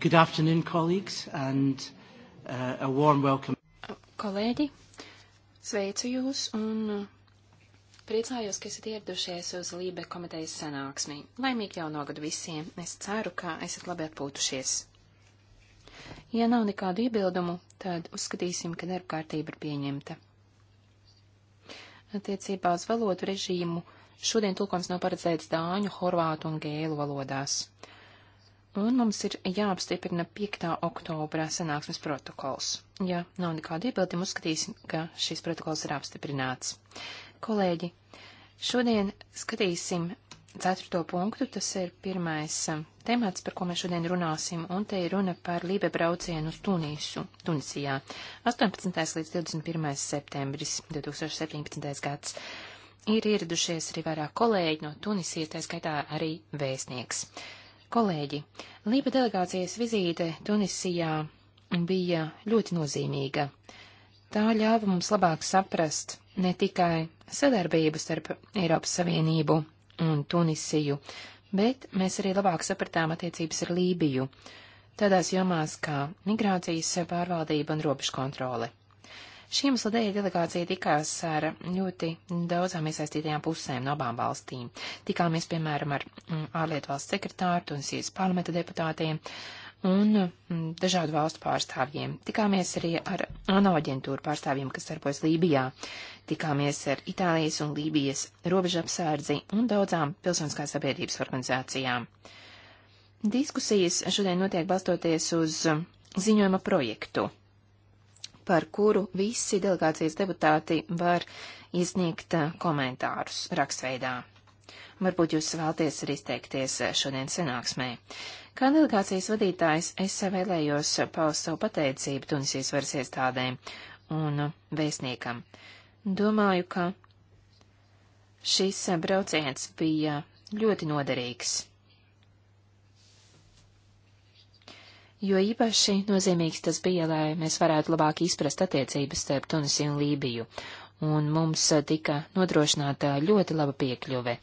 Good afternoon, colleagues, and uh, a warm welcome. Kolēģi, sveicu jūs un uh, priecājos, ka esat ieradušies uz Lībe komitejas sanāksmī. Laimīgi jau nogadu visiem. Es ceru, ka esat labi atpūtušies. Ja nav nekādu iebildumu, tad uzskatīsim, ka darba kārtība ir pieņemta. Attiecībā uz valodu režīmu šodien tulkojums nav paredzēts dāņu, horvātu un gēlu valodās un mums ir jāapstiprina 5. oktobrā sanāksmes protokols. Ja nav nekāda iebildi, uzskatīsim, ka šis protokols ir apstiprināts. Kolēģi, šodien skatīsim ceturto punktu, tas ir pirmais um, temats, par ko mēs šodien runāsim, un te ir runa par Lībe braucienu uz Tunīsu, Tunisijā, 18. līdz 21. septembris 2017. gads. Ir ieradušies arī vairāk kolēģi no Tunisijas, tā skaitā arī vēstnieks. Kolēģi, Lība delegācijas vizīte Tunisijā bija ļoti nozīmīga. Tā ļāva mums labāk saprast ne tikai sadarbību starp Eiropas Savienību un Tunisiju, bet mēs arī labāk sapratām attiecības ar Lībiju, tādās jomās kā migrācijas pārvaldība un robežu kontrole. Šiem sludēja delegācija tikās ar ļoti daudzām iesaistītajām pusēm no abām valstīm. Tikāmies, piemēram, ar mm, ārlietu valsts sekretāru, Tunisijas parlamenta deputātiem un mm, dažādu valstu pārstāvjiem. Tikāmies arī ar ANO aģentūru pārstāvjiem, kas darbojas Lībijā. Tikāmies ar Itālijas un Lībijas robežapsārdzi un daudzām pilsoniskās sabiedrības organizācijām. Diskusijas šodien notiek balstoties uz ziņojuma projektu par kuru visi delegācijas deputāti var izniegt eh, komentārus rakstveidā. Varbūt jūs vēlties arī izteikties eh, šodien sanāksmē. Kā delegācijas vadītājs es vēlējos paust savu pateicību Tunisijas varas iestādēm un vēstniekam. Domāju, ka šis eh, brauciens bija ļoti noderīgs. jo īpaši nozīmīgs tas bija, lai mēs varētu labāk izprast attiecības starp Tunisiju un Lībiju, un mums tika nodrošināta ļoti laba piekļuve.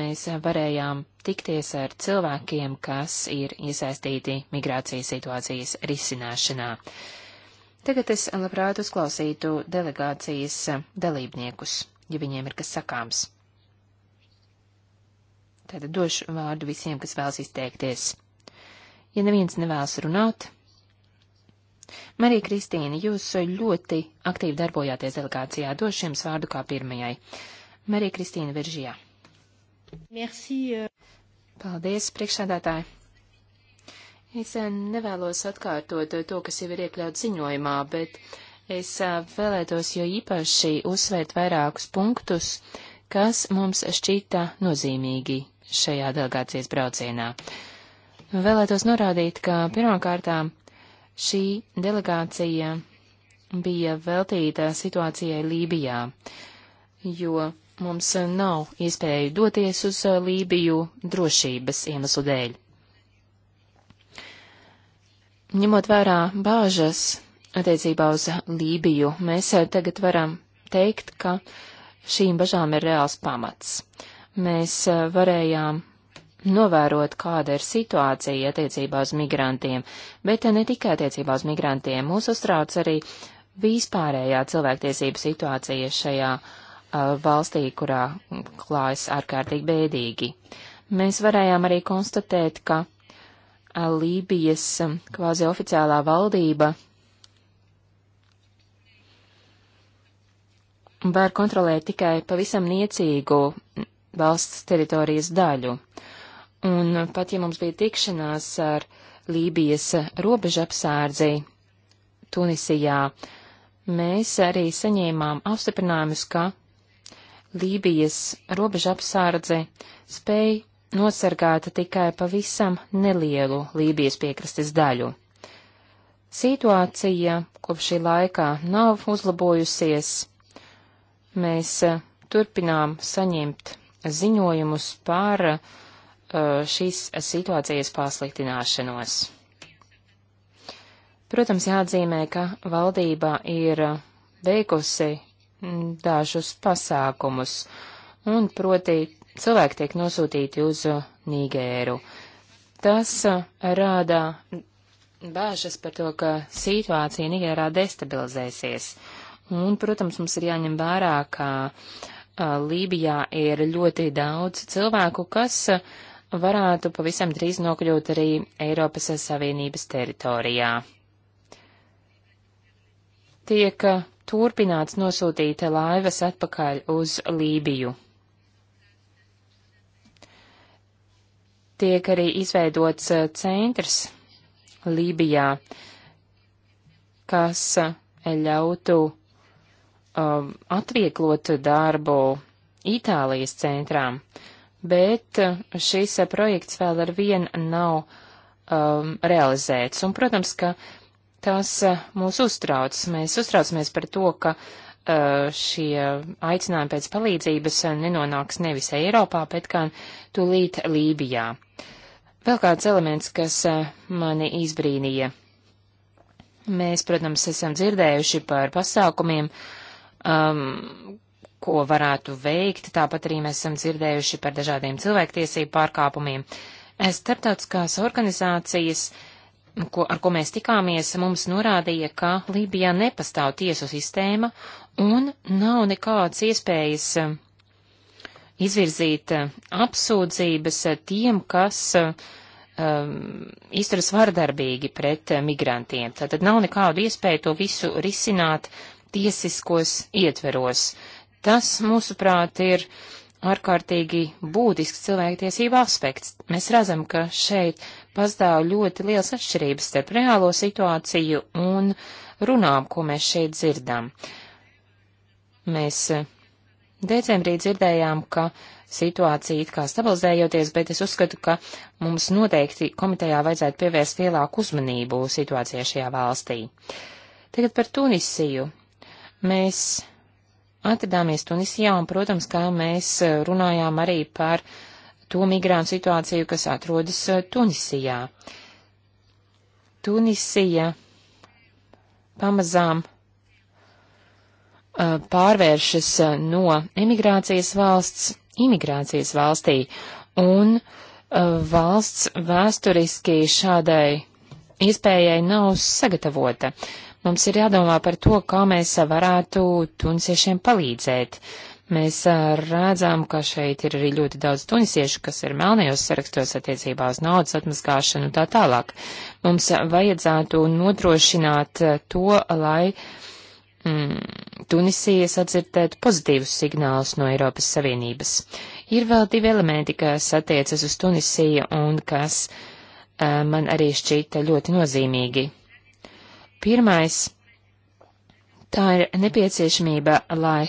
Mēs varējām tikties ar cilvēkiem, kas ir iesaistīti migrācijas situācijas risināšanā. Tagad es labprāt uzklausītu delegācijas dalībniekus, ja viņiem ir kas sakāms. Tātad došu vārdu visiem, kas vēlas izteikties. Ja neviens nevēlas runāt, Marija Kristīna, jūs ļoti aktīvi darbojāties delegācijā. Došu jums vārdu kā pirmajai. Marija Kristīna Viržijā. Merci. Euh. Paldies, priekšsādātāji. Es eh, nevēlos atkārtot eh, to, kas jau ir iekļauts ziņojumā, bet es eh, vēlētos jo īpaši uzsvērt vairākus punktus, kas mums šķita nozīmīgi šajā delegācijas braucienā. Uh, Vēlētos norādīt, ka pirmkārtām šī delegācija bija veltīta situācijai Lībijā, jo mums nav iespēju doties uz Lībiju drošības iemeslu dēļ. Ņemot vērā bāžas attiecībā uz Lībiju, mēs tagad varam teikt, ka šīm bažām ir reāls pamats. Mēs varējām novērot, kāda ir situācija attiecībā uz migrantiem, bet ne tikai attiecībā uz migrantiem. Mūs uztrauc arī vispārējā cilvēktiesību situācija šajā uh, valstī, kurā klājas ārkārtīgi bēdīgi. Mēs varējām arī konstatēt, ka uh, Lībijas um, kvazi oficiālā valdība var kontrolēt tikai pavisam niecīgu valsts teritorijas daļu. Uh, Un pat ja mums bija tikšanās ar Lībijas robežapsārdzi Tunisijā, mēs arī saņēmām apstiprinājumus, ka Lībijas robežapsārdzi spēj nosargāt tikai pavisam nelielu Lībijas piekrastes daļu. Situācija kopš šī laikā nav uzlabojusies. Mēs turpinām saņemt ziņojumus par uh, Uh, šīs situācijas pasliktināšanos. Protams, jāatzīmē, ka valdība ir veikusi dažus pasākumus, un proti cilvēki tiek nosūtīti uz Nigēru. Tas uh, rādā bāžas par to, ka situācija Nigērā destabilizēsies. Un, protams, mums ir jāņem vērā, ka uh, Lībijā ir ļoti daudz cilvēku, kas uh, varētu pavisam drīz nokļūt arī Eiropas Savienības teritorijā. Tiek turpināts nosūtīt laivas atpakaļ uz Lībiju. Tiek arī izveidots centrs Lībijā, kas ļautu um, atvieglot darbu Itālijas centrām. Uh, bet eh, šis eh, projekts vēl ar vienu nav um, realizēts. Un, protams, ka tas eh, mūs uztrauc. Mēs uztraucamies par to, ka uh, šie aicinājumi pēc palīdzības nenonāks nevis Eiropā, bet gan tūlīt Lībijā. Vēl kāds elements, kas uh, mani izbrīnīja. Mēs, protams, esam dzirdējuši par pasākumiem, um, ko varētu veikt, tāpat arī mēs esam dzirdējuši par dažādiem cilvēktiesību pārkāpumiem. Eh, Startautiskās organizācijas, ko, ar ko mēs tikāmies, mums norādīja, ka Lībijā nepastāv tiesu sistēma un nav nekādas iespējas eh, izvirzīt eh, apsūdzības tiem, kas um, izturas vardarbīgi pret migrantiem. Tātad nav nekādu iespēju to visu risināt tiesiskos ietveros. Uh, Tas, mūsuprāt, ir ārkārtīgi būtisks cilvēktiesību aspekts. Mēs redzam, ka šeit pastāv ļoti liels atšķirības starp reālo situāciju un runām, ko mēs šeit dzirdam. Mēs eh, decembrī dzirdējām, ka situācija it kā stabilizējoties, bet es uzskatu, ka mums noteikti komitejā vajadzētu pievērst lielāku uzmanību situācijai šajā valstī. Tagad par Tunisiju. Mēs atradāmies Tunisijā, un, protams, kā mēs eh, runājām arī par to migrāntu situāciju, kas atrodas eh, Tunisijā. Tunisija pamazām eh, pārvēršas no emigrācijas valsts imigrācijas valstī, un valsts vēsturiski šādai iespējai nav sagatavota. Mums ir jādomā par to, kā mēs varētu tunisiešiem palīdzēt. Mēs redzam, ka šeit ir arī ļoti daudz tunisiešu, kas ir melnajos sarakstos attiecībā uz naudas atmaskāšanu un tā tālāk. Mums vajadzētu nodrošināt to, lai mm, Tunisija sadzirdētu pozitīvus signālus no Eiropas Savienības. Ir vēl divi elementi, kas attiecas uz Tunisiju un kas uh, man arī šķita ļoti nozīmīgi. Pirmais, tā ir nepieciešamība, lai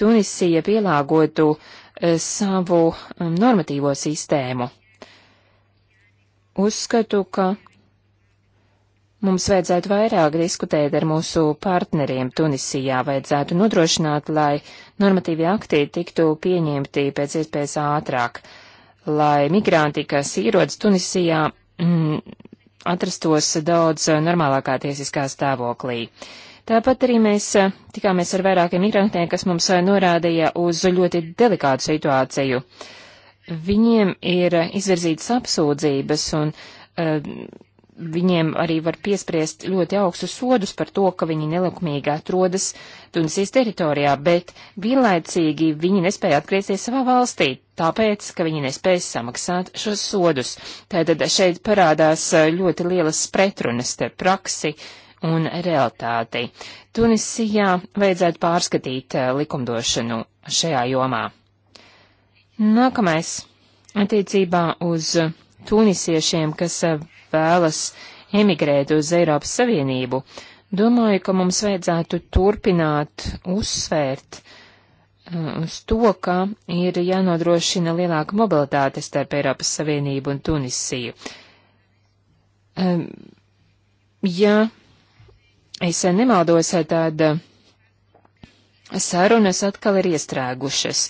Tunisija pielāgotu eh, savu mm, normatīvo sistēmu. Uzskatu, ka Mums vajadzētu vairāk diskutēt ar mūsu partneriem Tunisijā, vajadzētu nodrošināt, lai normatīvi akti tiktu pieņemti pēc iespējas ātrāk, lai migranti, kas ierodas Tunisijā, mm, atrastos daudz eh, normālākā tiesiskā stāvoklī. Tāpat arī mēs eh, tikāmies ar vairākiem migrantiem, kas mums eh, norādīja uz ļoti delikātu situāciju. Viņiem ir izvirzītas apsūdzības un uh, viņiem arī var piespriest ļoti augstus sodus par to, ka viņi nelikumīgi atrodas Tunisijas teritorijā, bet vienlaicīgi viņi nespēja atgriezties savā valstī, tāpēc, ka viņi nespēja samaksāt šos sodus. Tātad šeit parādās ļoti lielas pretrunas te praksi un realitāti. Tunisijā vajadzētu pārskatīt likumdošanu šajā jomā. Nākamais attiecībā uz tunisiešiem, kas eh, vēlas emigrēt uz Eiropas Savienību. Domāju, ka mums vajadzētu turpināt uzsvērt eh, uz to, ka ir jānodrošina lielāka mobilitāte starp Eiropas Savienību un Tunisiju. Ehm, ja es nemaldos, tad sarunas atkal ir iestrēgušas,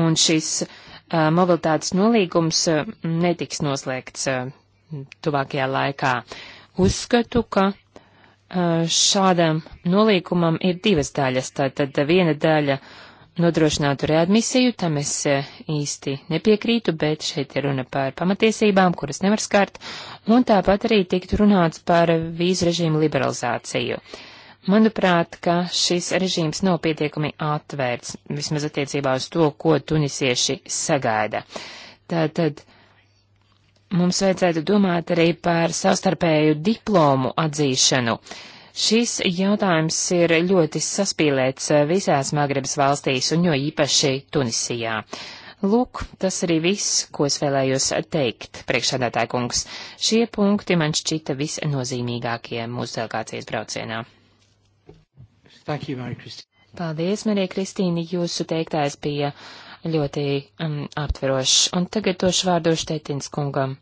un šis uh, mobilitātes nolīgums netiks noslēgts tuvākajā laikā. Uzskatu, ka šādam nolīgumam ir divas daļas. Tātad viena daļa nodrošinātu readmisiju, tam es īsti nepiekrītu, bet šeit ir runa par pamatiesībām, kuras nevar skart, un tāpat arī tiktu runāts par vīzu režīmu liberalizāciju. Uh, Manuprāt, ka šis režīms nav pietiekami atvērts, vismaz attiecībā uz to, ko tunisieši sagaida. Tātad mums vajadzētu domāt arī par savstarpēju diplomu atzīšanu. Šis jautājums ir ļoti saspīlēts visās Magrebas valstīs un jo īpaši Tunisijā. Lūk, tas arī viss, ko es vēlējos teikt, priekšsādātāja kungs. Šie punkti man šķita visnozīmīgākie mūsu delegācijas braucienā. Thank you, Marija Kristīna. Paldies, Marija Kristīna, jūsu teiktais bija ļoti um, aptverošs. Un tagad došu vārdu Štetins kungam.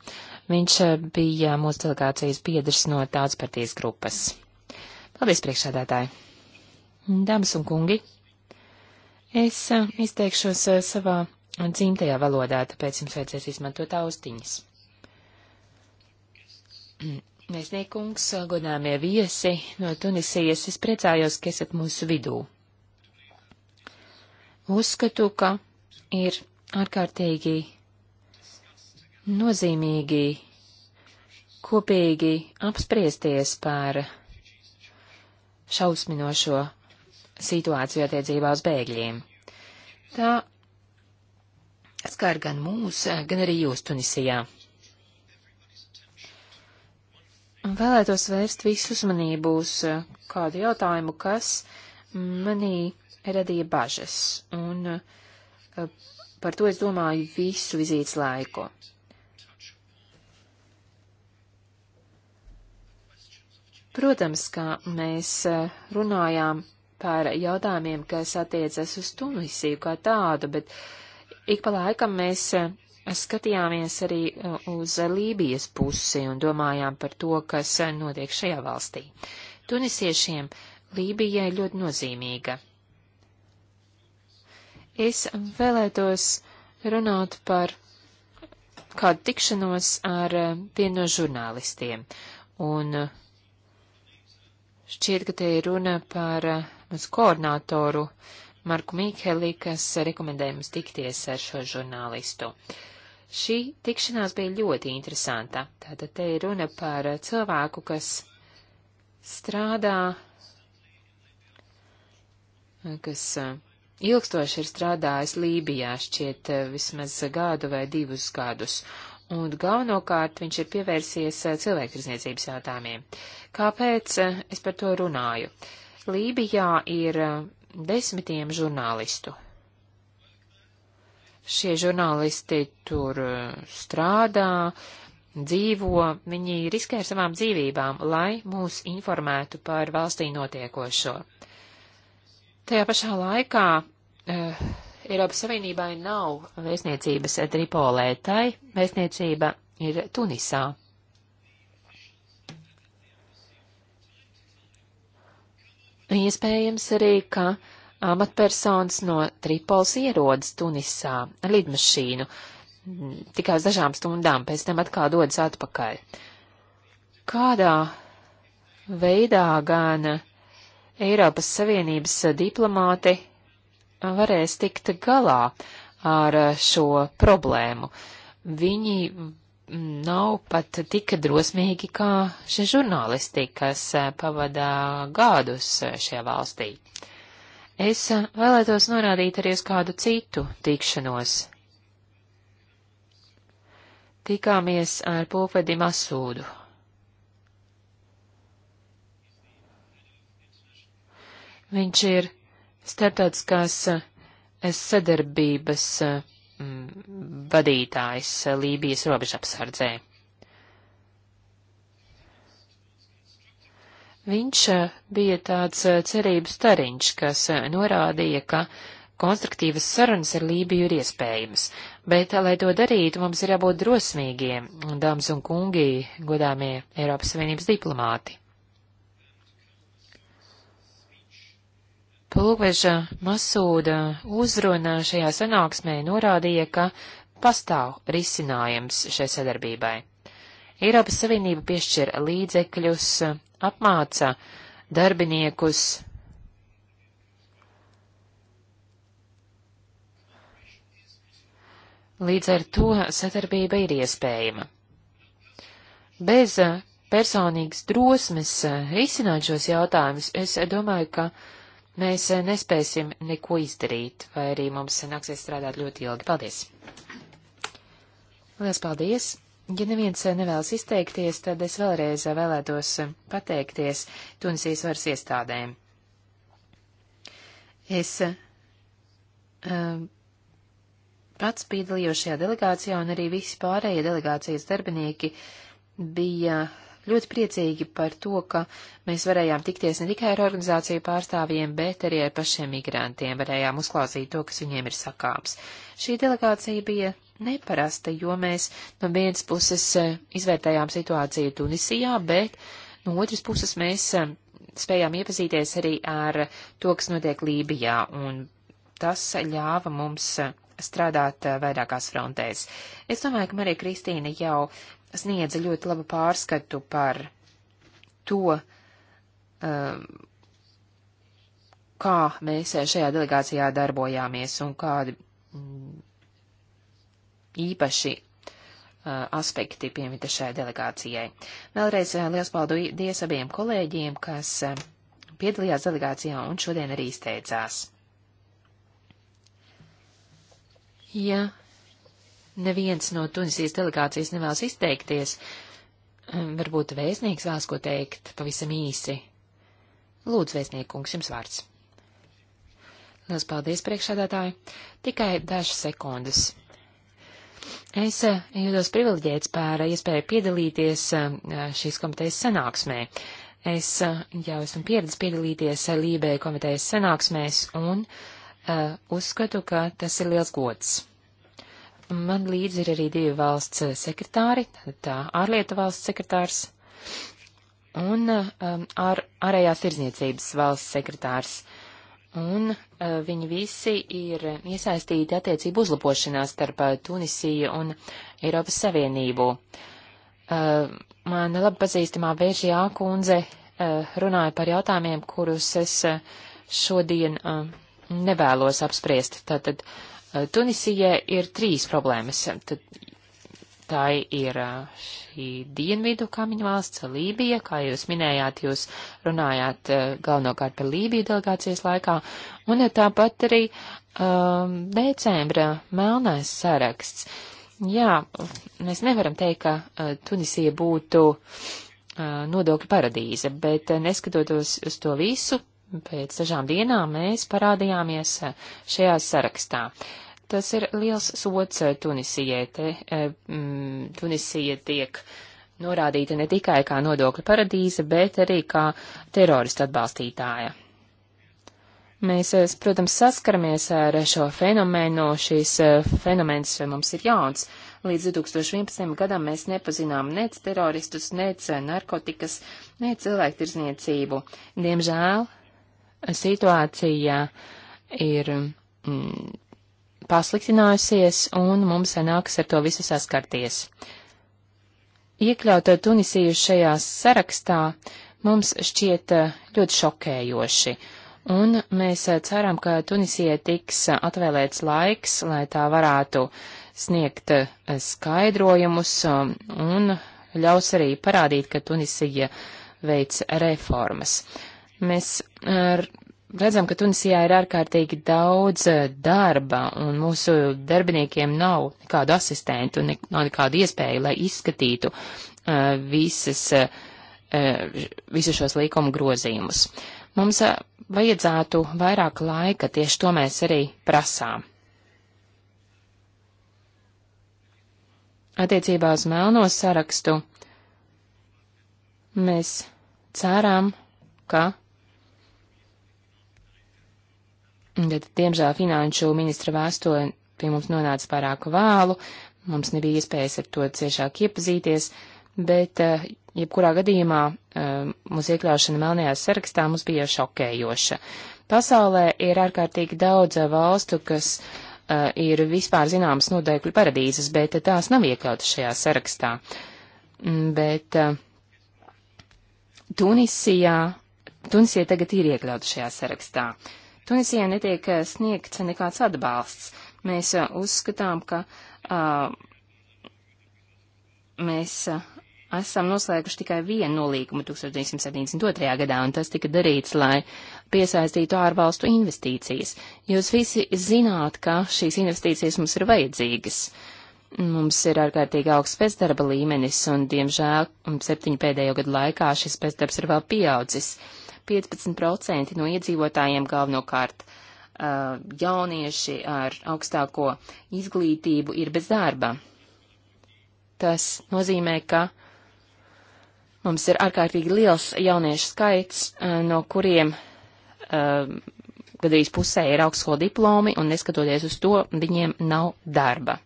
Viņš uh, bija mūsu delegācijas biedrs no tāds partijas grupas. Paldies, priekšsādātāji! Dāmas un kungi, es uh, izteikšos uh, savā dzimtajā valodā, tāpēc jums vajadzēs izmantot austiņas. Mēsniekungs, godāmie viesi no Tunisijas, es priecājos, ka esat mūsu vidū. Uzskatu, ka ir ārkārtīgi nozīmīgi kopīgi apspriesties par šausminošo situāciju attiecībā uz bēgļiem. Tā skar gan mūs, gan arī jūs Tunisijā. Vēlētos vērst visu uzmanību uz eh, kādu jautājumu, kas manī radīja bažas, un eh, par to es domāju visu vizītes laiku. Protams, ka mēs eh, runājām par jautājumiem, kas attiecas uz Tunisiju kā tādu, bet ik pa laikam mēs skatījāmies arī uh, uz Lībijas pusi un domājām par to, kas uh, notiek šajā valstī. Tunisiešiem Lībija ir ļoti nozīmīga. Es vēlētos runāt par kādu tikšanos ar uh, vienu no žurnālistiem, un šķiet, ka te ir runa par mūsu koordinātoru Marku Mīkeli, kas rekomendēja mums tikties ar šo žurnālistu. Uh, Šī tikšanās bija ļoti interesanta. Tātad te ir runa par cilvēku, kas strādā, kas eh, ilgstoši ir strādājis Lībijā, šķiet eh, vismaz gadu vai divus gadus, un galvenokārt viņš ir pievērsies eh, cilvēktirzniecības jautājumiem. Kāpēc es par to runāju? Lībijā ir desmitiem žurnālistu, Šie žurnālisti tur e, strādā, dzīvo, viņi riskē ar savām dzīvībām, lai mūs informētu par valstī notiekošo. Tajā pašā laikā eh, Eiropas Savienībai nav vēstniecības Tripolē, tai vēstniecība ir Tunisā. Iespējams arī, ka uh, amatpersonas no Tripols ierodas Tunisā ar lidmašīnu mm, tikai uz dažām stundām, pēc tam atkal dodas atpakaļ. Kādā veidā gan Eiropas Savienības diplomāti varēs tikt galā ar šo problēmu? Viņi mm, nav pat tik drosmīgi kā šie žurnālisti, kas pavadā gadus šajā valstī. Uh, Es eh, vēlētos norādīt arī uz kādu citu tikšanos. Tikāmies ar pulkvedi Masūdu. Viņš ir starptautiskās eh, sadarbības eh, vadītājs Lībijas robežapsardzē. Viņš eh, bija tāds eh, cerības stariņš, kas eh, norādīja, ka konstruktīvas sarunas ar Lībiju ir iespējamas, bet, lai to darītu, mums ir jābūt drosmīgiem, dāmas un kungi, godāmie Eiropas Savienības diplomāti. Plūveža Masūda uzrunā šajā sanāksmē norādīja, ka pastāv risinājums šai sadarbībai. Eiropas Savienība piešķir līdzekļus apmāca darbiniekus Līdz ar to sadarbība ir iespējama. Bez eh, personīgas drosmes eh, risināt šos jautājumus, es eh, domāju, ka mēs nespēsim neko izdarīt, vai arī mums nāksies strādāt ļoti ilgi. Paldies! Lielas paldies! Ja neviens nevēlas izteikties, tad es vēlreiz vēlētos pateikties Tunisijas varas iestādēm. Es uh, pats piedalījos šajā delegācijā, un arī visi pārējie delegācijas darbinieki bija ļoti priecīgi par to, ka mēs varējām tikties ne tikai ar organizāciju pārstāvjiem, bet arī ar pašiem migrantiem, varējām uzklausīt to, kas viņiem ir sakāms. Šī delegācija bija neparasta, jo mēs no vienas puses e, izvērtējām situāciju Tunisijā, bet no otras puses mēs e, spējām iepazīties arī ar to, kas notiek Lībijā, un tas ļāva mums e, strādāt vairākās frontēs. Es domāju, ka Marija Kristīna jau sniedza ļoti labu pārskatu par to, um, kā mēs šajā delegācijā darbojāmies un kādi īpaši aspekti piemita šai delegācijai. Vēlreiz liels paldies abiem kolēģiem, kas piedalījās delegācijā un šodien arī izteicās. Ja neviens no Tunisijas delegācijas nevēlas izteikties, varbūt vēstnieks vēlas ko teikt pavisam īsi. Lūdzu, vēstniekungs, jums vārds. Liels paldies, priekšādātāji! Tikai dažas sekundes. Es eh, jūtos privileģēts par iespēju piedalīties eh, šīs komitejas sanāksmē. Es eh, jau esmu pieredzējis piedalīties Lībē komitejas sanāksmēs un uzskatu, ka tas ir liels gods. Man līdzi ir arī divi valsts sekretāri, tā ārlietu valsts sekretārs un um, ar, ārējās tirdzniecības valsts sekretārs. Uh, un uh, viņi visi ir iesaistīti attiecību uzlabošanā starp uh, Tunisiju un Eiropas Savienību. Uh, man labi pazīstamā Vēržijā kundze uh, runāja par jautājumiem, kurus es uh, šodien uh, nevēlos apspriest. Tātad uh, Tunisijai ir trīs problēmas. Tad Tai ir šī dienvidu kaimiņu valsts Lībija, kā jūs minējāt, jūs runājāt galvenokārt par Lībiju delegācijas laikā, un tāpat arī um, decembra melnais saraksts. Jā, mēs nevaram teikt, ka uh, Tunisija būtu uh, nodokļu paradīze, bet uh, neskatoties uz to visu, pēc dažām dienām mēs parādījāmies šajā sarakstā. Uh, Tas ir liels sots eh, Tunisijai. Te, eh, mm, Tunisija tiek norādīta ne tikai kā nodokļu paradīze, bet arī kā terorista atbalstītāja. Mēs, eh, protams, saskaramies ar šo fenomenu. Šis fenomens mums ir jauns. Līdz 2011. gadam mēs nepazinām nec teroristus, nec narkotikas, nec cilvēktirzniecību. Diemžēl situācija ir mm, pasliktinājusies, un mums sanāks ar to visu saskarties. Iekļaut Tunisiju šajā sarakstā mums šķiet eh, ļoti šokējoši, un mēs eh, ceram, ka Tunisijai tiks eh, atvēlēts laiks, lai tā varētu sniegt skaidrojumus un ļaus arī parādīt, ka Tunisija veic reformas. Mēs redzam, ka Tunisijā ir ārkārtīgi daudz eh, darba, un mūsu darbiniekiem nav nekādu asistentu, ne, nav nekādu iespēju, lai izskatītu uh, visas, uh, visus šos līkumu grozījumus. Mums uh, vajadzētu vairāk laika, tieši to mēs arī prasām. Attiecībā uz melno sarakstu mēs ceram, ka Bet, diemžēl, finanšu ministra vēstule pie mums nonāca pārāk vālu, mums nebija iespējas ar to ciešāk iepazīties, bet, eh, jebkurā gadījumā, eh, mūsu iekļaušana melnajā sarakstā mums bija šokējoša. Pasaulē ir ārkārtīgi daudz eh, valstu, kas ir vispār zināmas nodēkļu paradīzes, bet tās nav iekļautas šajā sarakstā. Mm, bet Tunisijā, Tunisija tagad ir iekļauta šajā sarakstā. Uh, Tunisijai netiek eh, sniegts nekāds atbalsts. Mēs eh, uzskatām, ka uh, mēs eh, esam noslēguši tikai vienu nolīgumu 1972. gadā, un tas tika darīts, lai piesaistītu ārvalstu investīcijas. Jūs visi zināt, ka šīs investīcijas mums ir vajadzīgas. Mums ir ārkārtīgi augsts bezdarba līmenis, un, diemžēl, septiņu pēdējo gadu laikā šis bezdarbs ir vēl pieaudzis. Uh, 15% no iedzīvotājiem galvenokārt uh, jaunieši ar augstāko izglītību ir bez darba. Tas nozīmē, ka mums ir ārkārtīgi liels jauniešu skaits, uh, no kuriem um, uh, gadījis pusē ir augstskolu diplomi, un neskatoties uz to, viņiem nav darba.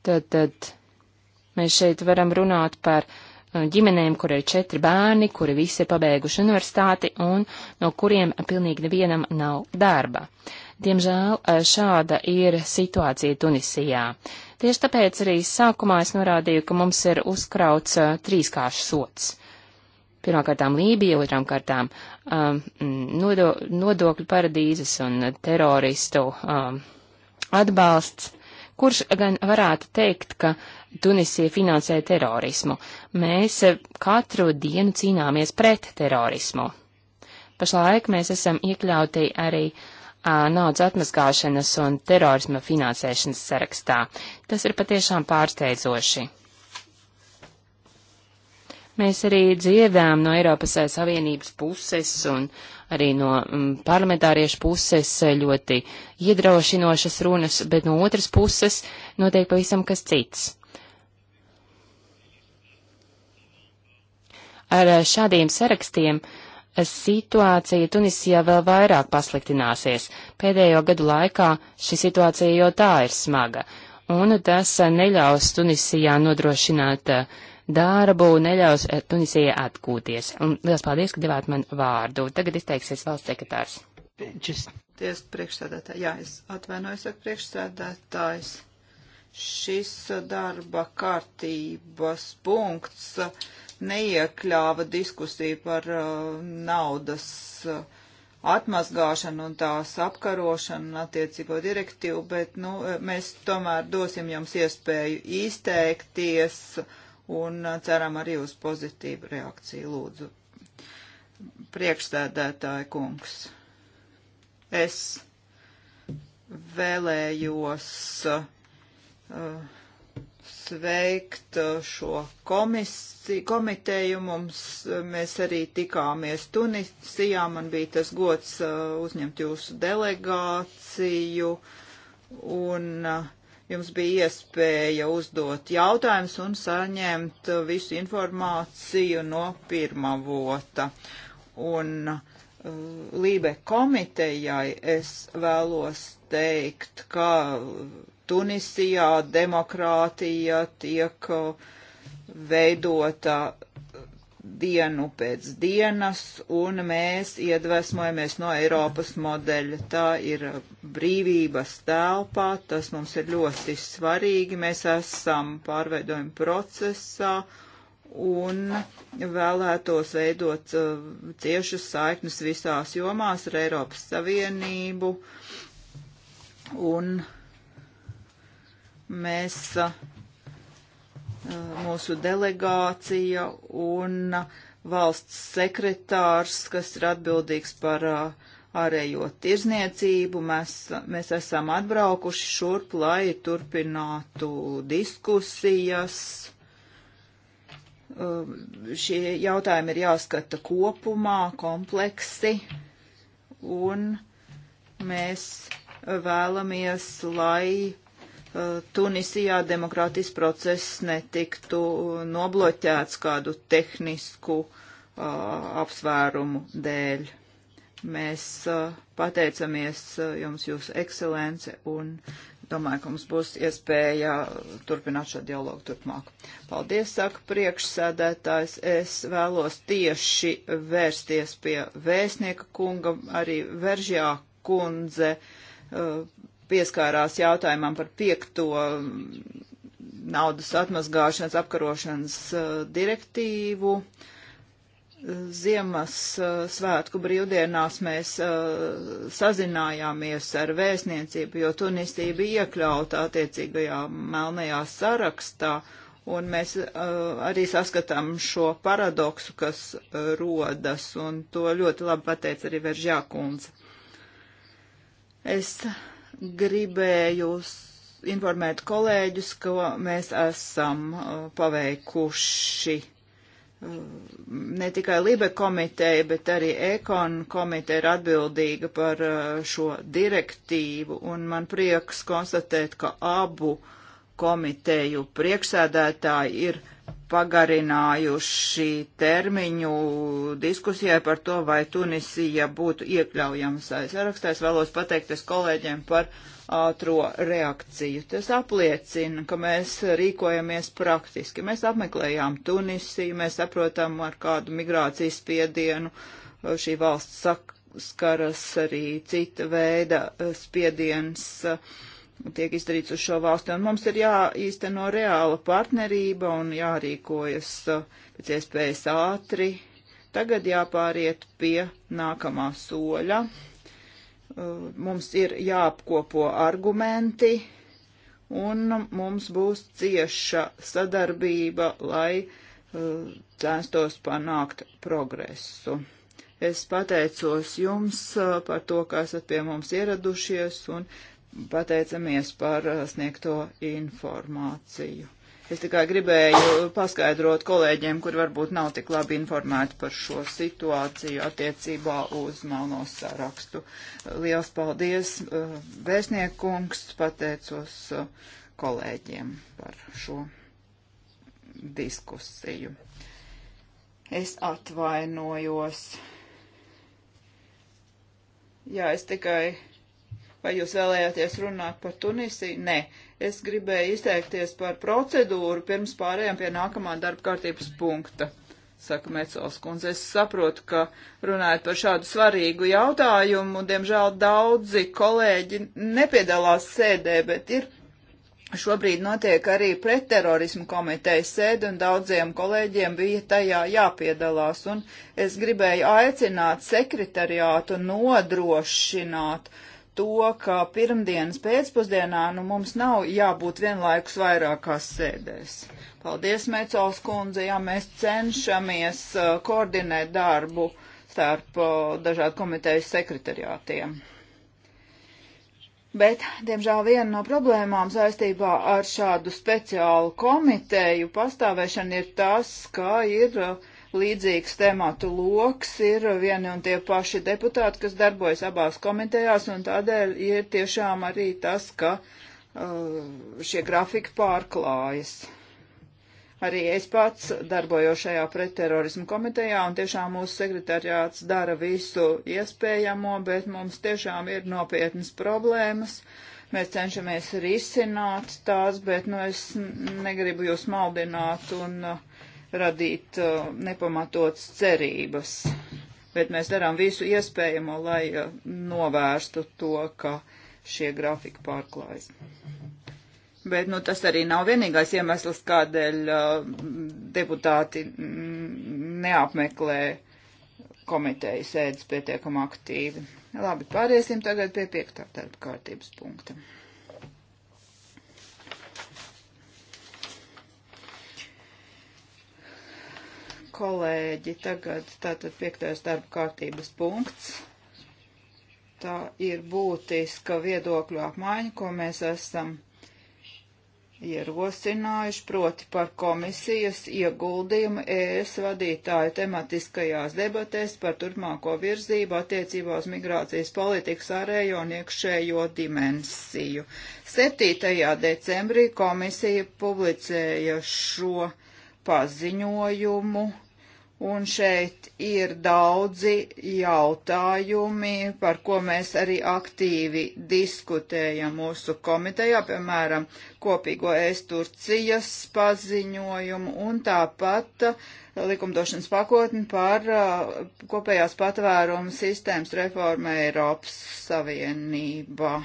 Tad, tad mēs šeit varam runāt par uh, Uh, ģimenēm, kur ir četri bērni, kuri visi ir pabeiguši universitāti un no kuriem pilnīgi nevienam nav darba. Diemžēl uh, šāda ir situācija Tunisijā. Tieši tāpēc arī sākumā es norādīju, ka mums ir uzkrauts uh, trīskāršs sots. Pirmkārtām Lībija, otrām kārtām um, nodo, nodokļu paradīzes un teroristu um, atbalsts, kurš gan varētu teikt, ka uh, Tunisija finansē terorismu. Mēs eh, katru dienu cīnāmies pret terorismu. Pašlaik mēs esam iekļauti arī a, naudas atmaskāšanas un terorisma finansēšanas sarakstā. Tas ir patiešām pārsteidzoši. Mēs arī dzirdām no Eiropas Savienības puses un arī no mm, parlamentāriešu puses ļoti iedraušinošas runas, bet no otras puses notiek pavisam kas cits. Ar eh, šādiem sarakstiem eh, situācija Tunisijā vēl vairāk pasliktināsies. Pēdējo gadu laikā šī situācija jau tā ir smaga, un tas eh, neļaus Tunisijā nodrošināt darbu, neļaus Tunisijai atgūties. Un liels paldies, ka devāt man vārdu. Tagad izteiksies valsts sekretārs. Paldies, priekšsēdētāji. Jā, es atvainojos, ak, priekšsēdētājs. Šis darba kārtības punkts neiekļāva diskusiju par uh, naudas uh, atmazgāšanu un tās apkarošanu attiecīgo direktīvu, bet nu, uh, mēs tomēr dosim jums iespēju izteikties un uh, ceram arī uz pozitīvu reakciju. Lūdzu, priekšstādētāja kungs, es vēlējos uh, sveikt šo komisiju, komiteju. Mums, mēs arī tikāmies Tunisijā. Man bija tas gods uh, uzņemt jūsu delegāciju. Un uh, jums bija iespēja uzdot jautājumus un saņemt visu informāciju no pirmā vota. Un uh, Lībe komitejai es vēlos teikt, ka Tunisijā demokrātija tiek uh, veidota dienu pēc dienas, un mēs iedvesmojamies no Eiropas modeļa. Tā ir brīvības telpā, tas mums ir ļoti svarīgi, mēs esam pārveidojumi procesā un vēlētos veidot uh, ciešas saiknes visās jomās ar Eiropas Savienību. Un uh, mēs, mūsu delegācija un valsts sekretārs, kas ir atbildīgs par ārējo tirzniecību, mēs, mēs esam atbraukuši šurp, lai turpinātu diskusijas šie jautājumi ir jāskata kopumā, kompleksi, un mēs vēlamies, lai Eh, Tunisijā demokrātijas process netiktu nobloķēts kādu tehnisku uh, apsvērumu dēļ. Mēs uh, pateicamies uh, jums, jūsu ekscelence, un domāju, ka mums būs iespēja turpināt šo dialogu turpmāk. Paldies, saka priekšsēdētājs. Es vēlos tieši vērsties pie vēstnieka kunga, arī Veržjā kundze. Uh, pieskārās jautājumam par piekto naudas atmazgāšanas apkarošanas uh, direktīvu. Ziemas uh, svētku brīvdienās mēs uh, sazinājāmies ar vēstniecību, jo Tunisija bija iekļauta attiecīgajā melnajā sarakstā, un mēs arī saskatām šo paradoksu, kas rodas, un to ļoti labi pateica arī Veržākundze. Es gribēju informēt kolēģus, ko mēs esam uh, paveikuši uh, ne tikai Libe komiteja, bet arī Ekon komiteja ir atbildīga par uh, šo direktīvu, un man prieks konstatēt, ka abu komiteju priekšsēdētāji ir pagarinājuši termiņu diskusijai par to, vai Tunisija būtu iekļaujams sarakstā. Es vēlos pateikties kolēģiem par ātro reakciju. Tas apliecina, ka mēs rīkojamies praktiski. Mēs apmeklējām Tunisiju, mēs saprotam, ar kādu migrācijas spiedienu šī valsts sakaras arī cita veida spiediens. Uh, tiek izdarīts uz šo valsti. Un mums ir jāīsteno reāla partnerība un jārīkojas uh, pēc iespējas ātri. Tagad jāpāriet pie nākamā soļa. Uh, mums ir jāapkopo argumenti un mums būs cieša sadarbība, lai uh, censtos panākt progresu. Es pateicos jums par to, ka esat pie mums ieradušies, un pateicamies par uh, sniegto informāciju. Es tikai gribēju paskaidrot kolēģiem, kur varbūt nav tik labi informēti par šo situāciju attiecībā uz melno sarakstu. Liels paldies, uh, vēstniekungs, pateicos uh, kolēģiem par šo diskusiju. Es atvainojos. Jā, es tikai Vai jūs vēlējāties runāt par Tunisiju? Nē, es gribēju izteikties par procedūru pirms pārējām pie nākamā darba kārtības punkta, saka Mecels kundze. Es saprotu, ka runājot par šādu svarīgu jautājumu, diemžēl daudzi kolēģi nepiedalās sēdē, bet ir Šobrīd notiek arī pretterorismu komitejas sēde, un daudziem kolēģiem bija tajā jāpiedalās. Un es gribēju aicināt sekretariātu nodrošināt to, ka pirmdienas pēcpusdienā nu, mums nav jābūt vienlaikus vairākās sēdēs. Paldies, Mecels kundze, jā, mēs cenšamies uh, koordinēt darbu starp uh, dažādu komiteju sekretariātiem. Bet, diemžēl, viena no problēmām saistībā ar šādu speciālu komiteju pastāvēšanu ir tas, ka ir uh, līdzīgs tematu loks, ir vieni un tie paši deputāti, kas darbojas abās komitejās, un tādēļ ir tiešām arī tas, ka uh, šie grafiki pārklājas. Arī es pats darbojos šajā pretterorismu komitejā, un tiešām mūsu sekretariāts dara visu iespējamo, bet mums tiešām ir nopietnas problēmas. Mēs cenšamies risināt tās, bet nu, es negribu jūs maldināt un uh, radīt uh, nepamatotas cerības. Bet mēs darām visu iespējamo, lai uh, novērstu to, ka šie grafiki pārklājas. Bet nu, tas arī nav vienīgais iemesls, kādēļ uh, deputāti mm, neapmeklē komiteju sēdes pietiekam aktīvi. Labi, pāriesim tagad pie piektā darba kārtības punkta. kolēģi, tagad tātad piektais darba kārtības punkts. Tā ir būtiska viedokļu apmaiņa, ko mēs esam ierosinājuši proti par komisijas ieguldījumu ES vadītāju tematiskajās debatēs par turpmāko virzību attiecībā uz migrācijas politikas ārējo un iekšējo dimensiju. 7. decembrī komisija publicēja šo paziņojumu Un šeit ir daudzi jautājumi, par ko mēs arī aktīvi diskutējam mūsu komitejā, piemēram, kopīgo ēsturcijas paziņojumu un tāpat uh, likumdošanas pakotni par uh, kopējās patvērumu sistēmas reformu Eiropas Savienībā.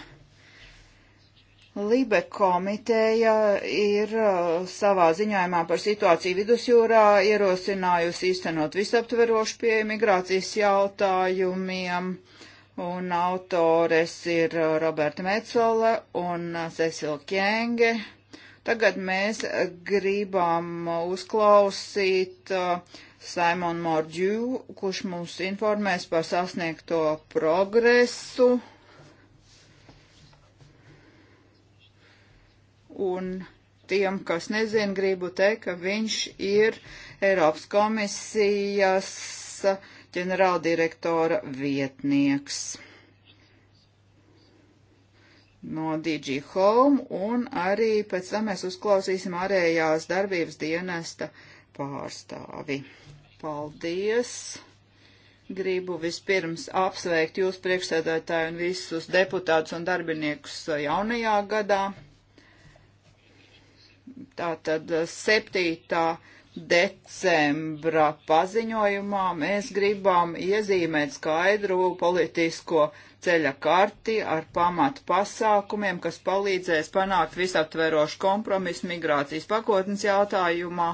Libe komiteja ir uh, savā ziņājumā par situāciju vidusjūrā ierosinājusi īstenot visaptverošu pie migrācijas jautājumiem, un autores ir uh, Roberta Mecole un uh, Cecil Kjenge. Tagad mēs gribam uzklausīt Simon Mordju, kurš mums informēs par sasniegto progresu. Un tiem, kas nezin, gribu teikt, ka viņš ir Eiropas komisijas ģenerāldirektora vietnieks no DG Home, un arī pēc tam mēs uzklausīsim ārējās darbības dienesta pārstāvi. Paldies! Gribu vispirms apsveikt jūs priekšsēdētāju un visus deputātus un darbiniekus jaunajā gadā. Tātad 7. Eh, decembra paziņojumā mēs gribam iezīmēt skaidru politisko ceļa karti ar pamatu pasākumiem, kas palīdzēs panākt visaptverošu kompromisu migrācijas pakotnes jautājumā,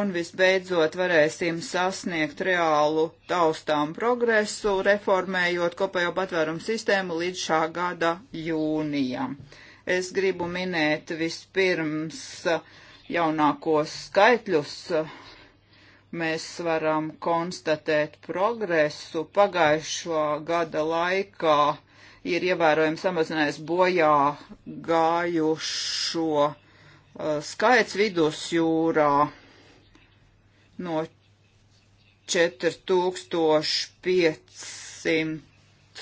un visbeidzot varēsim sasniegt reālu taustām progresu, reformējot kopējo patvērumu sistēmu līdz šā gada jūnijam. Es gribu minēt vispirms jaunākos skaitļus. Mēs varam konstatēt progresu. Pagājušā gada laikā ir ievērojami samazinājies bojā gājušo uh, skaits vidusjūrā no 4500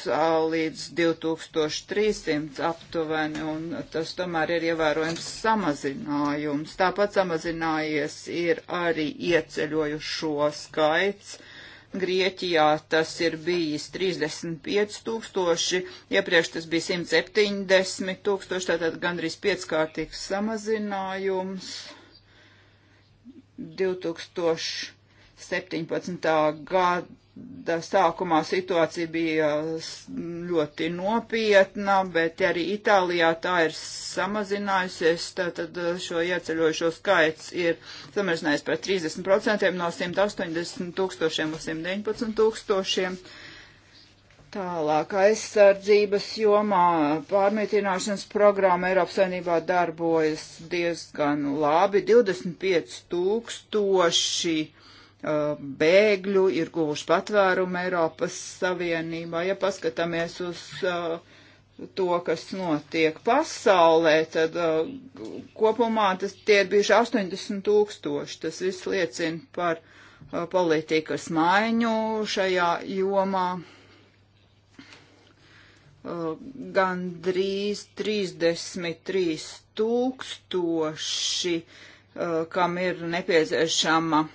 Uh, līdz 2300 aptuveni, un tas tomēr ir ievērojams samazinājums. Tāpat samazinājies ir arī ieceļojušo skaits. Grieķijā tas ir bijis 35 tūkstoši, iepriekš tas bija 170 tūkstoši, tātad gandrīz pieckārtīgs samazinājums. 2017. gada sākumā situācija bija mm, ļoti nopietna, bet arī Itālijā tā ir samazinājusies, tātad eh, šo ieceļojušo skaits ir samazinājies par 30% no 180 tūkstošiem uz 119 tūkstošiem. Tālāk aizsardzības jomā pārmitināšanas programma Eiropas Savienībā darbojas diezgan labi. 25 tūkstoši Uh, bēgļu ir guvuši patvērumu Eiropas Savienībā. Ja paskatāmies uz uh, to, kas notiek pasaulē, tad uh, kopumā tas tie ir bijuši 80 tūkstoši. Tas viss liecina par uh, politikas maiņu šajā jomā. Uh, gandrīz 33 tūkstoši, uh, kam ir nepieciešama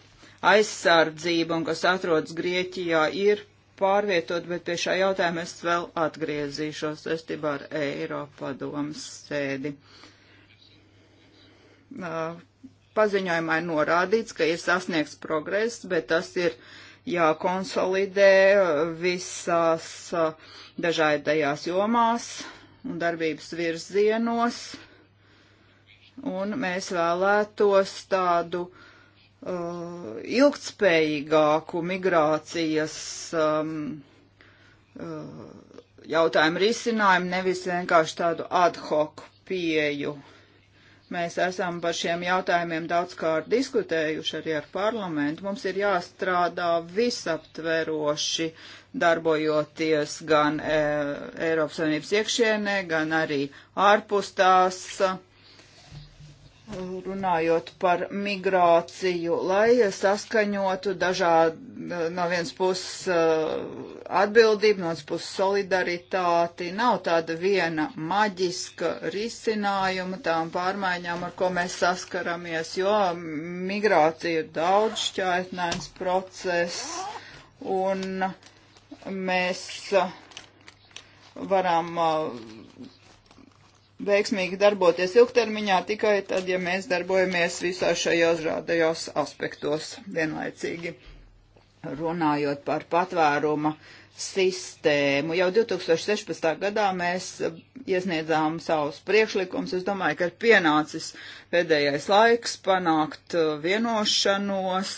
aizsardzība un kas atrodas Grieķijā ir pārvietot, bet pie šā jautājuma es vēl atgriezīšos saistībā ar Eiropadomas sēdi. Paziņojumā ir norādīts, ka ir sasniegts progress, bet tas ir jākonsolidē visās dažādajās jomās un darbības virzienos, un mēs vēlētos tādu uh, uh, ilgtspējīgāku migrācijas um, uh, jautājumu risinājumu, nevis vienkārši tādu ad hoc pieju. Mēs esam par šiem jautājumiem daudzkārt diskutējuši arī ar parlamentu. Mums ir jāstrādā visaptveroši, darbojoties gan e, Eiropas Savienības iekšienē, gan arī ārpus tās. E, runājot par migrāciju, lai saskaņotu dažādu, no vienas puses uh, atbildību, no otras puses solidaritāti. Nav tāda viena maģiska risinājuma tām pārmaiņām, ar ko mēs saskaramies, jo migrācija ir daudz šķaitnēns process un mēs varam uh, veiksmīgi darboties ilgtermiņā tikai tad, ja mēs darbojamies visā šajos rādējos aspektos vienlaicīgi. Runājot par patvēruma sistēmu, jau 2016. gadā mēs iesniedzām savus priekšlikumus. Es domāju, ka ir pienācis pēdējais laiks panākt vienošanos,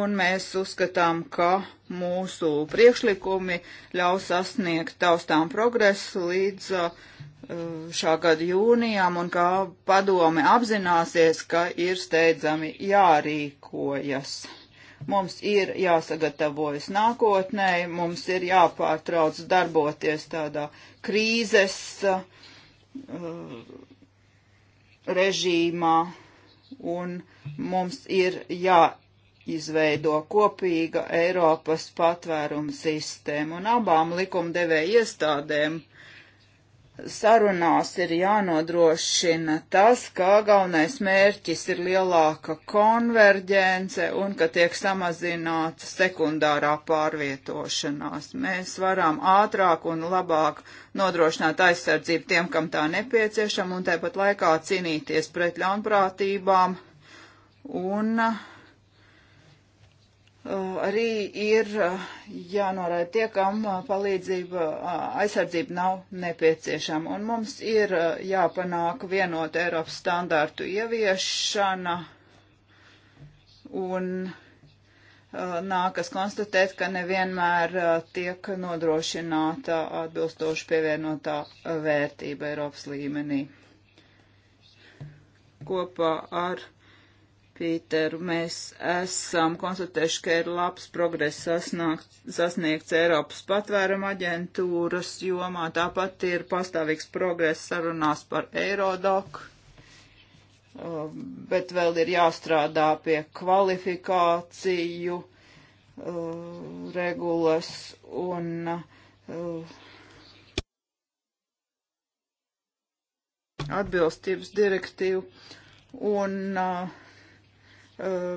un mēs uzskatām, ka mūsu priekšlikumi ļaus sasniegt taustām progresu līdz uh, Eh, šā gada jūnijām un kā padome apzināsies, ka ir steidzami jārīkojas. Mums ir jāsagatavojas nākotnē, mums ir jāpārtrauc darboties tādā krīzes uh, režīmā un mums ir jā izveido kopīga Eiropas patvērums sistēma, un abām likumdevēja iestādēm sarunās ir jānodrošina tas, ka galvenais mērķis ir lielāka konverģence un ka tiek samazināta sekundārā pārvietošanās. Mēs varam ātrāk un labāk nodrošināt aizsardzību tiem, kam tā nepieciešama, un tāpat laikā cīnīties pret ļaunprātībām un uh, Uh, arī ir uh, jānorāda tie, kam uh, palīdzība, aizsardzība nav nepieciešama. Un mums ir jāpanāk vienot Eiropas standārtu ieviešana un nākas konstatēt, ka nevienmēr tiek nodrošināta atbilstoši pievienotā vērtība Eiropas līmenī. Kopā ar Pīteru, mēs esam konstatējuši, ka ir labs progress sasnākt, sasniegts Eiropas patvēruma aģentūras jomā, tāpat ir pastāvīgs progress sarunās par Eirodok, um, bet vēl ir jāstrādā pie kvalifikāciju uh, regulas un uh, atbilstības direktīvu. Un uh, Eh,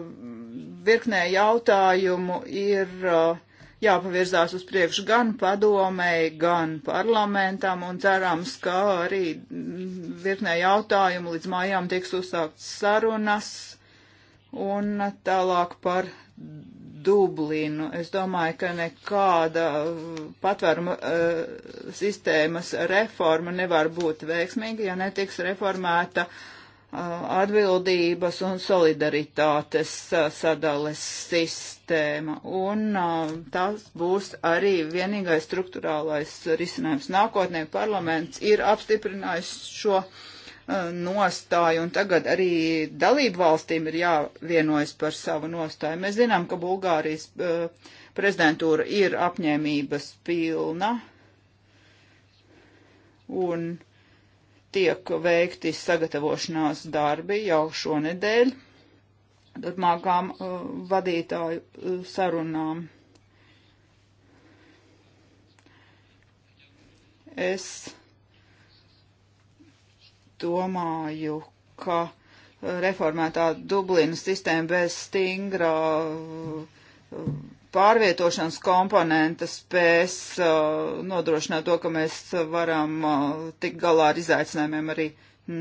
virknē jautājumu ir eh, jāpavirzās uz priekšu gan padomēji, gan parlamentam, un cerams, ka arī mm, virknē jautājumu līdz mājām tiks uzsākts sarunas, un tālāk par Dublinu. Es domāju, ka nekāda eh, patvēruma uh, sistēmas reforma nevar būt veiksmīga, ja netiks reformēta uh, atbildības un solidaritātes sadales sistēma. Un tas būs arī vienīgais struktūrālais risinājums nākotnē. Parlaments ir apstiprinājis šo nostāju, un tagad arī dalību valstīm ir jāvienojas par savu nostāju. Mēs zinām, ka Bulgārijas prezidentūra ir apņēmības pilna. Un tiek veikti sagatavošanās darbi jau šonedēļ turpmākām uh, vadītāju uh, sarunām. Es domāju, ka reformētā Dublinas sistēma bez stingrā uh, pārvietošanas komponenta spēs uh, nodrošināt to, ka mēs varam uh, tikt galā ar izaicinājumiem arī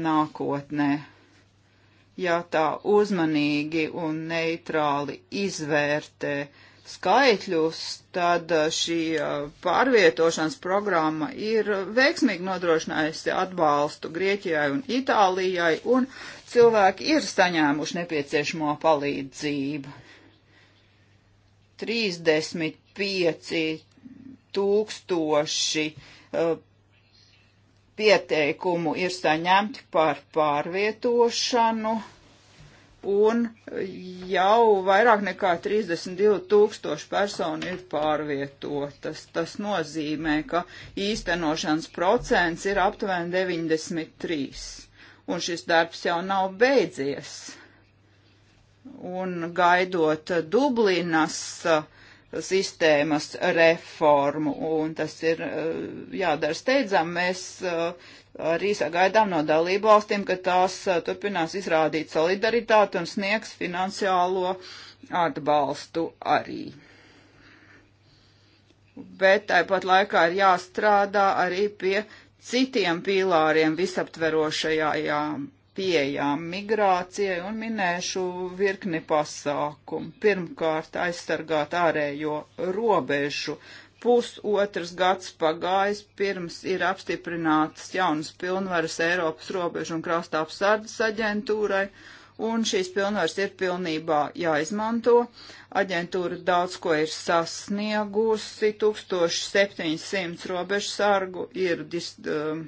nākotnē. Ja tā uzmanīgi un neitrāli izvērtē skaitļus, tad uh, šī pārvietošanas programma ir veiksmīgi nodrošinājusi atbalstu Grieķijai un Itālijai, un cilvēki ir saņēmuši nepieciešamo palīdzību. 35 tūkstoši uh, pieteikumu ir saņemti par pārvietošanu un jau vairāk nekā 32 tūkstoši personu ir pārvietotas. Tas nozīmē, ka īstenošanas procents ir aptuveni 93. Un šis darbs jau nav beidzies un gaidot Dublinas uh, sistēmas reformu, un tas ir uh, jādara steidzam. Mēs uh, arī sagaidām no dalību valstīm, ka tās turpinās izrādīt solidaritāti un sniegs finansiālo atbalstu arī bet tāpat laikā ir jāstrādā arī pie citiem pīlāriem visaptverošajā pieejām migrācijai un minēšu virkni pasākumu. Pirmkārt, aizsargāt ārējo robežu. Pusotrs gads pagājis, pirms ir apstiprinātas jaunas pilnvaras Eiropas robežu un krasta apsardzes aģentūrai, un šīs pilnvaras ir pilnībā jāizmanto. Aģentūra daudz ko ir sasniegusi, 1700 robežu sargu ir. Dis, uh, um,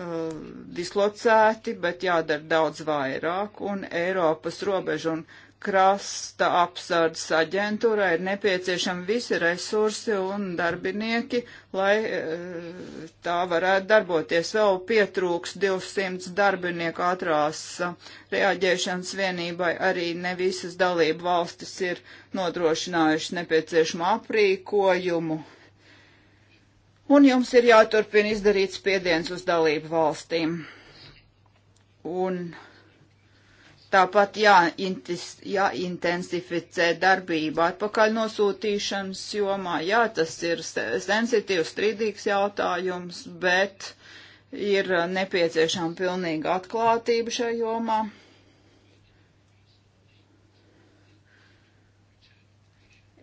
Uh, dislocēti, bet jādara daudz vairāk, un Eiropas robežu un krasta apsardzes aģentūrā ir nepieciešami visi resursi un darbinieki, lai uh, tā varētu darboties. Vēl pietrūks 200 darbinieku ātrās uh, reaģēšanas vienībai, arī ne visas dalību valstis ir nodrošinājušas nepieciešamo aprīkojumu un jums ir jāturpina izdarīt spiediens uz dalību valstīm. Un tāpat jāintis, jāintensificē darbība atpakaļ nosūtīšanas jomā. Jā, tas ir sensitīvs, strīdīgs jautājums, bet ir nepieciešama pilnīga atklātība šajā jomā.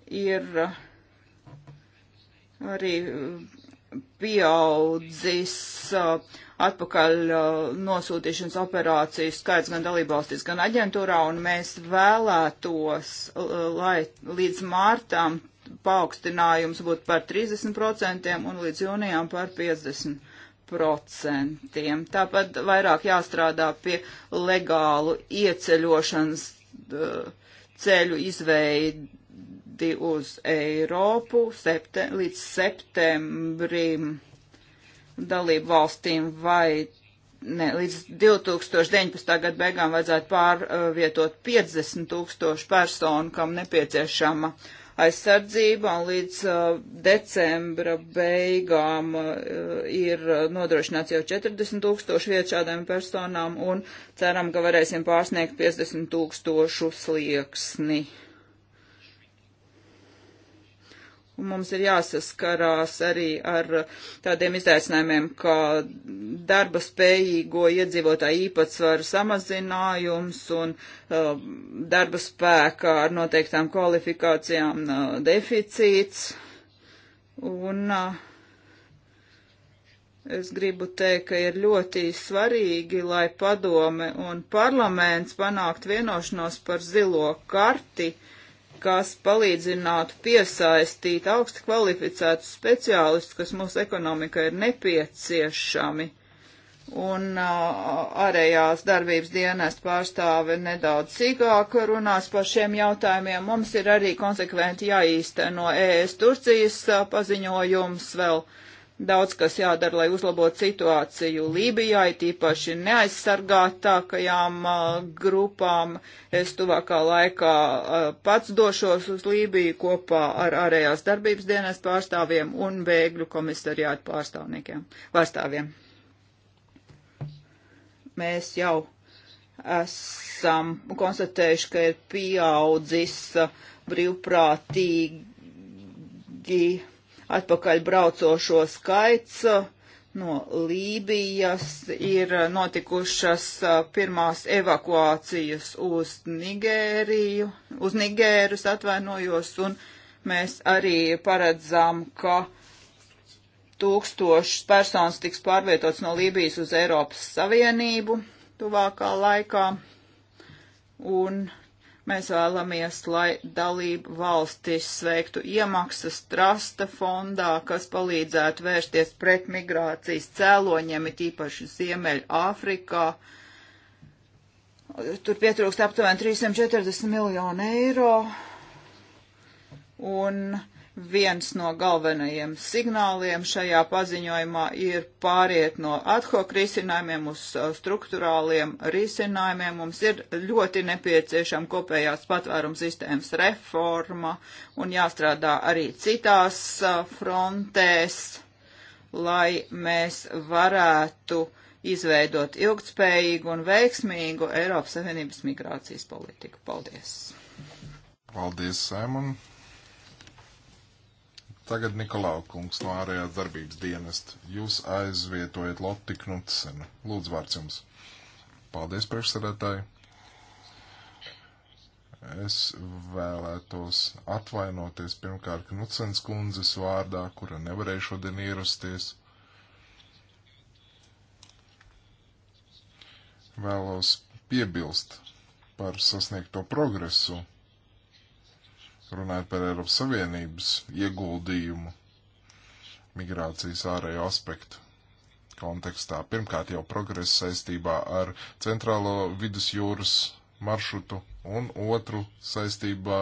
Ir arī pieaudzis uh, atpakaļ uh, nosūtīšanas operāciju skaits gan dalībvalstīs, gan aģentūrā, un mēs vēlētos, uh, lai līdz mārtām paaugstinājums būtu par 30% un līdz jūnijām par 50%. Tāpat vairāk jāstrādā pie legālu ieceļošanas ceļu izveid, vārdi uz Eiropu septem līdz septembrim dalību valstīm vai ne, līdz 2019. gada beigām vajadzētu pārvietot 50 tūkstošu personu, kam nepieciešama aizsardzība, un līdz uh, decembra beigām uh, ir nodrošināts jau 40 tūkstoši vietu šādām personām, un ceram, ka varēsim pārsniegt 50 tūkstošu slieksni. Uh, Un mums ir jāsaskarās arī ar tādiem izaicinājumiem, kā darba spējīgo iedzīvotāju īpatsvaru samazinājums un uh, darba spēka ar noteiktām kvalifikācijām uh, deficīts. Un uh, es gribu teikt, ka ir ļoti svarīgi, lai padome un parlaments panākt vienošanos par zilo karti. Uh, kas palīdzinātu piesaistīt augstu kvalificētus speciālistus, kas mūsu ekonomikai ir nepieciešami. Un uh, ārējās darbības dienestu pārstāve nedaudz sīkāk runās par šiem jautājumiem. Mums ir arī konsekventi jāīsteno ES Turcijas paziņojums vēl. Uh, Daudz kas jādara, lai uzlabotu situāciju Lībijai, tīpaši neaizsargātākajām a, uh, grupām. Es tuvākā laikā a, uh, pats došos uz Lībiju kopā ar ārējās darbības dienas pārstāvjiem un bēgļu komisariātu pārstāvniekiem, pārstāvjiem. Mēs jau esam konstatējuši, ka ir pieaudzis uh, brīvprātīgi atpakaļ braucošo skaits uh, no Lībijas ir uh, notikušas uh, pirmās evakuācijas uz Nigēriju, uz Nigērus atvainojos, un mēs arī paredzam, ka tūkstošs personas tiks pārvietots no Lībijas uz Eiropas Savienību tuvākā laikā. Un Mēs vēlamies, lai dalību valstis sveiktu iemaksas trasta fondā, kas palīdzētu vērsties pret migrācijas cēloņiem, it īpaši Ziemeļ Āfrikā. Tur pietrūkst aptuveni 340 miljonu eiro. Un uh, Viens no galvenajiem signāliem šajā paziņojumā ir pāriet no ad hoc risinājumiem uz uh, struktūrāliem risinājumiem. Mums ir ļoti nepieciešama kopējās patvērums sistēmas reforma un jāstrādā arī citās uh, frontēs, lai mēs varētu izveidot ilgtspējīgu un veiksmīgu Eiropas Savienības migrācijas politiku. Paldies! Paldies, Simon! Tagad Nikolau kungs no ārējās darbības dienesta. Jūs aizvietojat Lotti Knutsenu. Lūdzu, vārds jums. Paldies, priekšsarētāji. Es vēlētos atvainoties pirmkārt Knutsens kundzes vārdā, kura nevarēja šodien ierasties. Vēlos piebilst par sasniegto progresu runājot par Eiropas Savienības ieguldījumu migrācijas ārējo aspektu kontekstā. Pirmkārt jau progress saistībā ar centrālo vidusjūras maršrutu un otru saistībā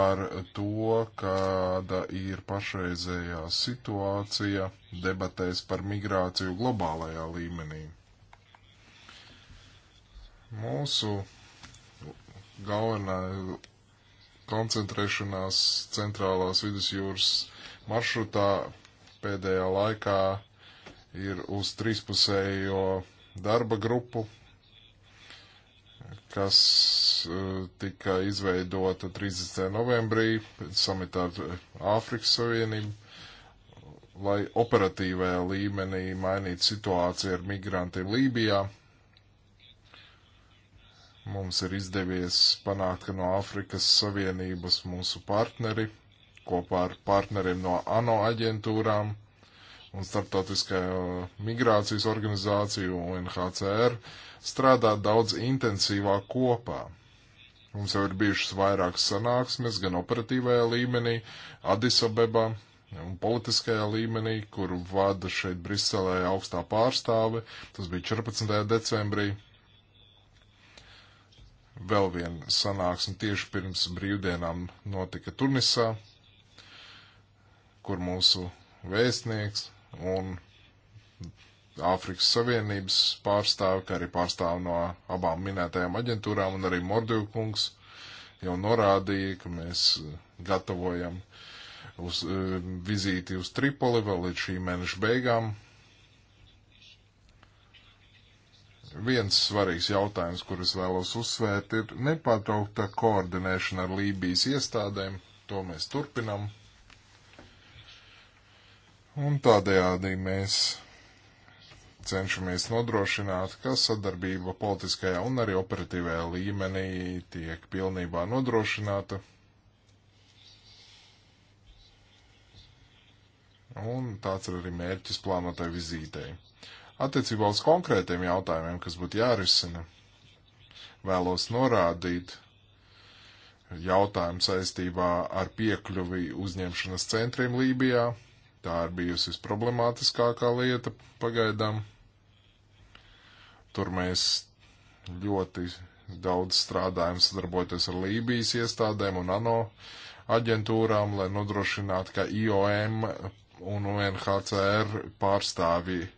ar to, kāda ir pašreizējā situācija debatēs par migrāciju globālajā līmenī. Mūsu galvenā koncentrēšanās centrālās vidusjūras maršrutā pēdējā laikā ir uz trīspusējo darba grupu, kas e, tika izveidota 30. novembrī samitā Āfrikas Savienību, lai operatīvajā līmenī mainītu situāciju ar migrantiem Lībijā. Mums ir izdevies panākt, ka no Āfrikas Savienības mūsu partneri kopā ar partneriem no ANO aģentūrām un Startautiskā uh, migrācijas organizāciju UNHCR strādā daudz intensīvāk kopā. Mums jau ir bijušas vairākas sanāksmes gan operatīvajā līmenī, Adisabebā un politiskajā līmenī, kur vada šeit Briselē augstā pārstāve. Tas bija 14. decembrī vēl viena sanāksme tieši pirms brīvdienām notika Tunisā, kur mūsu vēstnieks un Āfrikas Savienības pārstāvi, kā arī pārstāvi no abām minētajām aģentūrām un arī Mordivkungs jau norādīja, ka mēs eh, gatavojam uz, uh, vizīti uz Tripoli vēl līdz šī mēneša beigām, Viens svarīgs jautājums, kurus vēlos uzsvērt, ir nepārtraukta koordinēšana ar Lībijas iestādēm. To mēs turpinam. Un tādējādi mēs cenšamies nodrošināt, ka sadarbība politiskajā un arī operatīvajā līmenī tiek pilnībā nodrošināta. Un tāds ir arī mērķis plānotai vizītei. Attiecībā uz konkrētiem jautājumiem, kas būtu jārisina, vēlos norādīt jautājumu saistībā ar piekļuvi uzņemšanas centriem Lībijā. Tā ir bijusi visproblemātiskākā lieta pagaidām. Tur mēs ļoti daudz strādājam sadarbojoties ar Lībijas iestādēm un ANO aģentūrām, lai nodrošinātu, ka IOM un UNHCR pārstāvji uh,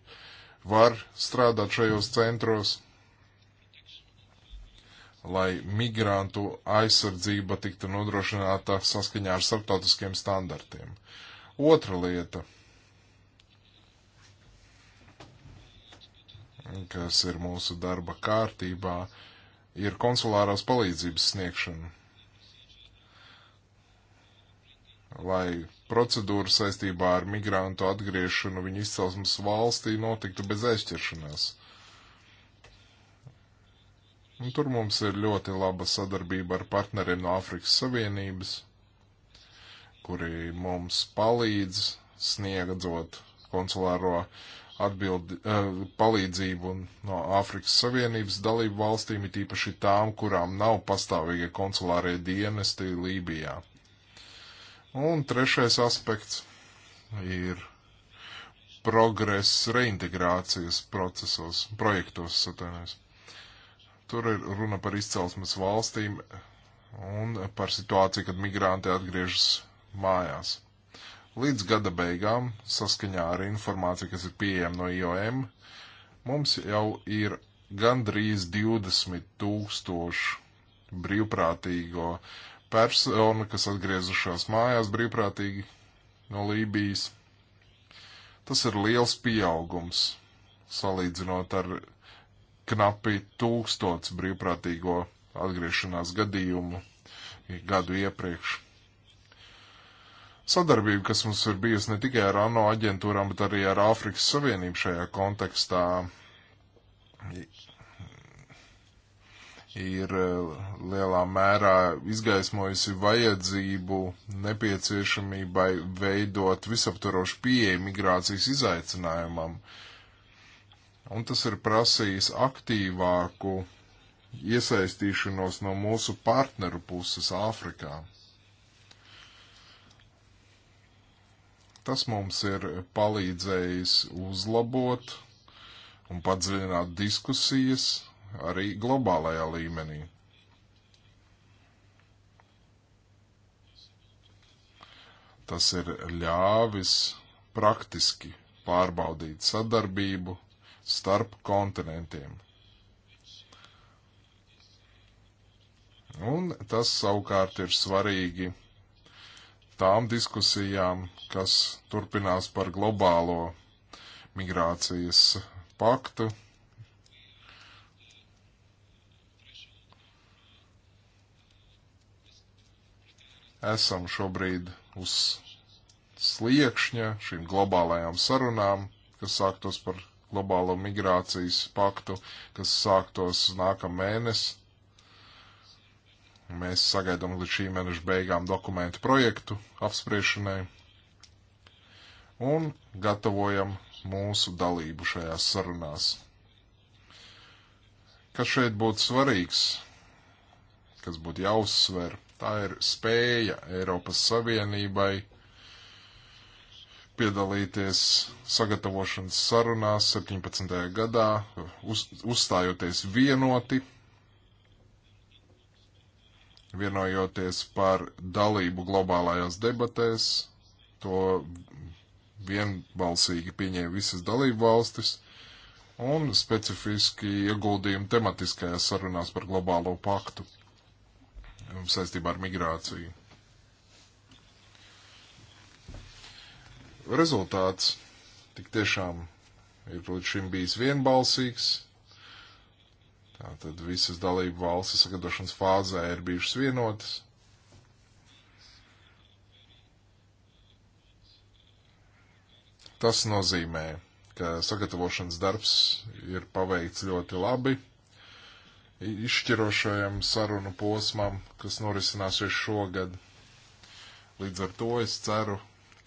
var strādāt šajos centros, lai migrantu aizsardzība tiktu nodrošināta saskaņā ar starptautiskiem standartiem. Otra lieta, kas ir mūsu darba kārtībā, ir konsulārās palīdzības sniegšana. Lai procedūra saistībā ar migrantu atgriešanu viņu izcelsmes valstī notiktu bez aizķeršanās. Un tur mums ir ļoti laba sadarbība ar partneriem no Afrikas Savienības, kuri mums palīdz sniegadzot konsulāro atbildi, eh, palīdzību no Āfrikas Savienības dalību valstīm, it īpaši tām, kurām nav pastāvīgie konsulārie dienesti Lībijā. Un trešais aspekts ir progress reintegrācijas procesos, projektos, satanēs. Tur ir runa par izcelsmes valstīm un par situāciju, kad migranti atgriežas mājās. Līdz gada beigām, saskaņā ar informāciju, kas ir pieejama no IOM, mums jau ir gandrīz 20 tūkstoši brīvprātīgo persona, kas atgriezušās mājās brīvprātīgi no Lībijas. Tas ir liels pieaugums, salīdzinot ar knapi tūkstots brīvprātīgo atgriešanās gadījumu gadu iepriekš. Sadarbība, kas mums ir bijusi ne tikai ar ANO aģentūrām, bet arī ar Āfrikas Savienību šajā kontekstā, ir eh, lielā mērā izgaismojusi vajadzību nepieciešamībai veidot visaptvarošu pieeju migrācijas izaicinājumam. Un tas ir prasījis aktīvāku iesaistīšanos no mūsu partneru puses Āfrikā. Tas mums ir palīdzējis uzlabot un padziļināt diskusijas arī globālajā līmenī. Tas ir ļāvis praktiski pārbaudīt sadarbību starp kontinentiem. Un tas savukārt ir svarīgi tām diskusijām, kas turpinās par globālo migrācijas paktu esam šobrīd uz sliekšņa šīm globālajām sarunām, kas sāktos par globālo migrācijas paktu, kas sāktos nākamā mēnesi. Mēs sagaidām līdz šī mēneša beigām dokumentu projektu apspriešanai un gatavojam mūsu dalību šajās sarunās. Kas šeit būtu svarīgs, kas būtu jāuzsver? Tā ir spēja Eiropas Savienībai piedalīties sagatavošanas sarunās 17. gadā, uz, uzstājoties vienoti, vienojoties par dalību globālajās debatēs, to vienbalsīgi pieņēma visas dalību valstis, un specifiski ieguldījumi tematiskajās sarunās par globālo paktu. Um, saistībā ar migrāciju. Rezultāts tik tiešām ir līdz šim bijis vienbalsīgs. Tātad visas dalību valstis sagatavošanas fāzē ir bijušas vienotas. Tas nozīmē, ka sagatavošanas darbs ir paveikts ļoti labi izšķirošajam sarunu posmam, kas norisināsies šogad. Līdz ar to es ceru,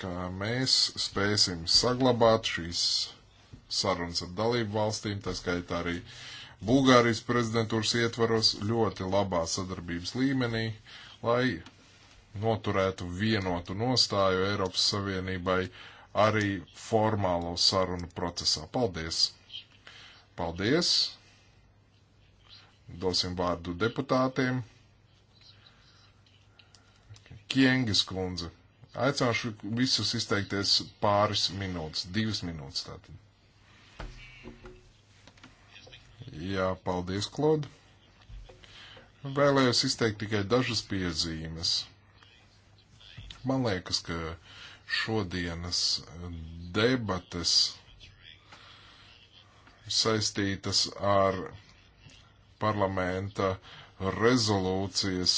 ka mēs spēsim saglabāt šīs sarunas ar dalību valstīm, tā skaitā arī Bulgārijas prezidentūras ietvaros ļoti labā sadarbības līmenī, lai noturētu vienotu nostāju Eiropas Savienībai arī formālo sarunu procesā. Paldies! Paldies! Dosim vārdu deputātiem. Kienges kundze. Aicināšu visus izteikties pāris minūtes, divas minūtes tātad. Jā, paldies, Klod. Vēlējos izteikt tikai dažas piezīmes. Man liekas, ka šodienas debates saistītas ar parlamenta rezolūcijas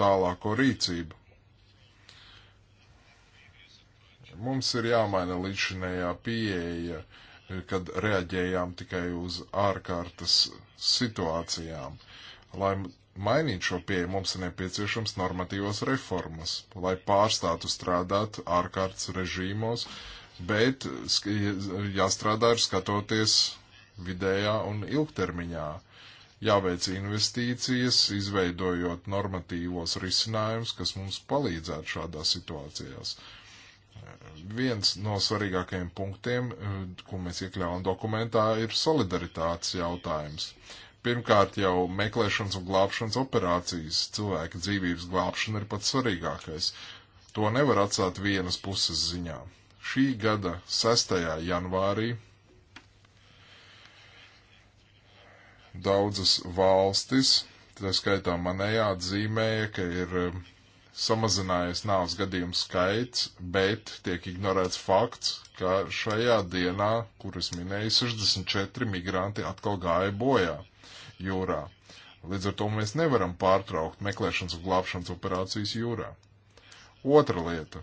tālāko rīcību. Mums ir jāmaina līdzinējā pieeja, kad reaģējām tikai uz ārkārtas situācijām. Lai mainītu šo pieeju, mums ir nepieciešams normatīvas reformas, lai pārstātu strādāt ārkārtas režīmos, bet jāstrādā ir skatoties vidējā un ilgtermiņā. Jāveic investīcijas, izveidojot normatīvos risinājumus, kas mums palīdzētu šādās situācijās. Viens no svarīgākajiem punktiem, eh, ko mēs iekļāvām dokumentā, ir solidaritātes jautājums pirmkārt jau meklēšanas un glābšanas operācijas, cilvēka dzīvības glābšana ir pats svarīgākais. To nevar atstāt vienas puses ziņā. Šī gada 6. janvārī daudzas valstis, tā skaitā manējā, atzīmēja, ka ir um, samazinājies nāves gadījumu skaits, bet tiek ignorēts fakts, ka šajā dienā, kuras minēju, 64 migranti atkal gāja bojā jūrā. Līdz ar to mēs nevaram pārtraukt meklēšanas un glābšanas operācijas jūrā. Otra lieta.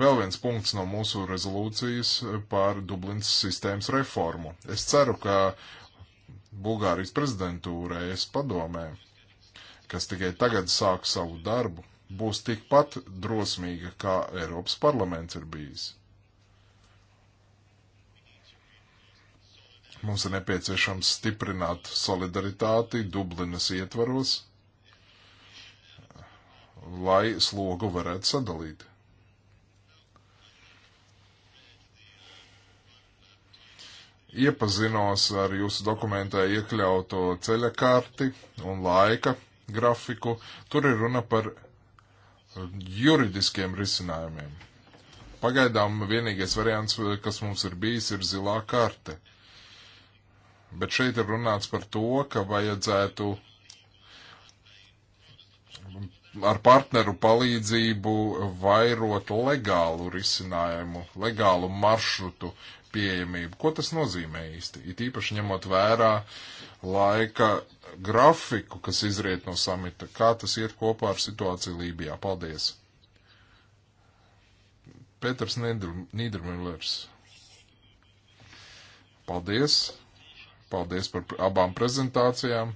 Vēl viens punkts no mūsu rezolūcijas par Dublinas sistēmas reformu. Es ceru, ka Bulgārijas prezidentūra es padomē, kas tikai tagad sāk savu darbu, būs tikpat drosmīga, kā Eiropas parlaments ir bijis. Mums ir nepieciešams stiprināt solidaritāti Dublinas ietvaros, lai slogu varētu sadalīt. iepazinos ar jūsu dokumentā iekļauto ceļa karti un laika grafiku. Tur ir runa par juridiskiem risinājumiem. Pagaidām vienīgais variants, kas mums ir bijis, ir zilā karte. Bet šeit ir runāts par to, ka vajadzētu ar partneru palīdzību vairot legālu risinājumu, legālu maršrutu, pieejamību. Ko tas nozīmē īsti? It īpaši ņemot vērā laika grafiku, kas izriet no samita. Kā tas iet kopā ar situāciju Lībijā? Paldies! Pēters Nīdermillers. Paldies! Paldies par abām prezentācijām!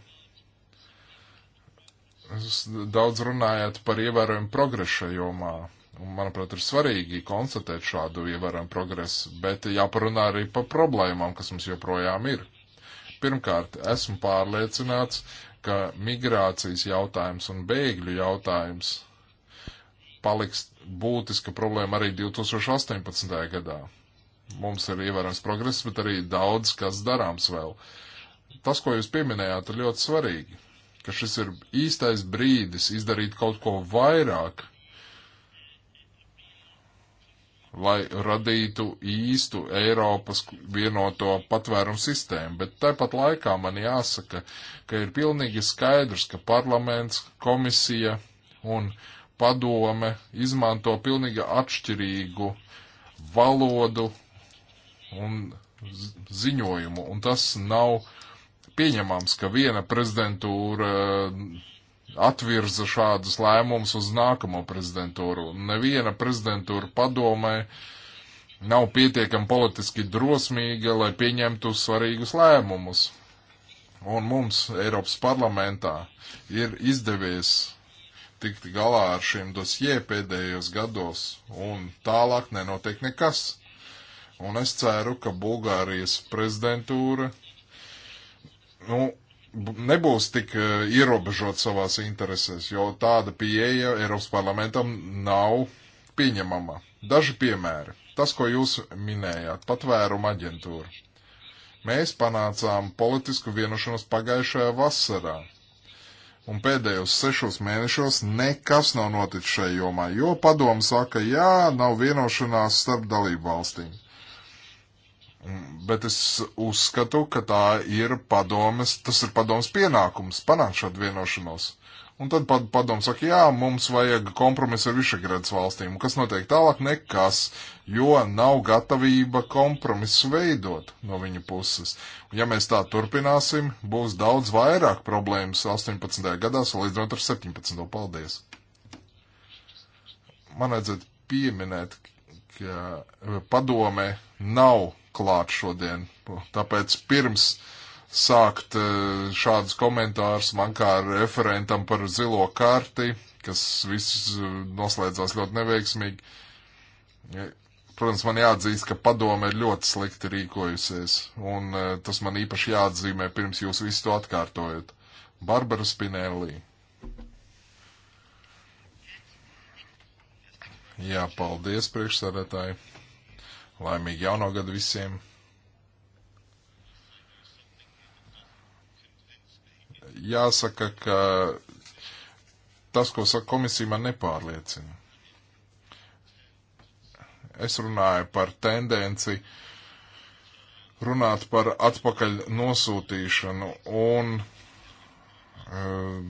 Jūs daudz runājat par ievērojumu progresa jomā. Un, manuprāt, ir svarīgi konstatēt šādu ievērojumu progresu, bet jāparunā arī par problēmām, kas mums joprojām ir. Pirmkārt, esmu pārliecināts, ka migrācijas jautājums un bēgļu jautājums paliks būtiska problēma arī 2018. gadā. Mums ir ievērojams progress, bet arī daudz kas darāms vēl. Tas, ko jūs pieminējāt, ir ļoti svarīgi, ka šis ir īstais brīdis izdarīt kaut ko vairāk lai radītu īstu Eiropas vienoto patvērumu sistēmu, bet tāpat laikā man jāsaka, ka ir pilnīgi skaidrs, ka parlaments, komisija un padome izmanto pilnīgi atšķirīgu valodu un ziņojumu, un tas nav pieņemams, ka viena prezidentūra atvirza šādus lēmumus uz nākamo prezidentūru. Neviena prezidentūra padomē nav pietiekami politiski drosmīga, lai pieņemtu svarīgus lēmumus. Un mums Eiropas parlamentā ir izdevies tikt galā ar šiem dosjē pēdējos gados, un tālāk nenotiek nekas. Un es ceru, ka Bulgārijas prezidentūra, nu, nebūs tik e, ierobežot savās interesēs, jo tāda pieeja Eiropas parlamentam nav pieņemama. Daži piemēri. Tas, ko jūs minējāt, patvēruma aģentūra. Mēs panācām politisku vienošanos pagājušajā vasarā. Un pēdējos sešos mēnešos nekas nav noticis šajā jomā, jo padomu saka, jā, nav vienošanās starp dalību valstīm. Bet es uzskatu, ka tā ir padomas, tas ir padomas pienākums panākt šādu vienošanos. Un tad pad, padomu saka, jā, mums vajag kompromisu ar Višegradas valstīm. Kas notiek tālāk? Nekas, jo nav gatavība kompromisu veidot no viņa puses. Un ja mēs tā turpināsim, būs daudz vairāk problēmas 18. gadā, salīdzinot ar 17. Paldies! Man vajadzētu pieminēt, ka padome nav klāt šodien. Tāpēc pirms sākt e, šādus komentārus man kā referentam par zilo karti, kas viss e, noslēdzās ļoti neveiksmīgi. E, protams, man jāatzīst, ka padome ir ļoti slikti rīkojusies, un tas man īpaši jāatzīmē pirms jūs visu to atkārtojat. Barbara Spinelli. Jā, paldies priekšsēdētāji. Laimīgi jauno gadu visiem! Jāsaka, ka tas, ko saka komisija, man nepārliecina. Es runāju par tendenci runāt par atpakaļ nosūtīšanu un um,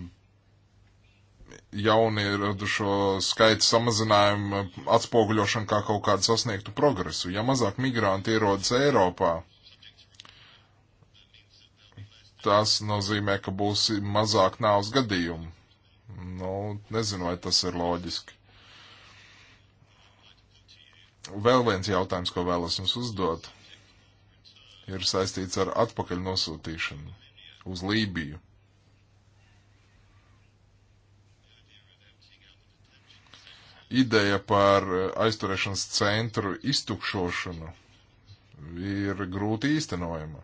jaunierodušo skaita samazinājumu atspoguļošanu kā kaut kādu sasniegtu progresu. Ja mazāk migranti ierodas Eiropā, tas nozīmē, ka būs mazāk nāvs gadījumu. Nu, nezinu, vai tas ir loģiski. Vēl viens jautājums, ko vēlos jums uzdot, ir saistīts ar atpakaļ nosūtīšanu uz Lībiju. ideja par eh, aizturēšanas centru iztukšošanu ir grūti īstenojama.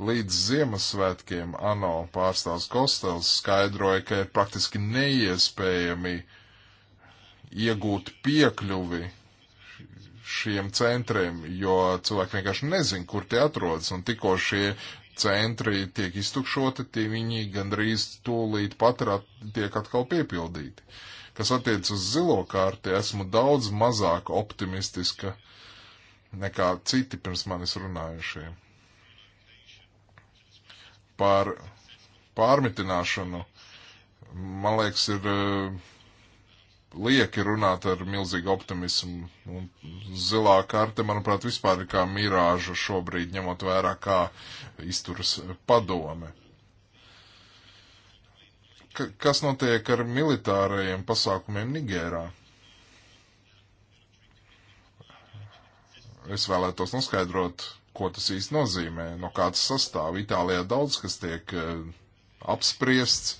Līdz Ziemassvētkiem ANO pārstāvs Kostels skaidroja, ka ir praktiski neiespējami iegūt piekļuvi šiem centriem, jo cilvēki vienkārši nezin, kur tie atrodas, un tikko šie centri tiek iztukšoti, tie viņi gandrīz tūlīt pat at, tiek atkal piepildīti. Kas attiec uz zilo kārti, esmu daudz mazāk optimistiska nekā citi pirms manis runājušie. Par pārmitināšanu, man liekas, ir eh, lieki runāt ar milzīgu optimismu. Un zilā karte, manuprāt, vispār ir kā mirāža šobrīd, ņemot vērā, kā izturas padome. K kas notiek ar militārajiem pasākumiem Nigērā? Es vēlētos noskaidrot, ko tas īsti nozīmē, no kādas sastāv. Itālijā daudz kas tiek uh, apspriests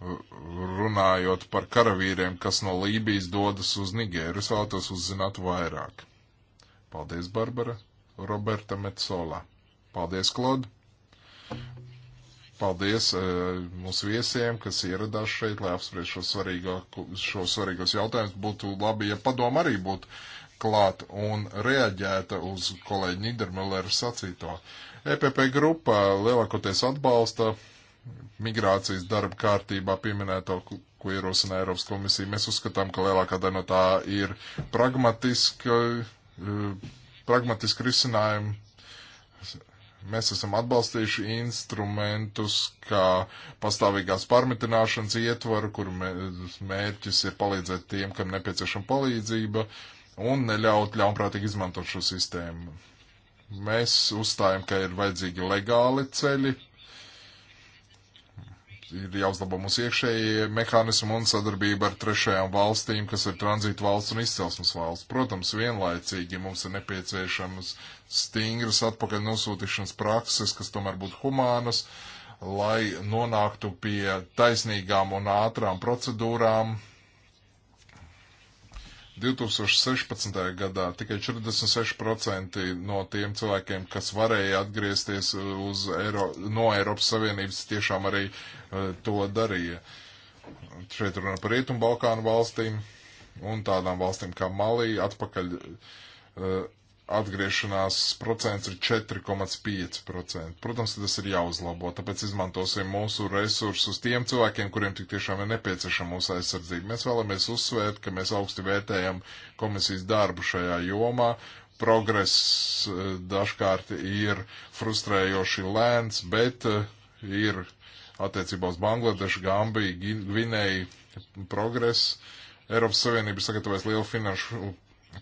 runājot par karavīriem, kas no Lībijas dodas uz Nigēru. Es vēlētos uzzināt vairāk. Paldies, Barbara. Roberta Metzola. Paldies, Klod. Paldies uh, mūsu viesiem, kas ieradās šeit, lai apspriež šo, svarīgo, šo svarīgos jautājumus. Būtu labi, ja padoma arī būtu klāt un reaģēta uz kolēģi Nidermulleru sacīto. EPP grupa lielākoties atbalsta uh, migrācijas darba kārtībā pieminēto, ko ierosina Eiropas komisija. Mēs uzskatām, ka lielākā daļa no tā ir pragmatiska, eh, pragmatiska risinājuma. Mēs esam atbalstījuši instrumentus, kā pastāvīgās pārmitināšanas ietvaru, kur mērķis ir palīdzēt tiem, kam nepieciešama palīdzība, un neļaut ļaunprātīgi izmantot šo sistēmu. Mēs uzstājam, ka ir vajadzīgi legāli ceļi, ir jāuzlabo mūsu iekšējie mehānismi un sadarbība ar trešajām valstīm, kas ir tranzītu valsts un izcelsmes valsts. Protams, vienlaicīgi mums ir nepieciešamas stingras atpakaļ nosūtīšanas prakses, kas tomēr būtu humānas, lai nonāktu pie taisnīgām un ātrām procedūrām, 2016. gadā tikai 46% no tiem cilvēkiem, kas varēja atgriezties uz Eiro, no Eiropas Savienības, tiešām arī uh, to darīja. Šeit runa par Rietumu Balkānu valstīm un tādām valstīm kā Malī, atpakaļ uh, atgriešanās procents ir 4,5%. Protams, tas ir jāuzlabo, tāpēc izmantosim mūsu resursus tiem cilvēkiem, kuriem tik tiešām ir nepieciešama mūsu aizsardzība. Mēs vēlamies uzsvērt, ka mēs augsti vērtējam komisijas darbu šajā jomā. Progress eh, dažkārt ir frustrējoši lēns, bet eh, ir attiecībā uz Bangladešu, Gambiju, Gvinēju progress. Eiropas Savienība sagatavojas lielu finanšu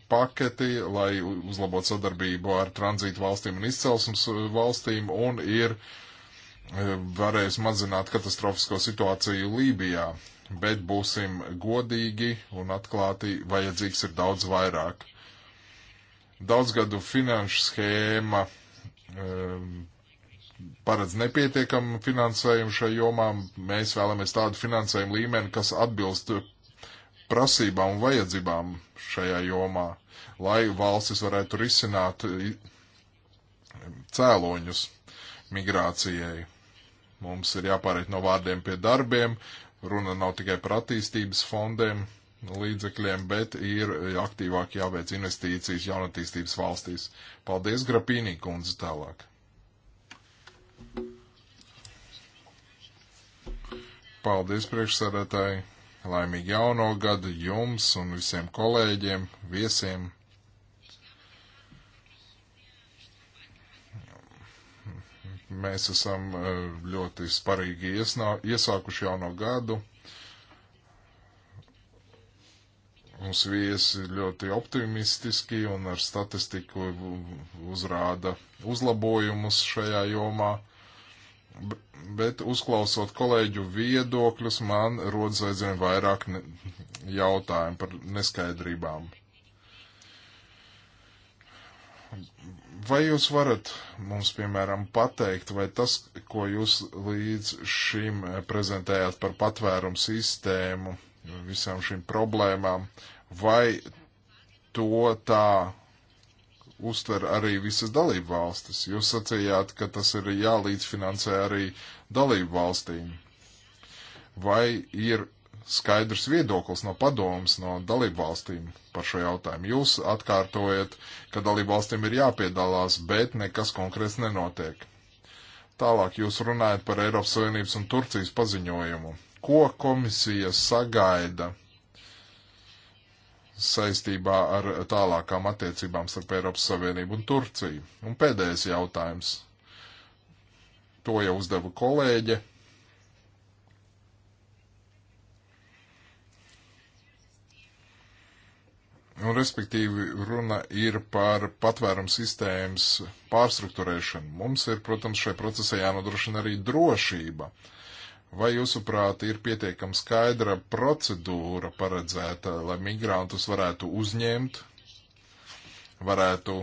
paketi, lai uzlabotu sadarbību ar tranzītu valstīm un izcelsmes e, valstīm, un ir e, varējis mazināt katastrofisko situāciju Lībijā. Bet būsim godīgi un atklāti, vajadzīgs ir daudz vairāk. Daudzgadu finanšu schēma um, paredz nepietiekamu finansējumu šai jomām. Mēs vēlamies tādu finansējumu līmeni, kas atbilst prasībām un vajadzībām šajā jomā, lai valstis varētu risināt cēloņus migrācijai. Mums ir jāpāriet no vārdiem pie darbiem, runa nav tikai par attīstības fondiem, līdzekļiem, bet ir aktīvāk jāveic investīcijas jaunatīstības valstīs. Paldies, Grapīnī kundze, tālāk. Paldies, priekšsēdētāji. Laimīgi jauno gadu jums un visiem kolēģiem, viesiem. Mēs esam eh, ļoti sparīgi iesnā, iesākuši jauno gadu. Mums viesi ļoti optimistiski un ar statistiku uzrāda uzlabojumus šajā jomā bet uzklausot kolēģu viedokļus, man rodas aizvien vairāk jautājumu par neskaidrībām. Vai jūs varat mums, piemēram, pateikt, vai tas, ko jūs līdz šim prezentējāt par patvērumu sistēmu, visām šīm problēmām, vai to tā uztver arī visas dalību valstis. Jūs sacījāt, ka tas ir jālīdzfinansē arī dalību valstīm. Vai ir skaidrs viedoklis no padomas no dalību valstīm par šo jautājumu? Jūs atkārtojat, ka dalību valstīm ir jāpiedalās, bet nekas konkrēts nenotiek. Tālāk jūs runājat par Eiropas Savienības un Turcijas paziņojumu. Ko komisija sagaida saistībā ar tālākām attiecībām starp Eiropas Savienību un Turciju. Un pēdējais jautājums. To jau uzdeva kolēģe. Un, respektīvi, runa ir par patvērumu sistēmas pārstruktūrēšanu. Mums ir, protams, šai procesā jānodrošina arī drošība. Uh, Vai jūsuprāt ir pietiekami skaidra procedūra paredzēta, lai migrantus varētu uzņemt, varētu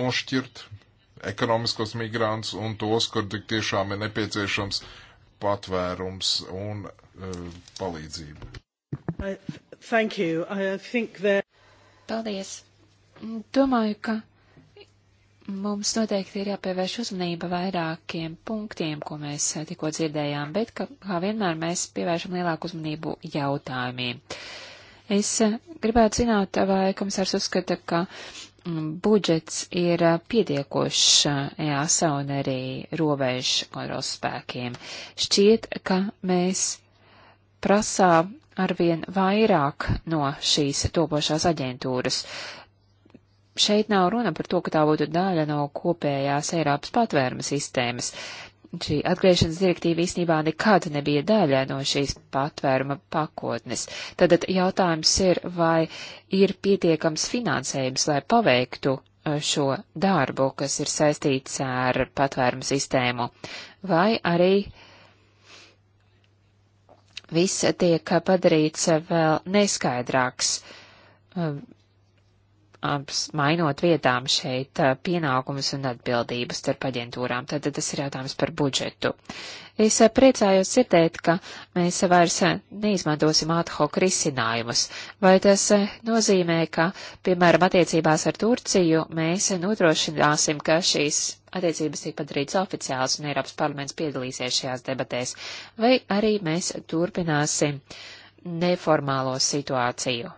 nošķirt ekonomiskos migrantus un tos, kur tik tiešām ir nepieciešams patvērums un uh, palīdzība? Thank you. I think that... Paldies. Domāju, ka Mums noteikti ir jāpievērš uzmanība vairākiem punktiem, ko mēs eh, tikko dzirdējām, bet kā, kā vienmēr mēs pievēršam lielāku uzmanību jautājumiem. Es eh, gribētu zināt, vai komisārs uzskata, ka mm, budžets ir eh, pietiekošs EASA un arī robežu kontrols spēkiem. Šķiet, ka mēs prasām arvien vairāk no šīs topošās aģentūras. Uh, šeit nav runa par to, ka tā būtu daļa no kopējās Eiropas patvēruma sistēmas. Šī atgriešanas direktīva īstenībā nekad nebija daļa no šīs patvēruma pakotnes. Tad jautājums ir, vai ir pietiekams finansējums, lai paveiktu uh, šo darbu, kas ir saistīts ar patvērumu sistēmu, vai arī viss tiek padarīts vēl neskaidrāks uh, mainot vietām šeit uh, pienākumus un atbildības starp aģentūrām. Tātad tas ir jautājums par budžetu. Es uh, priecājos dzirdēt, ka mēs vairs uh, neizmantosim ad hoc risinājumus. Vai tas nozīmē, ka, piemēram, attiecībās ar Turciju mēs nodrošināsim, ka šīs attiecības tiek padarīts oficiāls un Eiropas parlaments piedalīsies šajās debatēs, vai arī mēs turpināsim neformālo situāciju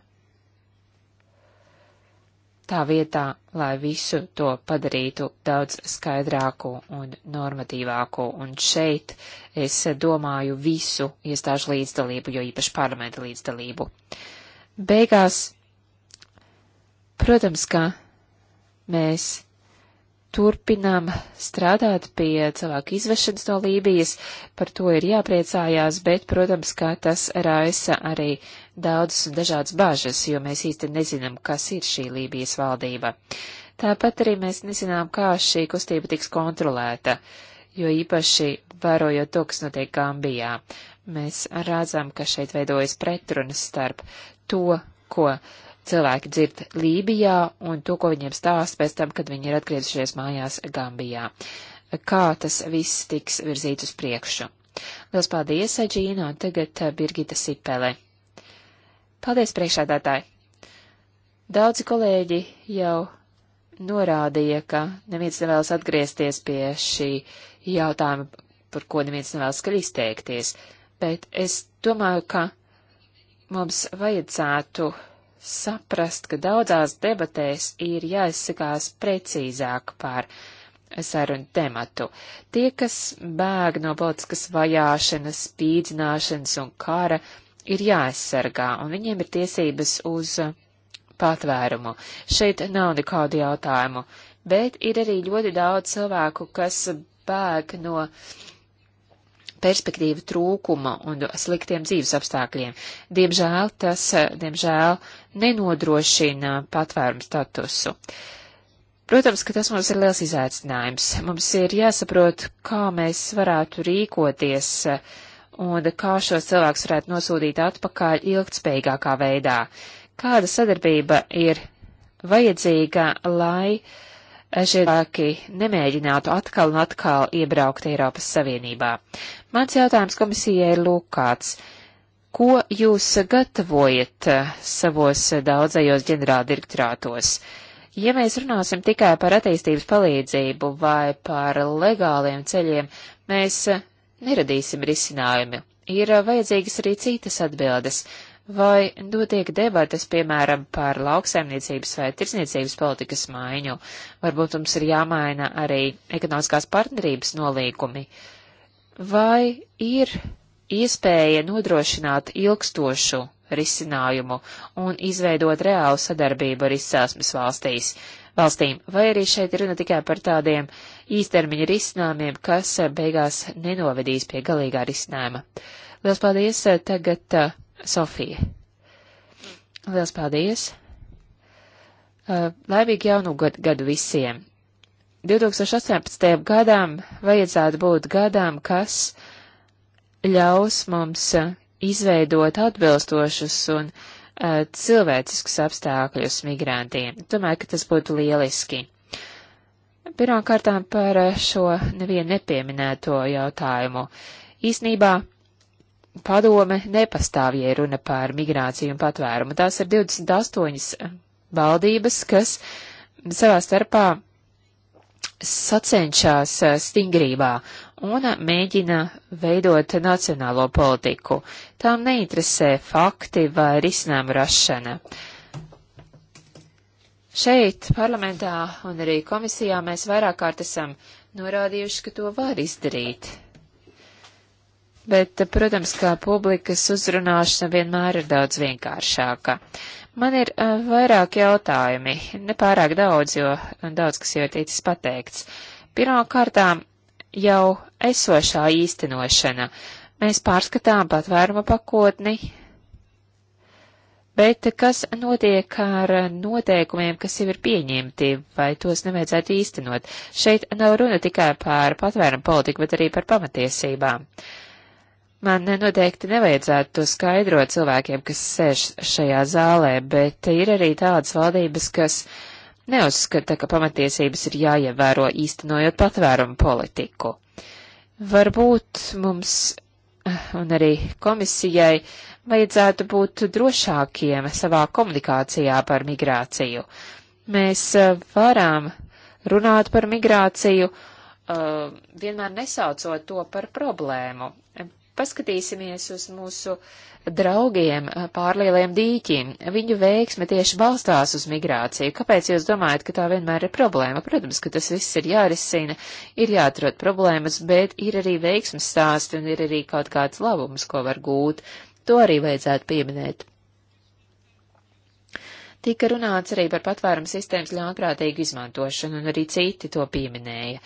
tā vietā, lai visu to padarītu daudz skaidrāku un normatīvāku, un šeit es domāju visu iestāžu līdzdalību, jo īpaši parlamenta līdzdalību. Beigās, protams, ka mēs turpinām strādāt pie cilvēku izvešanas no Lībijas, par to ir jāpriecājās, bet, protams, ka tas raisa arī daudzas un dažādas bažas, jo mēs īsti nezinām, kas ir šī Lībijas valdība. Tāpat arī mēs nezinām, kā šī kustība tiks kontrolēta, jo īpaši vērojot to, kas notiek Gambijā, mēs rādzām, ka šeit veidojas pretrunas starp to, ko cilvēki dzird Lībijā un to, ko viņiem stāst pēc tam, kad viņi ir atgriezušies mājās Gambijā. Kā tas viss tiks virzīts uz priekšu? Lielas paldies, Aģīna, un tagad eh, Birgita Sipele. Paldies, priekšādātāji! Daudzi kolēģi jau norādīja, ka neviens nevēlas atgriezties pie šī jautājuma, par ko neviens nevēlas izteikties, bet es domāju, ka mums vajadzētu saprast, ka daudzās debatēs ir jāizsakās precīzāk par sarunu tematu. Tie, kas bēg no politiskas vajāšanas, spīdzināšanas un kara, ir jāaizsargā, un viņiem ir tiesības uz patvērumu. Šeit nav nekādu jautājumu, bet ir arī ļoti daudz cilvēku, kas bēg no perspektīvu trūkuma un sliktiem dzīves apstākļiem. Diemžēl tas, diemžēl, nenodrošina patvērumu statusu. Protams, ka tas mums ir liels izaicinājums. Mums ir jāsaprot, kā mēs varētu rīkoties uh, un kā šos cilvēkus varētu nosūtīt atpakaļ ilgtspējīgākā veidā. Kāda sadarbība ir vajadzīga, lai šie cilvēki nemēģinātu atkal un atkal iebraukt Eiropas Savienībā? Mans jautājums komisijai ir lūkāts. Ko jūs gatavojat eh, savos daudzajos ģenerāldirektorātos? Ja mēs runāsim tikai par attīstības palīdzību vai par legāliem ceļiem, mēs eh, neradīsim risinājumu. Ir vajadzīgas arī citas atbildes, vai notiek debatas, piemēram, par lauksaimniecības vai tirsniecības politikas maiņu. Varbūt mums ir jāmaina arī ekonomiskās partnerības nolīgumi. Vai ir iespēja nodrošināt ilgstošu risinājumu un izveidot reālu sadarbību ar izcelsmes valstīs? valstīm, vai arī šeit runa tikai par tādiem īstermiņa risinājumiem, kas eh, beigās nenovedīs pie galīgā risinājuma. Liels paldies eh, tagad uh, Sofija. Liels paldies! Uh, laimīgu jaunu gadu, gadu visiem! 2018. gadām vajadzētu būt gadām, kas ļaus mums izveidot atbilstošus un uh, Eh, cilvēciskus apstākļus migrantiem. Domāju, ka tas būtu lieliski. Pirmkārtām par šo nevienu nepieminēto jautājumu. Īsnībā padome nepastāv, ja runa par migrāciju un patvērumu. Tās ir 28 valdības, kas savā starpā sacenšās stingrībā un mēģina veidot nacionālo politiku. Tām neinteresē fakti vai risinājumu rašana. Šeit, parlamentā un arī komisijā mēs vairāk kārt esam norādījuši, ka to var izdarīt. Bet, protams, kā publikas uzrunāšana vienmēr ir daudz vienkāršāka. Man ir uh, vairāk jautājumi, nepārāk daudz, jo daudz kas jau ir ticis pateikts. Pirmkārtām, jau esošā īstenošana. Mēs pārskatām patvēruma pakotni, bet kas notiek ar noteikumiem, kas jau ir pieņemti, vai tos nevajadzētu īstenot? Šeit nav runa tikai par patvērumu politiku, bet arī par pamatiesībām. Man noteikti nevajadzētu to skaidrot cilvēkiem, kas sēž šajā zālē, bet ir arī tādas valdības, kas uh, neuzskata, ka pamatiesības ir jāievēro īstenojot patvērumu politiku. Varbūt mums un arī komisijai vajadzētu būt drošākiem savā komunikācijā par migrāciju. Mēs eh, varam runāt par migrāciju, eh, vienmēr nesaucot to par problēmu. Paskatīsimies uz mūsu draugiem eh, pārlieliem dīķiem. Viņu veiksme tieši balstās uz migrāciju. Kāpēc jūs domājat, ka tā vienmēr ir problēma? Protams, ka tas viss ir jārisina, ir jāatrod problēmas, bet ir arī veiksmes stāsti un ir arī kaut kāds labums, ko var gūt. To arī vajadzētu pieminēt. Tika runāts arī par patvērumu sistēmas ļaunprātīgu izmantošanu, un arī citi to pieminēja.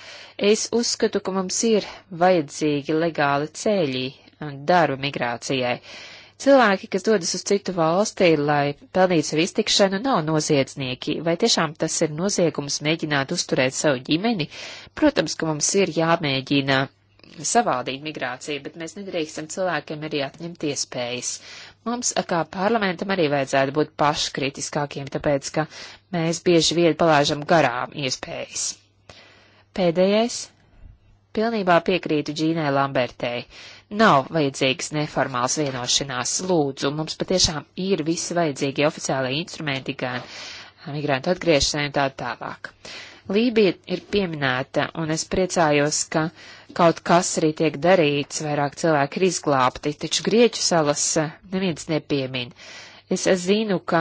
Es uzskatu, ka mums ir vajadzīgi legāli ceļi darba migrācijai. Cilvēki, kas dodas uz citu valsti, lai pelnītu sev iztikšanu, nav noziedznieki. Vai tiešām tas ir noziegums mēģināt uzturēt savu ģimeni? Protams, ka mums ir jāmēģina savādīt migrāciju, bet mēs nedrīkstam cilvēkiem arī atņemt iespējas. Mums, kā parlamentam, arī vajadzētu būt paškritiskākiem, tāpēc, ka mēs bieži vien palāžam garām iespējas. Pēdējais. Pilnībā piekrītu Džīnai Lambertei. Nav vajadzīgs neformāls vienošanās. Lūdzu, mums patiešām ir visi vajadzīgie oficiālai instrumenti, gan migrantu atgriešanai un tā tālāk. Uh, Lībija ir pieminēta, un es priecājos, ka kaut kas arī tiek darīts, vairāk cilvēki ir izglābti, taču Grieķu salas eh, neviens nepiemin. Es zinu, ka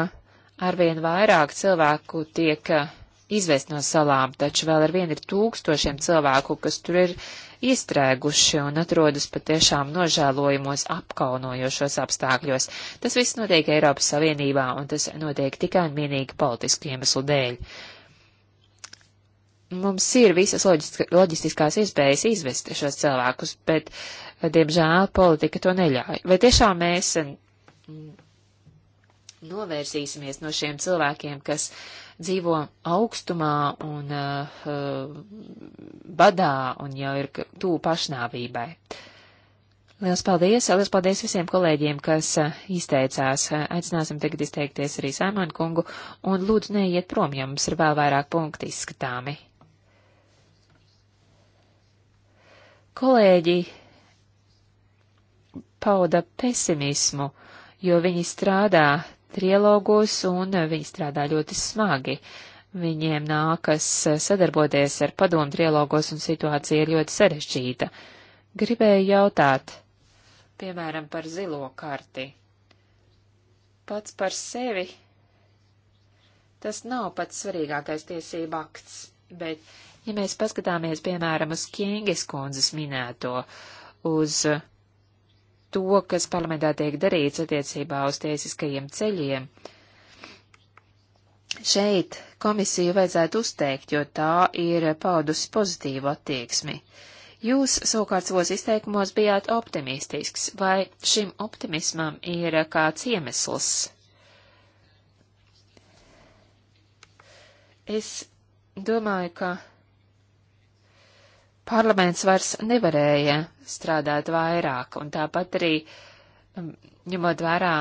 arvien vairāk cilvēku tiek eh, izvest no salām, taču vēl arvien ir tūkstošiem cilvēku, kas tur ir iestrēguši un atrodas patiešām nožēlojumos apkaunojošos apstākļos. Tas viss notiek Eiropas Savienībā, un tas notiek tikai un vienīgi politisku iemeslu dēļ mums ir visas loģistiskās iespējas izvest šos cilvēkus, bet, diemžēl, politika to neļauj. Vai tiešām mēs mm, novērsīsimies no šiem cilvēkiem, kas dzīvo augstumā un uh, badā un jau ir tū pašnāvībai? Liels paldies! Liels paldies visiem kolēģiem, kas eh, izteicās. Aicināsim tagad izteikties arī Saimanu kungu un lūdzu neiet prom, jo mums ir vēl vairāk punkti izskatāmi. Kolēģi pauda pesimismu, jo viņi strādā trilogos un viņi strādā ļoti smagi. Viņiem nākas sadarboties ar padomu trilogos un situācija ir ļoti sarežģīta. Gribēju jautāt, piemēram, par zilo karti. Pats par sevi tas nav pats svarīgākais tiesība akts, bet Ja mēs paskatāmies, piemēram, uz Kienges kundzes minēto, uz to, kas parlamentā tiek darīts attiecībā uz tiesiskajiem ceļiem, šeit komisiju vajadzētu uzteikt, jo tā ir paudusi pozitīvu attieksmi. Jūs savukārt savos izteikumos bijāt optimistisks, vai šim optimismam ir kāds iemesls? Es domāju, ka parlaments vairs nevarēja strādāt vairāk, un tāpat arī um, ņemot vērā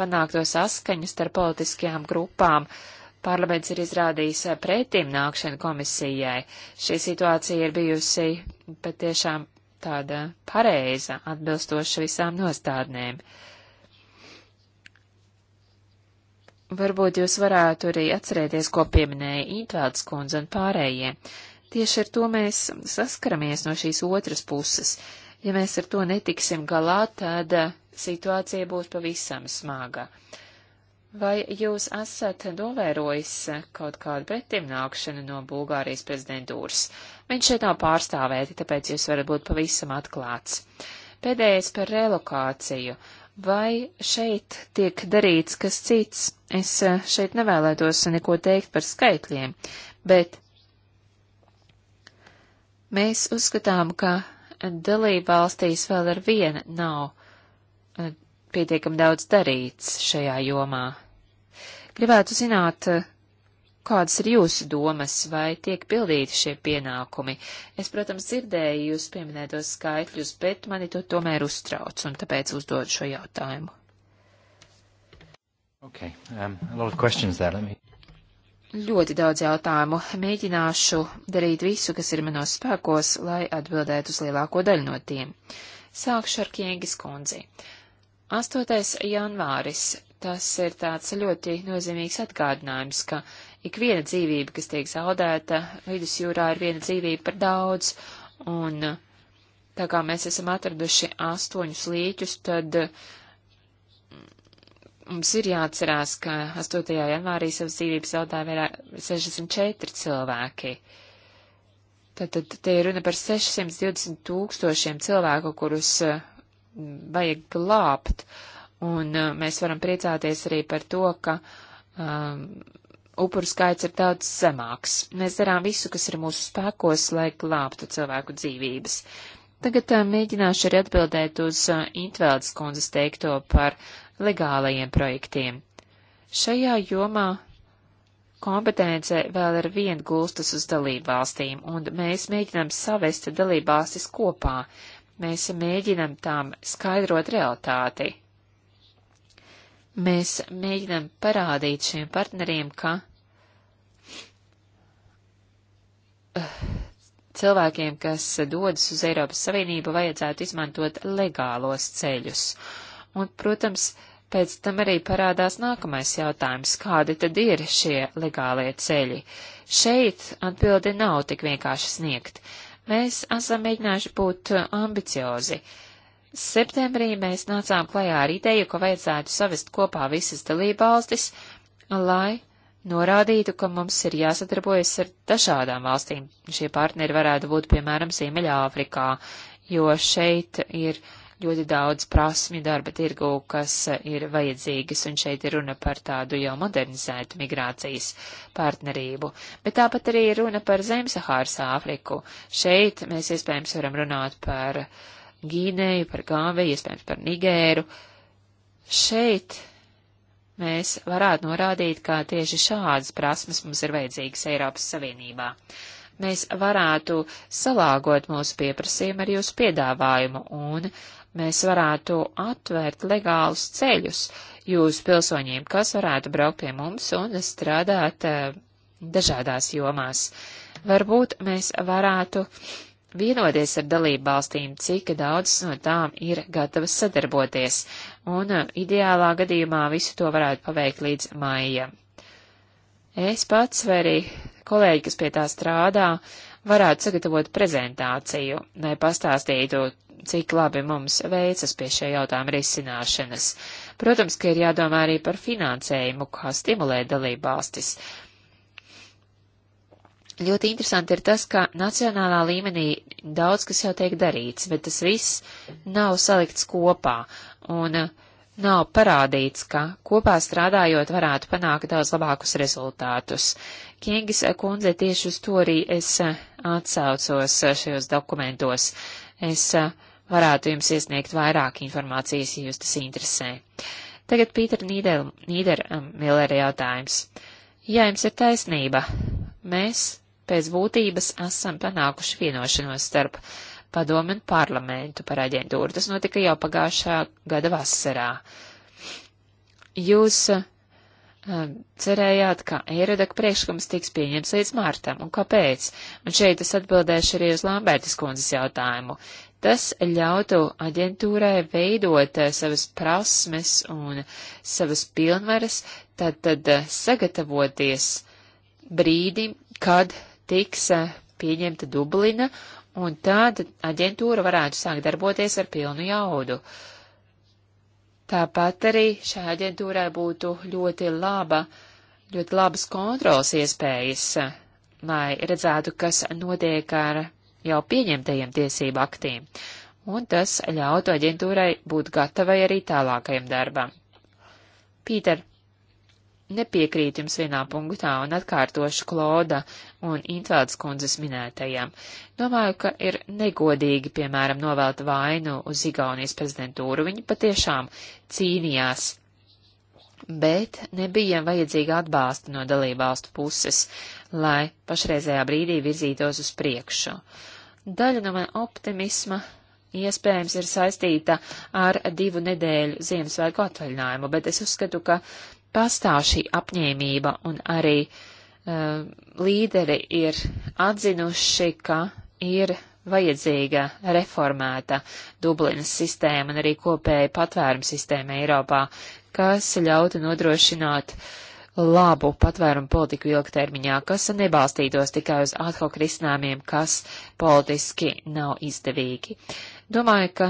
panākto saskaņu starp politiskajām grupām, parlaments ir izrādījis uh, pretim nākšanu komisijai. Šī situācija ir bijusi patiešām tāda pareiza, atbilstoša visām nostādnēm. Varbūt jūs varētu arī atcerēties, ko pieminēja Intvelds kundze un pārējie. Uh, Tieši ar to mēs saskaramies no šīs otras puses. Ja mēs ar to netiksim galā, tad eh, situācija būs pavisam smaga. Vai jūs esat novērojis eh, kaut kādu pretimnākšanu no Bulgārijas prezidentūras? Viņš šeit nav pārstāvēti, tāpēc jūs varat būt pavisam atklāts. Pēdējais par relokāciju. Vai šeit tiek darīts kas cits? Es eh, šeit nevēlētos neko teikt par skaitļiem, bet Mēs uzskatām, ka dalība valstīs vēl ar vienu nav eh, pietiekam daudz darīts šajā jomā. Gribētu zināt, eh, kādas ir jūsu domas, vai tiek pildīti šie pienākumi? Es, protams, dzirdēju jūs pieminētos skaitļus, bet mani to tomēr uztrauc, un tāpēc uzdod šo jautājumu. Okay, um, a lot of questions there. Let me ļoti daudz jautājumu. Mēģināšu darīt visu, kas ir manos spēkos, lai atbildētu uz lielāko daļu no tiem. Sākšu ar Kiengis kundzi. 8. janvāris. Tas ir tāds ļoti nozīmīgs atgādinājums, ka ik viena dzīvība, kas tiek zaudēta, vidusjūrā ir viena dzīvība par daudz, un tā kā mēs esam atraduši astoņus līķus, tad uh, Mums ir jāatcerās, ka 8. janvārī savas dzīvības zaudēja vairāk 604 cilvēki. Tātad te ir runa par 620 tūkstošiem cilvēku, kurus eh, vajag glābt, un eh, mēs varam priecāties arī par to, ka um, upuru skaits ir daudz zemāks. Mēs darām visu, kas ir mūsu spēkos, lai glābtu cilvēku dzīvības. Tagad tā, eh, mēģināšu arī atbildēt uz uh, Intveldes kundzes teikto par legālajiem projektiem. Šajā jomā kompetence vēl ar vien gulstas uz dalībvalstīm, un mēs mēģinām savest dalībvalstis kopā, mēs mēģinām tām skaidrot realitāti. Mēs mēģinām parādīt šiem partneriem, ka eh, cilvēkiem, kas dodas uz Eiropas Savienību, vajadzētu izmantot legālos ceļus. Un, protams, uh, Pēc tam arī parādās nākamais jautājums, kādi tad ir šie legālie ceļi. Šeit atbildi nav tik vienkārši sniegt. Mēs esam mēģinājuši būt ambiciozi. Septembrī mēs nācām klajā ar ideju, ka vajadzētu savest kopā visas dalībvalstis, lai norādītu, ka mums ir jāsadarbojas ar dažādām valstīm. Šie partneri varētu būt, piemēram, Ziemeļāfrikā, jo šeit ir ļoti daudz prasmju darba tirgū, kas ir vajadzīgas, un šeit ir runa par tādu jau modernizētu migrācijas partnerību, bet tāpat arī runa par Zemsahāras Āfriku. Šeit mēs iespējams varam runāt par Gīneju, par Gāvi, iespējams par Nigēru. Šeit mēs varētu norādīt, ka tieši šādas prasmes mums ir vajadzīgas Eiropas Savienībā. Mēs varētu salāgot mūsu pieprasījumu ar jūsu piedāvājumu un mēs varētu atvērt legālus ceļus jūsu pilsoņiem, kas varētu braukt pie mums un strādāt eh, dažādās jomās. Varbūt mēs varētu vienoties ar dalību valstīm, cik daudz no tām ir gatavas sadarboties, un eh, ideālā gadījumā visu to varētu paveikt līdz maijam. Es pats vai arī kolēģi, kas pie tā strādā, varētu sagatavot prezentāciju, lai pastāstītu, cik labi mums veicas pie šie jautājuma risināšanas. Protams, ka ir jādomā arī par finansējumu, kā stimulēt dalībvalstis. Ļoti interesanti ir tas, ka nacionālā līmenī daudz kas jau tiek darīts, bet tas viss nav salikts kopā un nav parādīts, ka kopā strādājot varētu panākt daudz labākus rezultātus. Kingis kundze tieši uz to arī es atsaucos šajos dokumentos. Es uh, varētu jums iesniegt vairāk informācijas, ja jūs tas interesē. Tagad Pīter Nīdermillera um, jautājums. Jā, jums ir taisnība. Mēs pēc būtības esam panākuši vienošanos starp padomu un parlamentu par aģentūru. Tas notika jau pagājušā gada vasarā. Jūs uh, um, cerējāt, ka Eirodak priekšlikums tiks pieņems līdz martam, un kāpēc? Un šeit es atbildēšu arī uz Lambertas kundzes jautājumu. Tas ļautu aģentūrai veidot eh, savas prasmes un savas pilnvaras, tad, tad eh, sagatavoties brīdim, kad tiks eh, pieņemta Dublina, un tad aģentūra varētu sākt darboties ar pilnu jaudu. Tāpat arī šai aģentūrai būtu ļoti laba, ļoti labas kontrols iespējas, lai redzētu, kas notiek ar jau pieņemtajiem tiesību aktīm, un tas ļautu aģentūrai būt gatavai arī tālākajam darbam. Pīter, nepiekrīt jums vienā punktā un atkārtošu Klauda un Intvēldas kundzes minētajām. Domāju, ka ir negodīgi, piemēram, novelt vainu uz Igaunijas prezidentūru. Viņi patiešām cīnījās, bet nebija vajadzīga atbalsta no dalībvalstu puses, lai pašreizējā brīdī virzītos uz priekšu. Uh, Daļa no mana optimisma iespējams ir saistīta ar divu nedēļu Ziemassvētku atvaļinājumu, bet es uzskatu, ka pastāv šī apņēmība un arī uh, līderi ir atzinuši, ka ir vajadzīga reformēta Dublinas sistēma un arī kopēja patvērums sistēma Eiropā, kas ļautu nodrošināt uh, labu patvērumu politiku ilgtermiņā, kas nebalstītos tikai uz ad hoc risinājumiem, kas politiski nav izdevīgi. Domāju, ka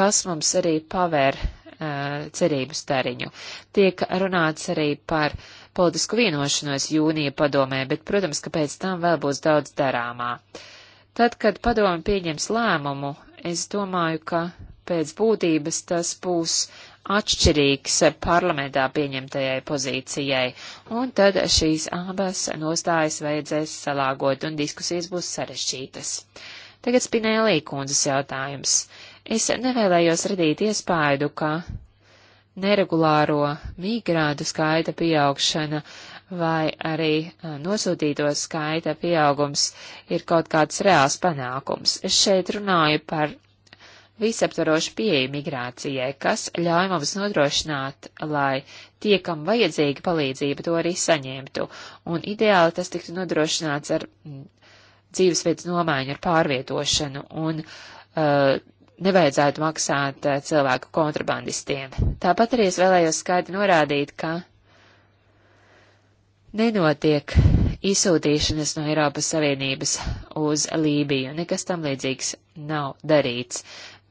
tas mums arī pavēr uh, eh, cerību stariņu. Tiek runāts arī par politisku vienošanos jūnija padomē, bet, protams, ka pēc tam vēl būs daudz darāmā. Tad, kad padomi pieņems lēmumu, es domāju, ka pēc būtības tas būs atšķirīgs parlamentā pieņemtajai pozīcijai, un tad šīs abas nostājas vajadzēs salāgot, un diskusijas būs sarešķītas. Tagad Spinēlī kundzes jautājums. Es nevēlējos radīt iespēju, ka neregulāro migrāntu skaita pieaugšana vai arī nosūtīto skaita pieaugums ir kaut kāds reāls panākums. Es šeit runāju par visaptvarošu pieeju migrācijai, kas ļauj mums nodrošināt, lai tie, kam vajadzīga palīdzība, to arī saņemtu, un ideāli tas tiktu nodrošināts ar mm, dzīvesvietas nomaiņu, ar pārvietošanu, un uh, nevajadzētu maksāt uh, cilvēku kontrabandistiem. Tāpat arī es vēlējos skaidri norādīt, ka nenotiek izsūtīšanas no Eiropas Savienības uz Lībiju. Nekas tam līdzīgs nav darīts.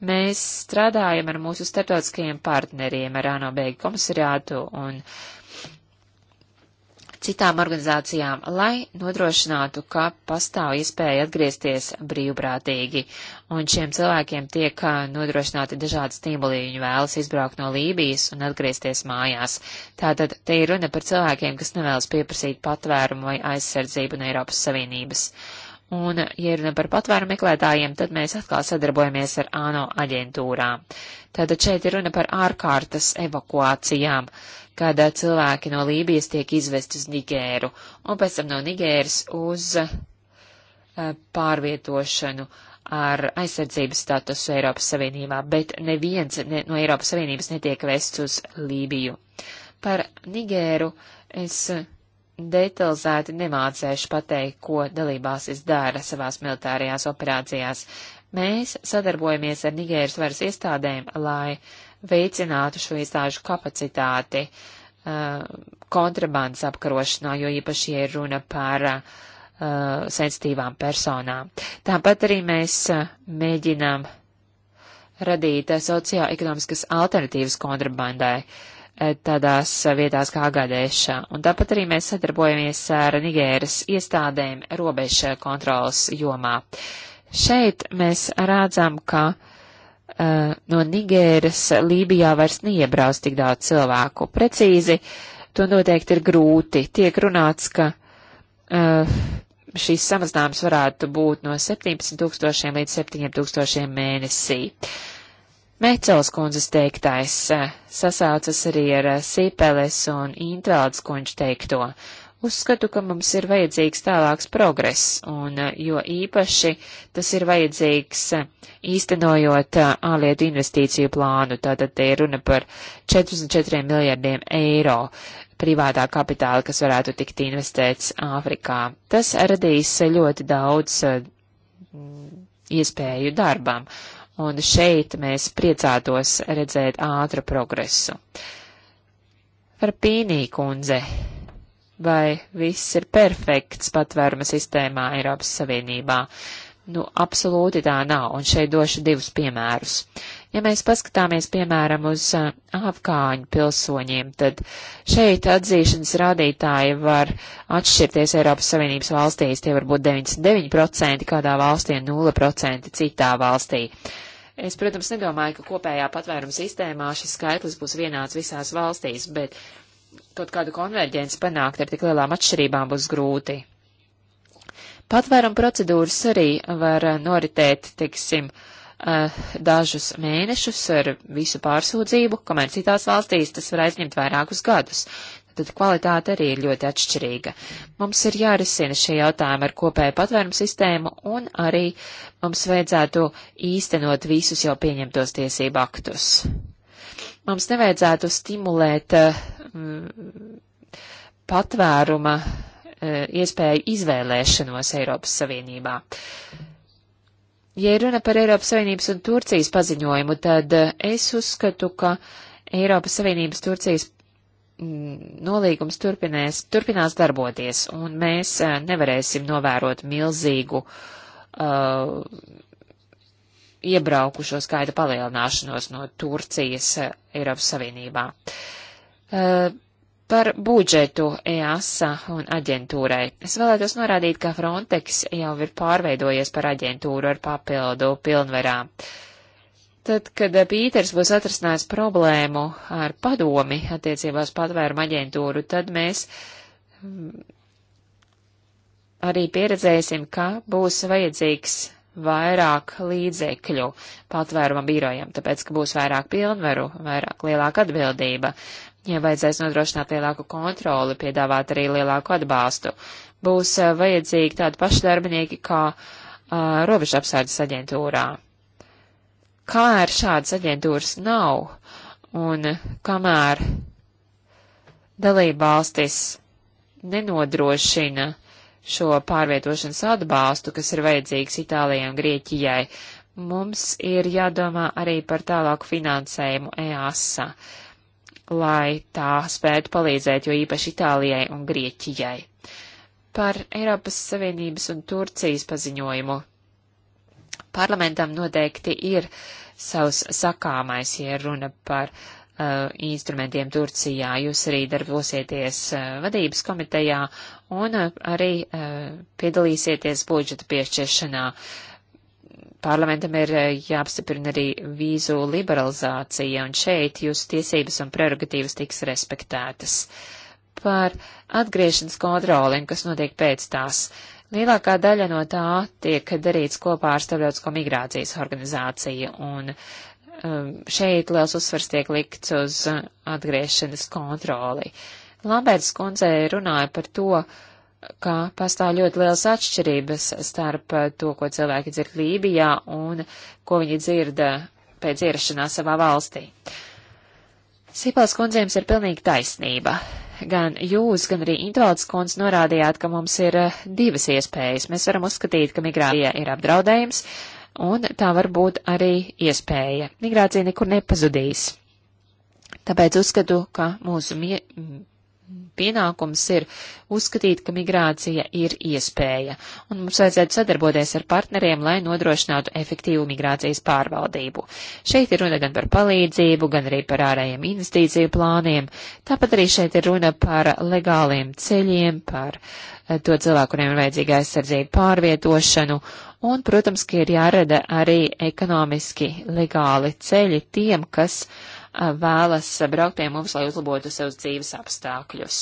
Mēs strādājam ar mūsu starptautiskajiem partneriem, ar ANO beigu komisariātu un citām organizācijām, lai nodrošinātu, ka pastāv iespēja atgriezties brīvprātīgi, un šiem cilvēkiem tiek nodrošināti dažādi stimuli, viņi vēlas izbraukt no Lībijas un atgriezties mājās. Tātad te ir runa par cilvēkiem, kas nevēlas pieprasīt patvērumu vai aizsardzību no Eiropas Savienības. Uh, Un, ja runa par patvēru meklētājiem, tad mēs atkal sadarbojamies ar ANO aģentūrām. Tātad šeit ir runa par ārkārtas evakuācijām, kad eh, cilvēki no Lībijas tiek izvest uz Nigēru un pēc tam no Nigēras uz uh, pārvietošanu ar aizsardzības statusu Eiropas Savienībā, bet neviens ne, no Eiropas Savienības netiek vests uz Lībiju. Par Nigēru es detalizēti nemācējuši pateikt, ko dalībāsis dara savās militārajās operācijās. Mēs sadarbojamies ar Nigēras varas iestādēm, lai veicinātu šo iestāžu kapacitāti uh, kontrabandas apkarošanā, jo īpaši ir runa par uh, sensitīvām personām. Tāpat arī mēs uh, mēģinām radīt uh, sociāekonomiskas alternatīvas kontrabandai. Uh, E, tādās vietās kā Agadēšā. Un tāpat arī mēs sadarbojamies ar Nigēras iestādēm robeža kontrolas jomā. Šeit mēs rādzam, ka uh, no Nigēras Lībijā vairs neiebrauc tik daudz cilvēku. Precīzi, to noteikti ir grūti. Tiek runāts, ka uh, šīs samazinājums varētu būt no 17 tūkstošiem līdz 7 tūkstošiem mēnesī. Uh, Mecels kundzes teiktais eh, sasaucas arī ar eh, Sīpeles un Intveldes kundžu teikto. Uzskatu, ka mums ir vajadzīgs tālāks progress, un eh, jo īpaši tas ir vajadzīgs īstenojot ālietu investīciju plānu, tātad te ir runa par 44 miljardiem eiro privātā kapitāla, kas varētu tikt investēts Āfrikā. Tas radīs ļoti daudz iespēju darbam, un šeit mēs priecātos redzēt ātru progresu. Par pīnī kundze, vai viss ir perfekts patvēruma sistēmā Eiropas Savienībā? Nu, absolūti tā nav, un šeit došu divus piemērus. Ja mēs paskatāmies, piemēram, uz uh, afgāņu pilsoņiem, tad šeit atzīšanas rādītāji var atšķirties Eiropas Savienības valstīs, tie var būt 99% kādā valstī un 0% citā valstī. Uh, Es, protams, nedomāju, ka kopējā patvēruma sistēmā šis skaitlis būs vienāds visās valstīs, bet kaut kādu konverģenci panākt ar tik lielām atšķirībām būs grūti. Patvēruma procedūras arī var noritēt, teiksim, eh, dažus mēnešus ar visu pārsūdzību, kamēr citās valstīs tas var aizņemt vairākus gadus tad kvalitāte arī ir ļoti atšķirīga. Mums ir jārisina šie jautājumi ar kopēju patvērumu sistēmu, un arī mums vajadzētu īstenot visus jau pieņemtos tiesību aktus. Mums nevajadzētu stimulēt mm, patvēruma eh, iespēju izvēlēšanos Eiropas Savienībā. Ja runa par Eiropas Savienības un Turcijas paziņojumu, tad eh, es uzskatu, ka Eiropas Savienības Turcijas Mm, nolīgums turpinās, turpinās darboties, un mēs eh, nevarēsim novērot milzīgu uh, iebraukušo skaita palielināšanos no Turcijas uh, Eiropas Savienībā. Uh, par budžetu EASA un aģentūrai. Es vēlētos norādīt, ka Frontex jau ir pārveidojies par aģentūru ar papildu pilnvarām. Uh, Tad, kad eh, Pīters būs atrasinājis problēmu ar padomi attiecībās patvērumu aģentūru, tad mēs mm, arī pieredzēsim, ka būs vajadzīgs vairāk līdzekļu patvēruma birojam, tāpēc, ka būs vairāk pilnvaru, vairāk lielāka atbildība. Ja vajadzēs nodrošināt lielāku kontroli, piedāvāt arī lielāku atbalstu, būs eh, vajadzīgi tādi paši darbinieki kā uh, eh, robežu apsardzes aģentūrā. Kamēr šādas aģentūras nav un kamēr dalībvalstis nenodrošina šo pārvietošanas atbalstu, kas ir vajadzīgs Itālijai un Grieķijai, mums ir jādomā arī par tālāku finansējumu EASA, lai tā spētu palīdzēt jo īpaši Itālijai un Grieķijai. Par Eiropas Savienības un Turcijas paziņojumu parlamentam noteikti ir savs sakāmais, ja runa par uh, instrumentiem Turcijā. Jūs arī darbosieties uh, vadības komitejā un uh, arī uh, piedalīsieties budžeta piešķiršanā. Parlamentam ir uh, jāapstiprina arī vīzu liberalizācija, un šeit jūsu tiesības un prerogatīvas tiks respektētas. Par atgriešanas kontroli, kas notiek pēc tās. Uh, Lielākā daļa no tā tiek darīts kopā ar Starptautisko migrācijas organizāciju, un um, šeit liels uzsvers tiek likts uz atgriešanas kontroli. Lamberts kundze runāja par to, ka pastāv ļoti liels atšķirības starp to, ko cilvēki dzird Lībijā un ko viņi dzird pēc ierašanās savā valstī. Sipels kundzēms ir pilnīgi taisnība gan jūs, gan arī Intvalds kundze norādījāt, ka mums ir eh, divas iespējas. Mēs varam uzskatīt, ka migrācija ir apdraudējums, un tā var būt arī iespēja. Migrācija nekur nepazudīs. Tāpēc uzskatu, ka mūsu mie pienākums ir uzskatīt, ka migrācija ir iespēja, un mums vajadzētu sadarboties ar partneriem, lai nodrošinātu efektīvu migrācijas pārvaldību. Šeit ir runa gan par palīdzību, gan arī par ārējiem investīciju plāniem, tāpat arī šeit ir runa par legāliem ceļiem, par eh, to cilvēku, kuriem ir vajadzīga aizsardzība pārvietošanu, un, protams, ka ir jārada arī ekonomiski legāli ceļi tiem, kas vēlas braukt pie mums, lai uzlabotu savus dzīves apstākļus.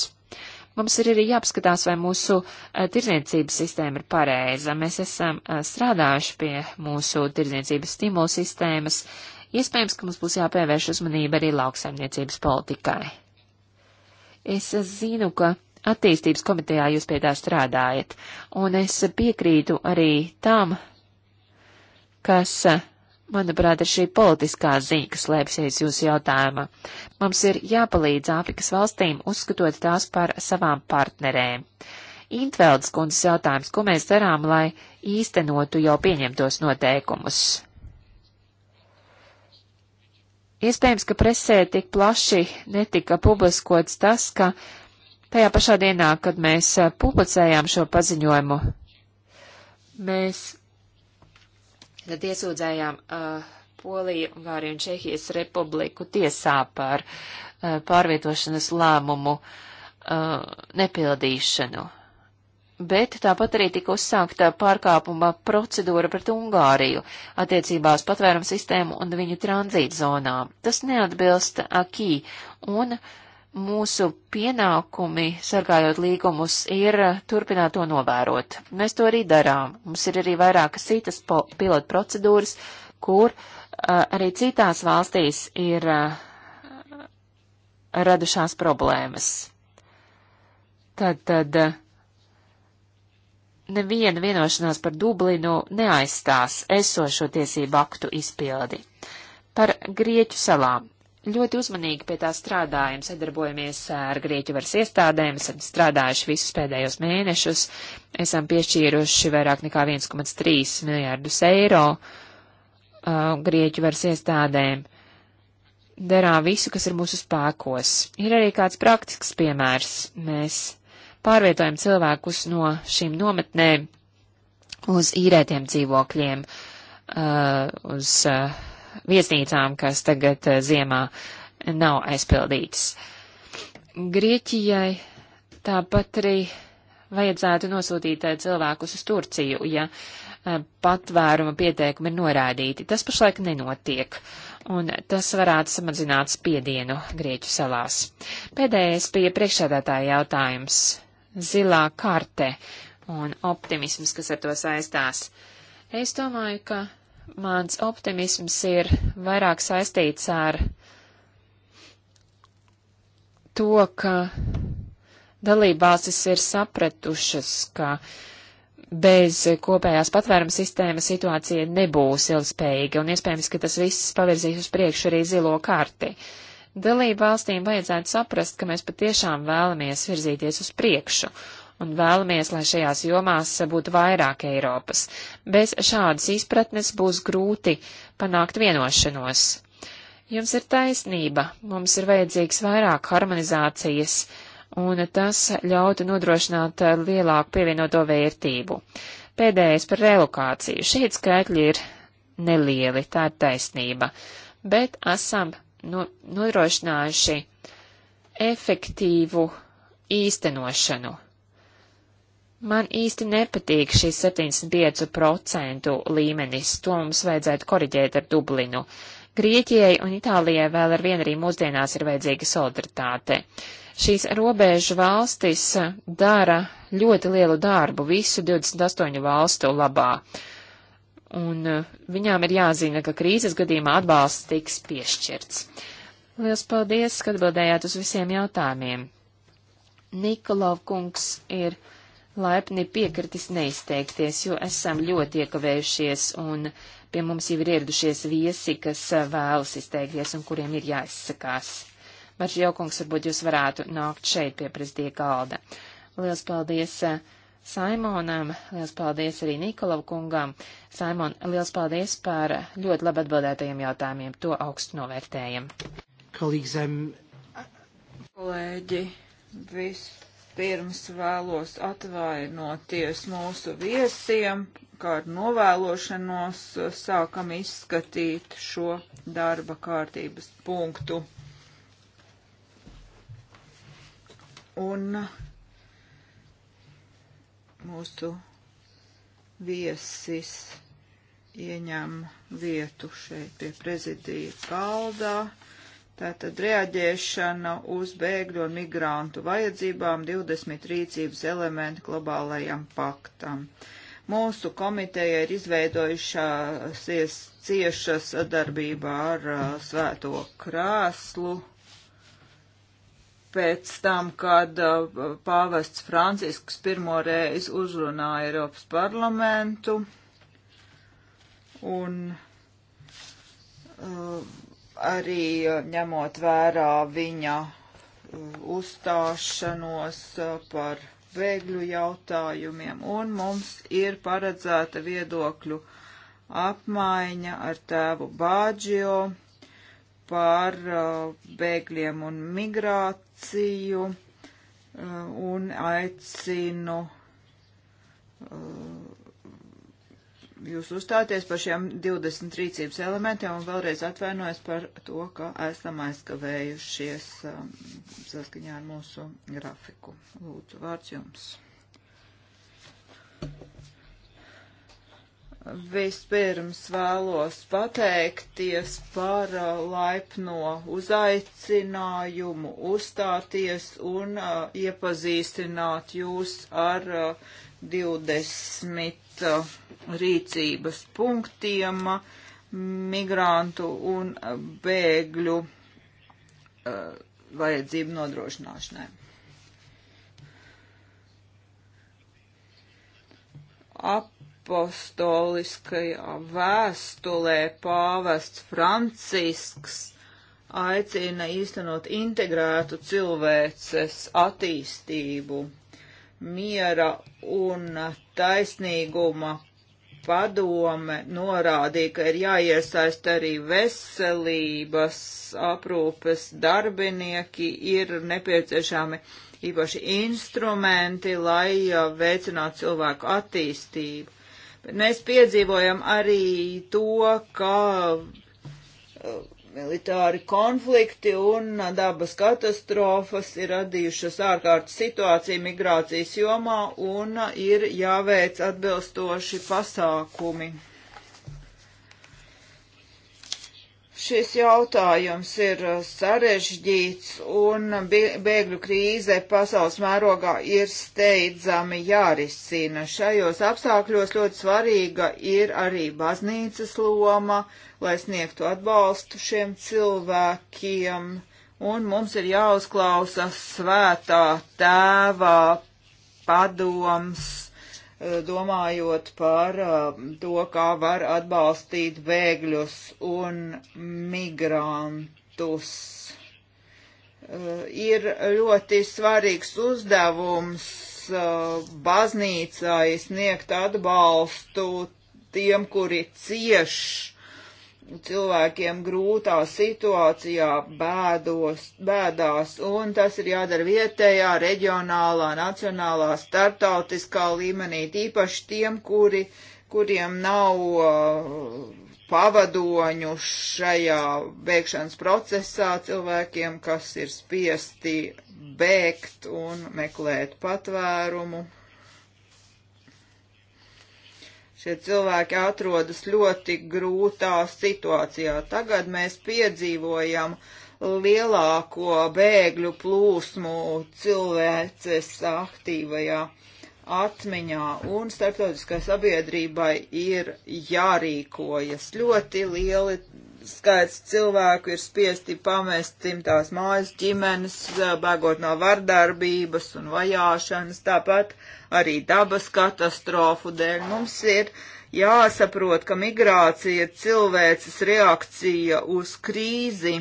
Mums ir arī jāapskatās, vai mūsu eh, tirdzniecības sistēma ir pareiza. Mēs esam eh, strādājuši pie mūsu tirdzniecības stimulu sistēmas. Iespējams, ka mums būs jāpievērš uzmanība arī lauksaimniecības politikai. Es zinu, ka attīstības komitejā jūs pie tā strādājat, un es piekrītu arī tam, kas manuprāt, ir šī politiskā ziņa, kas slēpsies jūsu jautājumā. Mums ir jāpalīdz Āfrikas valstīm, uzskatot tās par savām partnerēm. Intveldes kundzes jautājums, ko mēs darām, lai īstenotu jau pieņemtos noteikumus? Iespējams, ka presē tik plaši netika publiskots tas, ka tajā pašā dienā, kad mēs publicējām šo paziņojumu, mēs kad iesūdzējām uh, Poliju, Ungāriju un Čehijas republiku tiesā par uh, pārvietošanas lēmumu uh, nepildīšanu. Bet tāpat arī tika uzsākta pārkāpuma procedūra pret Ungāriju attiecībās patvērumu sistēmu un viņu tranzītu zonām. Tas neatbilst akī un uh, mūsu pienākumi, sargājot līgumus, ir turpināt to novērot. Mēs to arī darām. Mums ir arī vairākas citas pilotu procedūras, kur uh, arī citās valstīs ir uh, radušās problēmas. Tad, tad neviena vienošanās par Dublinu neaizstās esošo tiesību aktu izpildi. Par Grieķu salām ļoti uzmanīgi pie tā strādājam, sadarbojamies ar Grieķu varas iestādēm, esam strādājuši visus pēdējos mēnešus, esam piešķīruši vairāk nekā 1,3 miljārdus eiro uh, Grieķu varas iestādēm. Darām visu, kas ir mūsu spēkos. Ir arī kāds praktisks piemērs. Mēs pārvietojam cilvēkus no šīm nometnēm uz īrētiem dzīvokļiem, uh, uz uh, viesnīcām, kas tagad eh, ziemā nav aizpildītas. Grieķijai tāpat arī vajadzētu nosūtīt eh, cilvēkus uz Turciju, ja eh, patvēruma pieteikumi ir norādīti. Tas pašlaik nenotiek, un tas varētu samazināt spiedienu Grieķu salās. Pēdējais bija priekšsēdētāja jautājums - zilā karte un optimisms, kas ar to saistās. Es domāju, ka Mans optimisms ir vairāk saistīts ar to, ka dalībvalstis ir sapratušas, ka bez kopējās patvērums sistēmas situācija nebūs ilgspējīga, un iespējams, ka tas viss pavirzīs uz priekšu arī zilo karti. Dalībvalstīm vajadzētu saprast, ka mēs patiešām vēlamies virzīties uz priekšu, un vēlamies, lai šajās jomās būtu vairāk Eiropas. Bez šādas izpratnes būs grūti panākt vienošanos. Jums ir taisnība, mums ir vajadzīgs vairāk harmonizācijas, un tas ļautu nodrošināt lielāku pievienoto vērtību. Pēdējais par relokāciju. Šeit skaitļi ir nelieli, tā ir taisnība, bet esam no, nodrošinājuši efektīvu īstenošanu. Man īsti nepatīk šis 75% līmenis, to mums vajadzētu koriģēt ar Dublinu. Grieķijai un Itālijai vēl ar vienu arī mūsdienās ir vajadzīga solidaritāte. Šīs robežu valstis dara ļoti lielu darbu visu 28 valstu labā. Un eh, viņām ir jāzina, ka krīzes gadījumā atbalsts tiks piešķirts. Liels paldies, ka atbildējāt uz visiem jautājumiem. Nikolov kungs ir laipni piekritis neizteikties, jo esam ļoti iekavējušies un pie mums jau ir ieradušies viesi, kas eh, vēlas izteikties un kuriem ir jāizsakās. Marži Jokungs, varbūt jūs varētu nākt šeit pie prezidija galda. Liels paldies eh, Saimonam, liels paldies arī Nikolavu kungam. Saimon, liels paldies par ļoti labi atbildētajiem jautājumiem, to augstu novērtējam. Kolīdzem. Kolēģi, viss Vispirms vēlos atvainoties mūsu viesiem, kā ar novēlošanos sākam izskatīt šo darba kārtības punktu. Un mūsu viesis ieņem vietu šeit pie prezidija kaldā. Tātad reaģēšana uz bēgļu un migrantu vajadzībām 20 rīcības elementi globālajam paktam. Mūsu komiteja ir izveidojušās cieša sadarbībā ar uh, Svēto krēslu. Pēc tam, kad uh, pāvests Francisks pirmo reizi uzrunāja Eiropas parlamentu un uh, arī eh, ņemot vērā viņa eh, uzstāšanos eh, par bēgļu jautājumiem, un mums ir paredzēta viedokļu apmaiņa ar tēvu Bāģio par bēgļiem un migrāciju, un aicinu jūs uzstāties par šiem 20 rīcības elementiem un vēlreiz atvainojos par to, ka esam aizkavējušies um, saskaņā ar mūsu grafiku. Lūdzu, vārds jums. Vispirms vēlos pateikties par uh, laipno uzaicinājumu uzstāties un uh, iepazīstināt jūs ar uh, 20 uh, rīcības punktiem migrantu un bēgļu uh, vajadzību nodrošināšanai. Apostoliskajā vēstulē pāvests Francisks aicina īstenot integrētu cilvēces attīstību miera un taisnīguma padome norādīja, ka ir jāiesaist arī veselības aprūpes darbinieki, ir nepieciešami īpaši instrumenti, lai uh, veicinātu cilvēku attīstību. Bet mēs piedzīvojam arī to, ka uh, militāri konflikti un dabas katastrofas ir radījušas ārkārtas situāciju migrācijas jomā un ir jāveic atbilstoši pasākumi. Šis jautājums ir uh, sarežģīts un bēgļu krīze pasaules mērogā ir steidzami jārisina. Šajos apstākļos ļoti svarīga ir arī baznīcas loma, lai sniegtu atbalstu šiem cilvēkiem, un mums ir jāuzklausa svētā tēvā padoms domājot par uh, to, kā var atbalstīt bēgļus un migrantus. Uh, ir ļoti svarīgs uzdevums uh, baznīcai sniegt atbalstu tiem, kuri cieš cilvēkiem grūtā situācijā, bēdos, bēdās, un tas ir jādara vietējā, reģionālā, nacionālā, starptautiskā līmenī, tīpaši tiem, kuri, kuriem nav uh, pavadoņu šajā bēgšanas procesā, cilvēkiem, kas ir spiesti bēgt un meklēt patvērumu šie cilvēki atrodas ļoti grūtā situācijā. Tagad mēs piedzīvojam lielāko bēgļu plūsmu cilvēces aktīvajā atmiņā, un starptautiskai sabiedrībai ir jārīkojas ļoti lieli skaits cilvēku ir spiesti pamest cimtās mājas ģimenes, bēgot no vardarbības un vajāšanas, tāpat arī dabas katastrofu dēļ. Mums ir jāsaprot, ka migrācija ir cilvēces reakcija uz krīzi.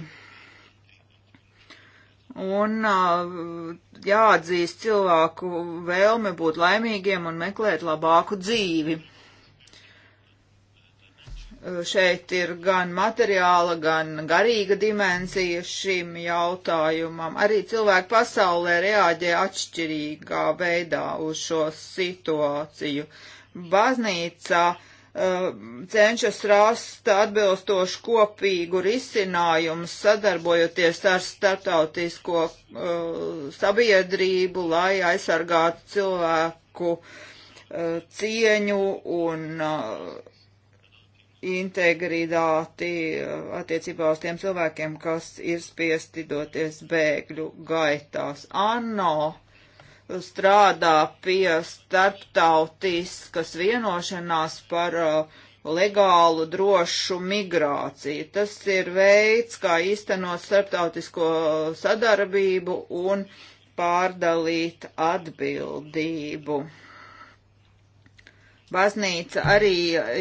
Un jāatzīst cilvēku vēlme būt laimīgiem un meklēt labāku dzīvi. Eh, šeit ir gan materiāla, gan garīga dimensija šim jautājumam. Arī cilvēki pasaulē reaģē atšķirīgā veidā uz šo situāciju. Baznīca uh, cenšas rast atbilstošu kopīgu risinājumu, sadarbojoties ar starptautisko uh, sabiedrību, lai aizsargātu cilvēku uh, cieņu un uh, integritāti uh, attiecībā uz tiem cilvēkiem, kas ir spiesti doties bēgļu gaitās. Anno strādā pie starptautiskas vienošanās par uh, legālu, drošu migrāciju. Tas ir veids, kā īstenot starptautisko sadarbību un pārdalīt atbildību baznīca arī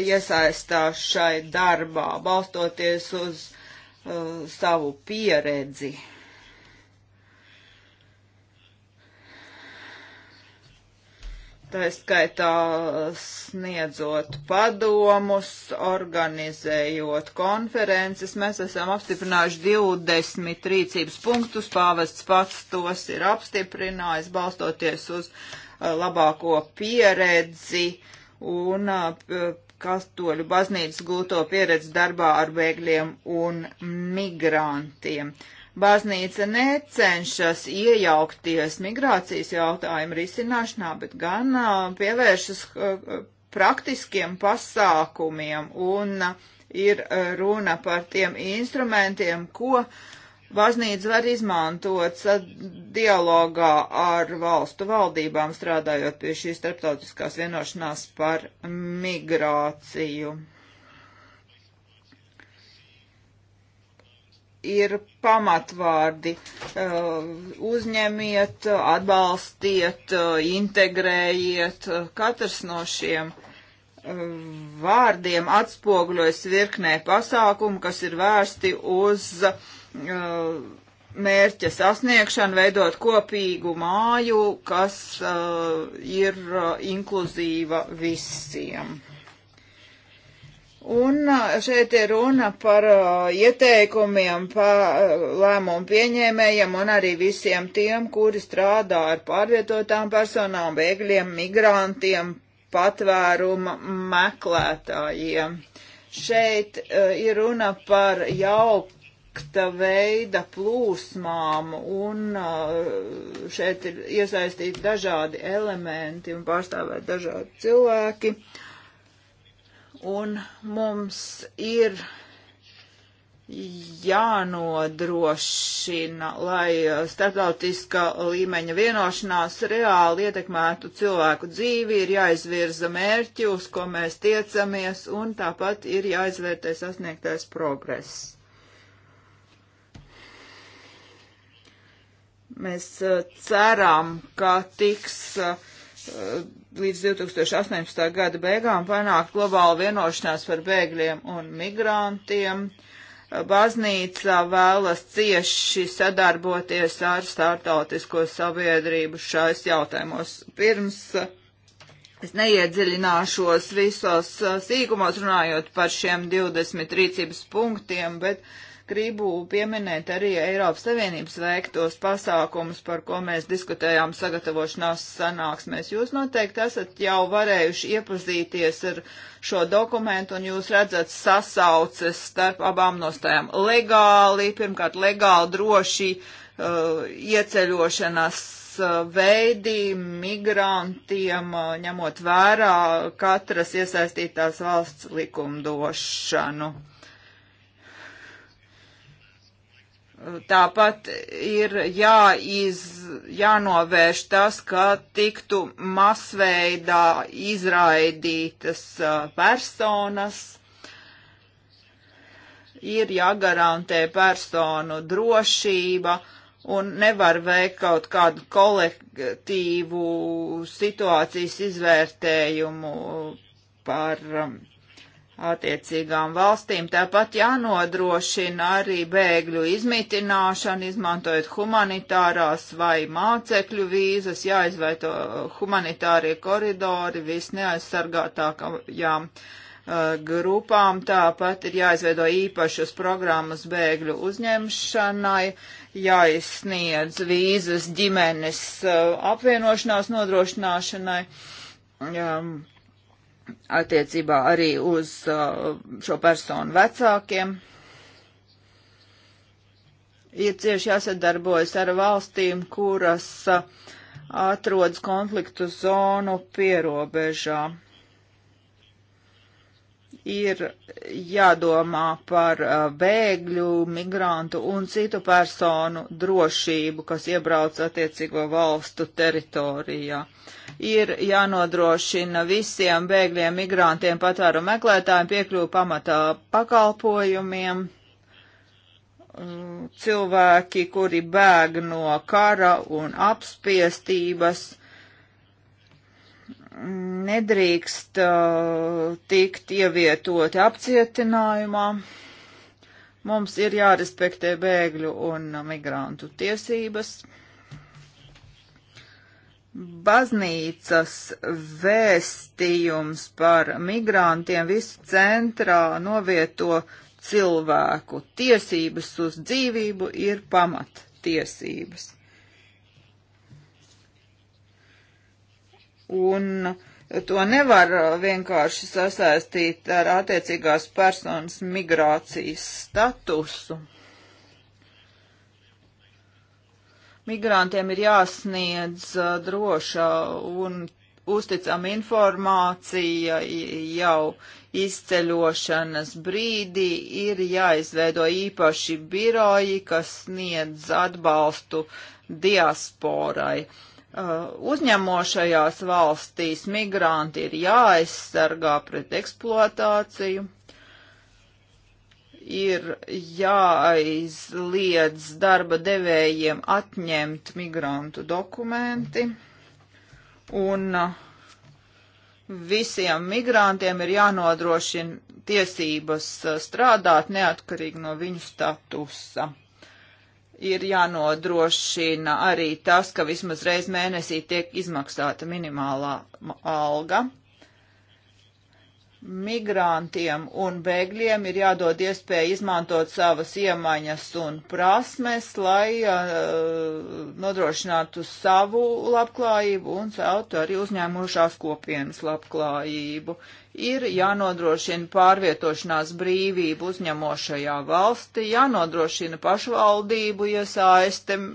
iesaistās šai darbā, balstoties uz uh, savu pieredzi. Tā skaitā sniedzot padomus, organizējot konferences. Mēs esam apstiprinājuši 20 rīcības punktus. Pāvests pats tos ir apstiprinājis, balstoties uz uh, labāko pieredzi uh, un katoļu baznīcas gūto pieredzi darbā ar bēgļiem un migrantiem. Baznīca necenšas iejaukties migrācijas jautājumu risināšanā, bet gan pievēršas praktiskiem pasākumiem un ir runa par tiem instrumentiem, ko uh, baznīca var izmantot dialogā ar valstu valdībām, strādājot pie šīs starptautiskās vienošanās par migrāciju. ir pamatvārdi uh, - uzņemiet, atbalstiet, uh, integrējiet. Katrs no šiem uh, vārdiem atspoguļojas virknē pasākumu, kas ir vērsti uz uh, Uh, mērķa sasniegšanu, veidot kopīgu māju, kas uh, ir uh, inkluzīva visiem. Un uh, šeit ir runa par uh, ieteikumiem pa, uh, lēmumu pieņēmējiem un arī visiem tiem, kuri strādā ar pārvietotām personām, bēgļiem, migrantiem, patvēruma meklētājiem. Šeit uh, ir runa par jau sakta veida plūsmām, un uh, šeit ir iesaistīti dažādi elementi un pārstāvēt dažādi cilvēki. Un mums ir jānodrošina, lai uh, starptautiska līmeņa vienošanās reāli ietekmētu cilvēku dzīvi, ir jāizvirza mērķi, uz ko mēs tiecamies, un tāpat ir jāizvērtē sasniegtais progress. Mēs uh, ceram, ka tiks uh, līdz 2018. gada beigām panākt globālu vienošanās par bēgļiem un migrantiem. Uh, baznīca vēlas cieši sadarboties ar startautisko sabiedrību šais jautājumos. Pirms es neiedziļināšos visos sīkumos runājot par šiem 20 rīcības punktiem, bet uh, gribu pieminēt arī Eiropas Savienības veiktos pasākumus, par ko mēs diskutējām sagatavošanās sanāksmēs. Jūs noteikti esat jau varējuši iepazīties ar šo dokumentu, un jūs redzat sasauces starp abām nostājām. Legāli, pirmkārt, legāli droši uh, ieceļošanas uh, veidi migrantiem, uh, ņemot vērā katras iesaistītās valsts likumdošanu. Tāpat ir jāiz, jānovērš tas, ka tiktu masveidā izraidītas personas, ir jāgarantē personu drošība un nevar veikt kaut kādu kolektīvu situācijas izvērtējumu par um, attiecīgām valstīm. Tāpat jānodrošina arī bēgļu izmitināšana, izmantojot humanitārās vai mācekļu vīzas, jāizveido humanitārie koridori visneaizsargātākajām uh, grupām. Tāpat ir jāizveido īpašas programmas bēgļu uzņemšanai, jāizsniedz vīzas ģimenes uh, apvienošanās nodrošināšanai. Um, attiecībā arī uz uh, šo personu vecākiem. Ir cieši jāsadarbojas ar valstīm, kuras uh, atrodas konfliktu zonu pierobežā ir jādomā par uh, bēgļu, migrantu un citu personu drošību, kas iebrauc attiecīgo valstu teritorijā. Ir jānodrošina visiem bēgļiem, migrantiem, patvēru meklētājiem piekļuvu pamatā pakalpojumiem. Uh, cilvēki, kuri bēg no kara un apspiestības, nedrīkst uh, tikt ievietoti apcietinājumā. Mums ir jārespektē bēgļu un migrantu tiesības. Baznīcas vēstījums par migrantiem visu centrā novieto cilvēku tiesības uz dzīvību ir pamattiesības. un to nevar vienkārši sasaistīt ar attiecīgās personas migrācijas statusu. Migrantiem ir jāsniedz uh, droša un uzticama informācija jau izceļošanas brīdī ir jāizveido īpaši biroji, kas sniedz atbalstu diasporai. Uh, Uh, uzņemošajās valstīs migranti ir jāaizsargā pret eksploatāciju, ir jāaizliedz darba devējiem atņemt migrantu dokumenti, un uh, visiem migrantiem ir jānodrošina tiesības uh, strādāt neatkarīgi no viņu statusa ir jānodrošina arī tas, ka vismaz reiz mēnesī tiek izmaksāta minimālā alga migrantiem un bēgļiem ir jādod iespēja izmantot savas iemaņas un prasmes, lai uh, nodrošinātu savu labklājību un celtu arī uzņēmušās kopienas labklājību. Ir jānodrošina pārvietošanās brīvību uzņemošajā valsti, jānodrošina pašvaldību iesaiste ja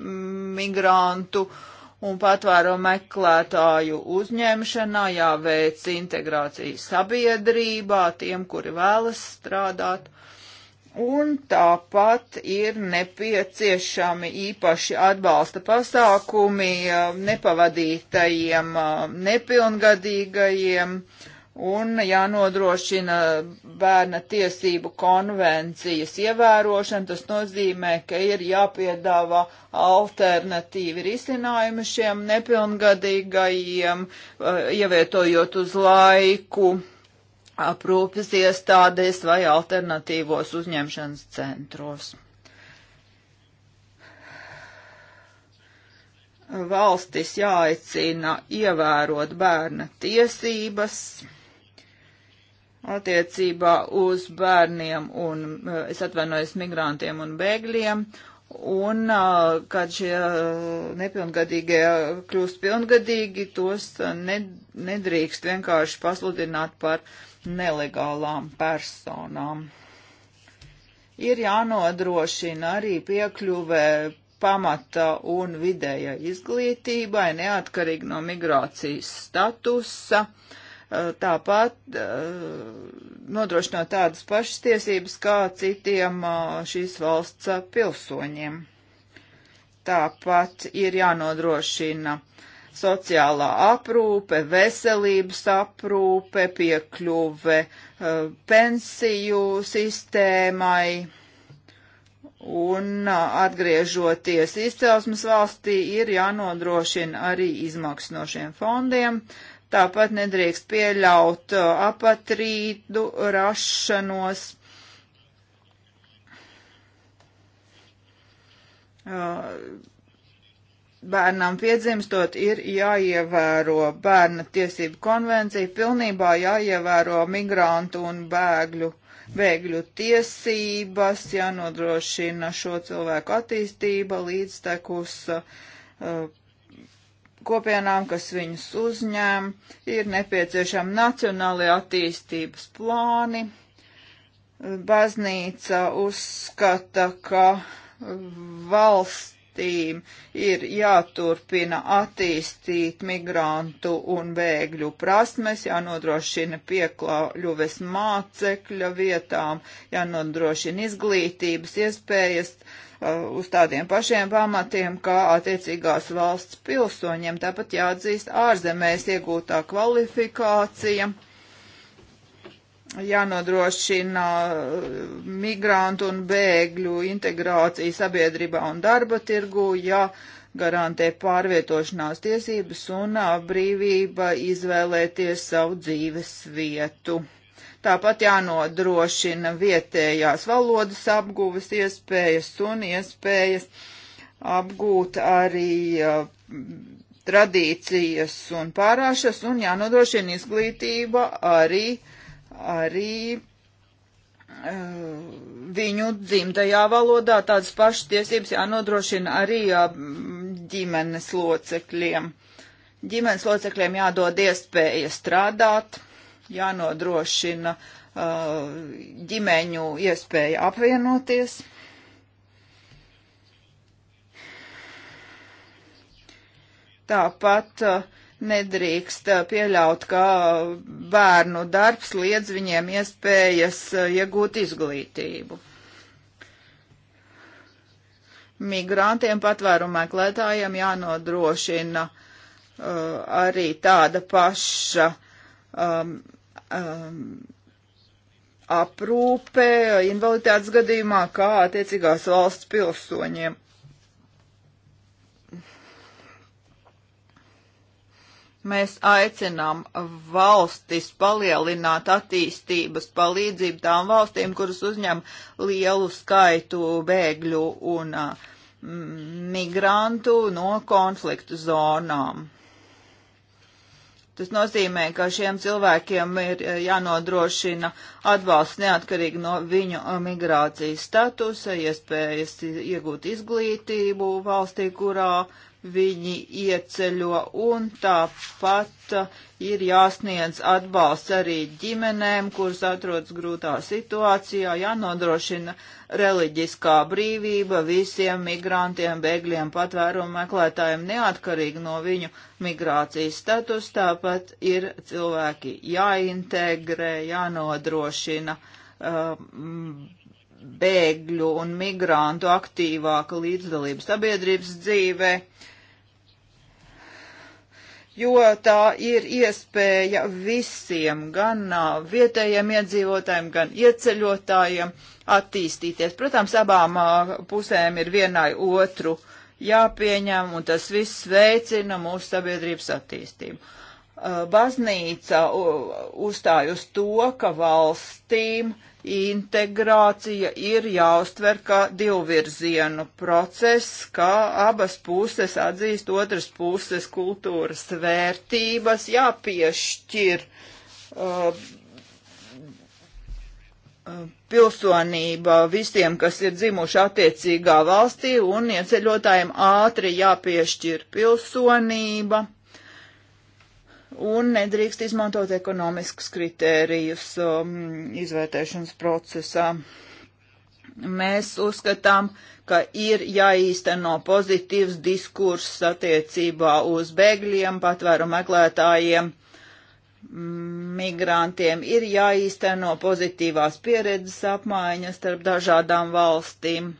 migrantu uh, un patvēro meklētāju uzņemšanā jāveic integrācija sabiedrībā tiem, kuri vēlas strādāt. Un tāpat ir nepieciešami īpaši atbalsta pasākumi eh, nepavadītajiem, eh, nepilngadīgajiem, uh, un jānodrošina bērna tiesību konvencijas ievērošana. Tas nozīmē, ka ir jāpiedāvā alternatīvi risinājumi šiem nepilngadīgajiem, eh, ievietojot uz laiku aprūpes iestādēs vai alternatīvos uzņemšanas centros. Valstis jāaicina ievērot bērna tiesības attiecībā uz bērniem un, eh, es atvainojos, migrantiem un bēgļiem. Un, eh, kad šie eh, nepilngadīgie kļūst pilngadīgi, tos nedrīkst vienkārši pasludināt par nelegālām personām. Ir jānodrošina arī piekļuvē pamata un vidēja izglītībai, neatkarīgi no migrācijas statusa. Uh, tāpat eh, nodrošinot tādas pašas tiesības kā citiem eh, šīs valsts eh, pilsoņiem. Tāpat ir jānodrošina sociālā aprūpe, veselības aprūpe, piekļuve pensiju sistēmai. Un atgriežoties izcelsmes valstī, ir jānodrošina arī izmaksas no šiem fondiem, uh, Tāpat nedrīkst pieļaut uh, apatrīdu rašanos. Uh, bērnam piedzimstot ir jāievēro bērna tiesību konvencija, pilnībā jāievēro migrantu un bēgļu, bēgļu tiesības, jānodrošina šo cilvēku attīstība līdz tekus uh, kopienām, kas viņus uzņēma, ir nepieciešami nacionālie attīstības plāni. Baznīca uzskata, ka valsts valstīm ir jāturpina attīstīt migrantu un bēgļu prasmes, jānodrošina piekļuves mācekļa vietām, jānodrošina izglītības iespējas uh, uz tādiem pašiem pamatiem, kā attiecīgās valsts pilsoņiem. Tāpat jāatzīst ārzemēs iegūtā kvalifikācija jānodrošina uh, migrantu un bēgļu integrācija sabiedrībā un darba tirgu, jāgarantē pārvietošanās tiesības un uh, brīvība izvēlēties savu dzīves vietu. Tāpat jānodrošina vietējās valodas apguves iespējas un iespējas apgūt arī uh, tradīcijas un pārāšas un jānodrošina izglītība arī uh, arī eh, viņu dzimtajā valodā tādas pašas tiesības jānodrošina arī eh, ģimenes locekļiem. Ģimenes locekļiem jādod iespēja strādāt, jānodrošina eh, ģimeņu iespēja apvienoties. Tāpat uh, Nedrīkst uh, pieļaut, ka bērnu darbs liedz viņiem iespējas uh, iegūt izglītību. Migrantiem patvērumu meklētājiem jānodrošina uh, arī tāda paša um, um, aprūpe uh, invaliditātes gadījumā, kā attiecīgās valsts pilsoņiem. Mēs aicinām valstis palielināt attīstības palīdzību tām valstīm, kuras uzņem lielu skaitu bēgļu un migrantu no konfliktu zonām. Tas nozīmē, ka šiem cilvēkiem ir jānodrošina atbalsts neatkarīgi no viņu migrācijas statusa, iespējas iegūt izglītību valstī, kurā viņi ieceļo un tāpat uh, ir jāsniedz atbalsts arī ģimenēm, kuras atrodas grūtā situācijā, jānodrošina reliģiskā brīvība visiem migrantiem, bēgļiem, patvērumu meklētājiem neatkarīgi no viņu migrācijas status, tāpat ir cilvēki jāintegrē, jānodrošina. Um, bēgļu un migrantu aktīvāka līdzdalība sabiedrības dzīvē. Uh, jo tā ir iespēja visiem, gan vietējiem iedzīvotājiem, gan ieceļotājiem attīstīties. Protams, abām pusēm ir vienai otru jāpieņem, un tas viss veicina mūsu sabiedrības attīstību baznīca uzstāj uz to, ka valstīm integrācija ir jāuztver kā divvirzienu process, kā abas puses atzīst otras puses kultūras vērtības, jāpiešķir uh, uh, pilsonība visiem, kas ir dzimuši attiecīgā valstī, un ieceļotājiem ātri jāpiešķir pilsonība. Uh, un nedrīkst izmantot ekonomiskus kritērijus um, izvērtēšanas procesā. Mēs uzskatām, ka ir jāīsteno pozitīvs diskurss attiecībā uz bēgļiem, patvēru meklētājiem, migrantiem. Ir jāīsteno pozitīvās pieredzes apmaiņas starp dažādām valstīm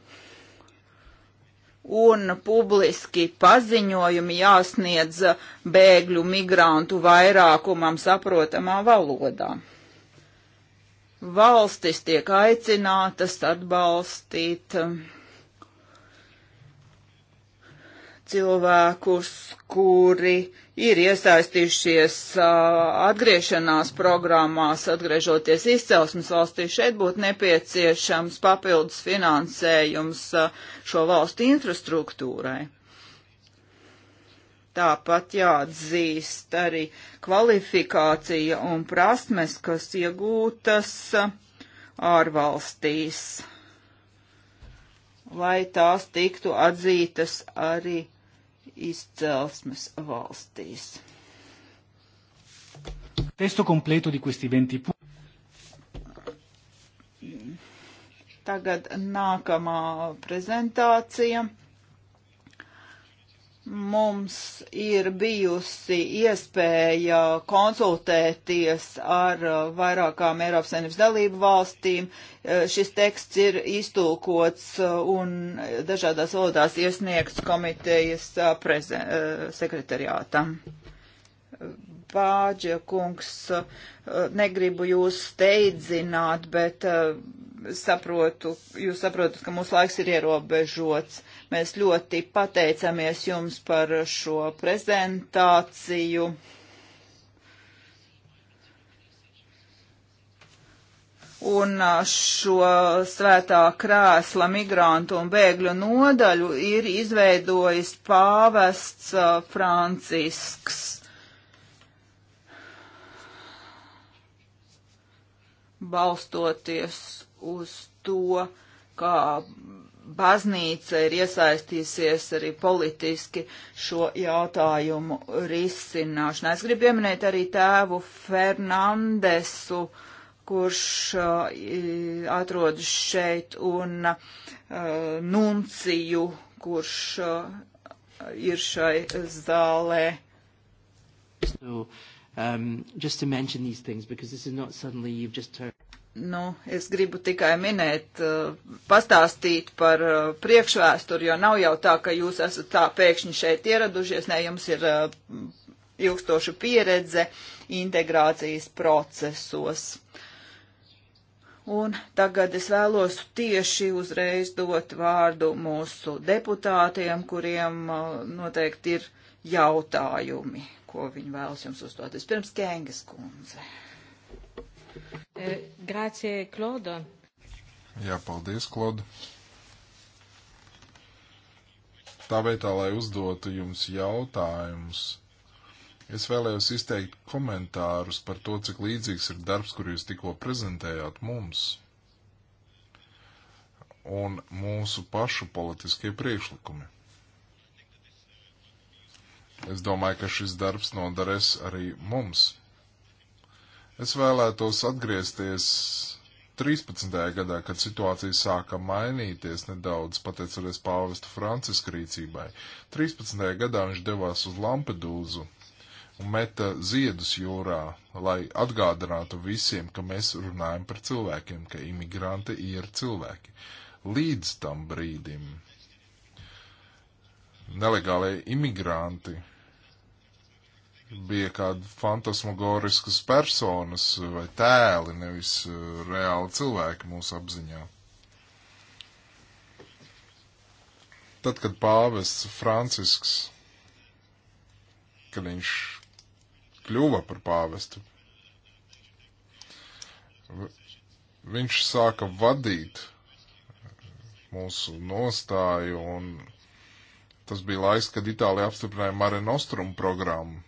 un publiski paziņojumi jāsniedz bēgļu migrantu vairākumam saprotamā valodā. Valstis tiek aicinātas atbalstīt cilvēkus, kuri uh, ir iesaistījušies atgriešanās programmās, atgriežoties izcelsmes valstī, šeit būtu nepieciešams papildus finansējums šo valstu infrastruktūrai. Tāpat jāatzīst arī kvalifikācija un prasmes, kas iegūtas ārvalstīs, lai tās tiktu atzītas arī izcelsmes valstīs. Testo completo di questi 20 punti. Tagad nākamā prezentācija mums ir bijusi iespēja konsultēties ar uh, vairākām Eiropas Savienības dalību valstīm. Uh, šis teksts ir iztulkots uh, un dažādās valodās iesniegts komitejas sekretariātam Pāģa kungs, uh, negribu jūs steidzināt, bet uh, saprotu, jūs saprotat, ka mūsu laiks ir ierobežots. Mēs ļoti pateicamies jums par šo prezentāciju. Un uh, šo svētā krēsla migrantu un bēgļu nodaļu ir izveidojis pāvests Francisks balstoties uz to, kā baznīca ir iesaistīsies arī politiski šo jautājumu risināšanā. Es gribu pieminēt arī tēvu Fernandesu, kurš uh, atrodas šeit, un uh, Nunciju, kurš uh, ir šai zālē. So, um, just to mention these things, because this is not suddenly you've just heard. Nu, es gribu tikai minēt, eh, pastāstīt par eh, priekšvēsturi, jo nav jau tā, ka jūs esat tā pēkšņi šeit ieradušies, ne jums ir eh, ilgstoša pieredze integrācijas procesos. Un tagad es vēlos tieši uzreiz dot vārdu mūsu deputātiem, kuriem noteikti ir jautājumi, ko viņi vēlas jums uzdot. Vispirms Kēngas kundze. Eh, Grācie, Klauda. Jā, paldies, Klauda. Tā vietā, lai uzdotu jums jautājumus, es vēlējos izteikt komentārus par to, cik līdzīgs ir darbs, kur jūs tikko prezentējāt mums un mūsu pašu politiskie priekšlikumi. Es domāju, ka šis darbs noderēs arī mums. Es vēlētos atgriezties 13. gadā, kad situācija sāka mainīties nedaudz, pateicoties pāvesta Franciska rīcībai. 13. gadā viņš devās uz Lampedūzu un meta ziedus jūrā, lai atgādinātu visiem, ka mēs runājam par cilvēkiem, ka imigranti ir cilvēki. Līdz tam brīdim nelegālie imigranti bija kāda fantasmagoriskas personas vai tēli, nevis uh, reāli cilvēki mūsu apziņā. Tad, kad pāvests Francisks, kad viņš kļuva par pāvestu, viņš sāka vadīt mūsu nostāju, un tas bija laiks, kad Itālija apstiprināja Mare Nostrum programmu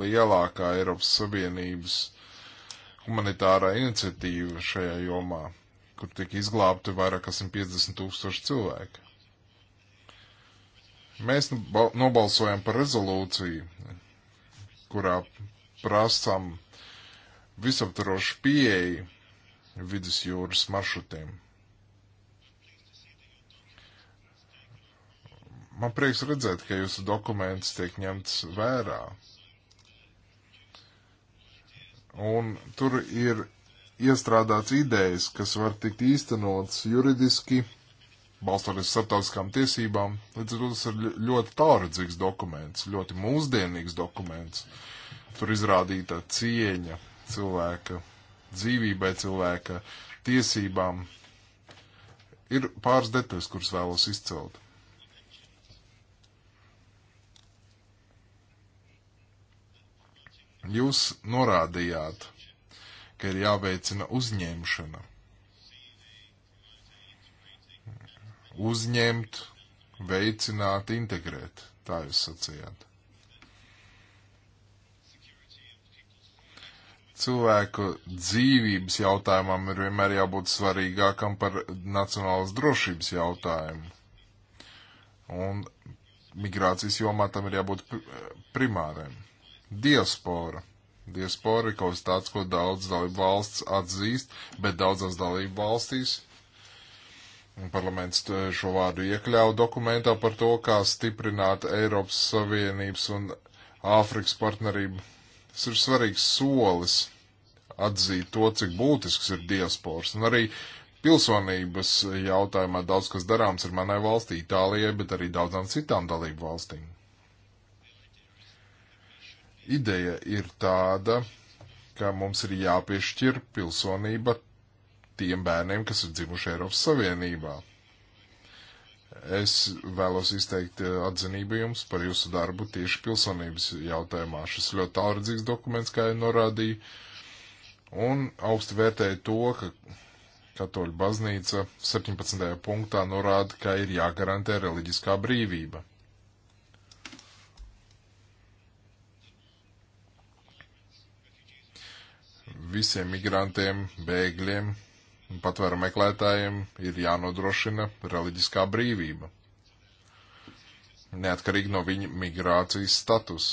lielākā Eiropas Savienības humanitārā iniciatīva šajā jomā, kur tika izglābti vairāk kā 150 tūkstoši cilvēki. Mēs nu nobalsojam par rezolūciju, kurā prasām visaptarošu pieeju vidusjūras maršrutiem. Man prieks redzēt, ka jūsu dokuments tiek ņemts vērā. Un tur ir iestrādāts idejas, kas var tikt īstenotas juridiski, balstoties starptautiskām tiesībām. Līdz ar to tas ir ļoti tāredzīgs dokuments, ļoti mūsdienīgs dokuments. Tur izrādīta cieņa cilvēka dzīvībai, cilvēka tiesībām. Ir pāris detaļas, kuras vēlos izcelt. Jūs norādījāt, ka ir jāveicina uzņemšana. Uzņemt, veicināt, integrēt. Tā jūs sacījāt. cilvēku dzīvības jautājumam ir vienmēr jābūt svarīgākam par nacionālas drošības jautājumu. Un migrācijas jomā tam ir jābūt primāriem. Diaspora. Diaspora ir kaut kas tāds, ko daudz dalību valsts atzīst, bet daudzās dalību valstīs. Parlaments šo vārdu iekļauj dokumentā par to, kā stiprināt Eiropas Savienības un Āfrikas partnerību. Tas ir svarīgs solis atzīt to, cik būtisks ir diasporas. Un arī pilsonības jautājumā daudz kas darāms ir manai valstī, Itālijai, bet arī daudzām citām dalību valstīm. Ideja ir tāda, ka mums ir jāpiešķir pilsonība tiem bērniem, kas ir dzimuši Eiropas Savienībā. Es vēlos izteikt eh, atzinību jums par jūsu darbu tieši pilsonības jautājumā. Šis ļoti tālredzīgs dokuments, kā jau norādīju, un augstu vērtēju to, ka Katoļu baznīca 17. punktā norāda, ka ir jāgarantē reliģiskā brīvība. visiem migrantiem, bēgļiem un patvēru meklētājiem ir jānodrošina reliģiskā brīvība, neatkarīgi no viņa migrācijas status.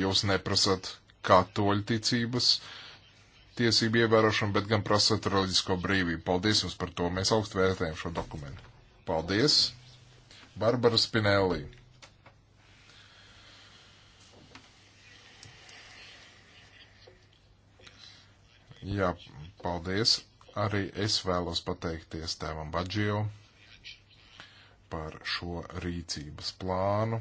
Jūs neprasat katoļu ticības tiesību ievērošanu, bet gan prasat reliģisko brīvību. Paldies jums par to, mēs augstu vērtējam šo dokumentu. Paldies! Barbara Spinelli. Jā, paldies. Arī es vēlos pateikties tēvam Badžio par šo rīcības plānu.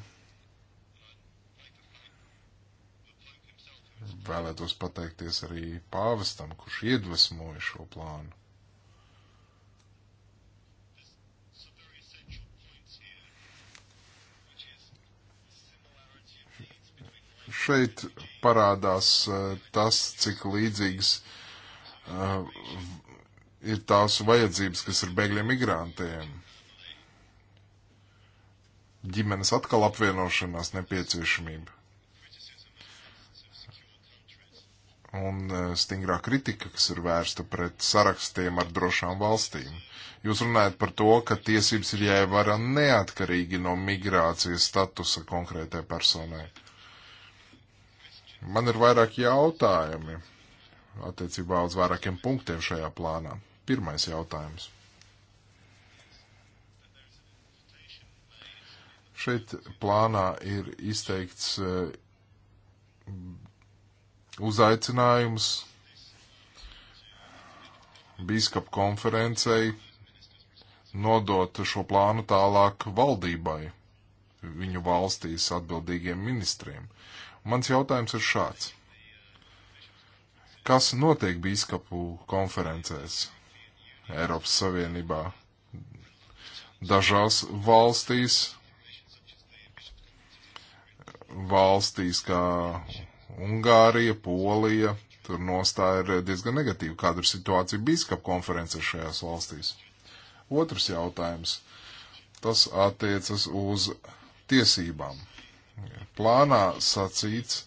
Vēlētos pateikties arī pāvestam, kurš iedvesmoja šo plānu. šeit parādās eh, tas, cik līdzīgs uh, Eh, ir tās vajadzības, kas ir bēgļiem migrantiem. Ģimenes atkal apvienošanās nepieciešamība. un eh, stingrā kritika, kas ir vērsta pret sarakstiem ar drošām valstīm. Jūs runājat par to, ka tiesības ir jāievara neatkarīgi no migrācijas statusa konkrētai personai. Man ir vairāk jautājumi attiecībā uz vairākiem punktiem šajā plānā. Pirmais jautājums. Šeit plānā ir izteikts eh, uzaicinājums biskupu konferencei nodot šo plānu tālāk valdībai, viņu valstīs atbildīgiem ministriem. Mans jautājums ir šāds kas notiek bīskapu konferencēs Eiropas Savienībā. Dažās valstīs, valstīs kā Ungārija, Polija, tur nostāja ir diezgan negatīva. Kāda ir situācija bīskapu konferences šajās valstīs? Otrs jautājums. Tas attiecas uz tiesībām. Plānā sacīts,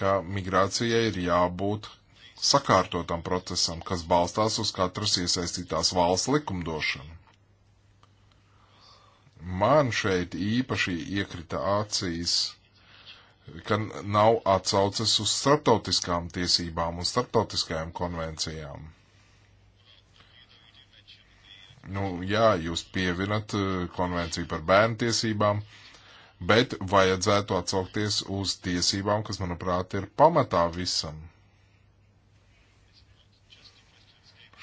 ka migrācijai ir jābūt sakārtotam procesam, kas balstās uz katras iesaistītās valsts likumdošanu. Man šeit īpaši iekrita acīs, ka nav atsauces uz starptautiskām tiesībām un starptautiskajām konvencijām. Nu, jā, jūs pievinat eh, konvenciju par bērnu tiesībām, uh, bet vajadzētu atsaukties uz tiesībām, kas, manuprāt, ir pamatā visam.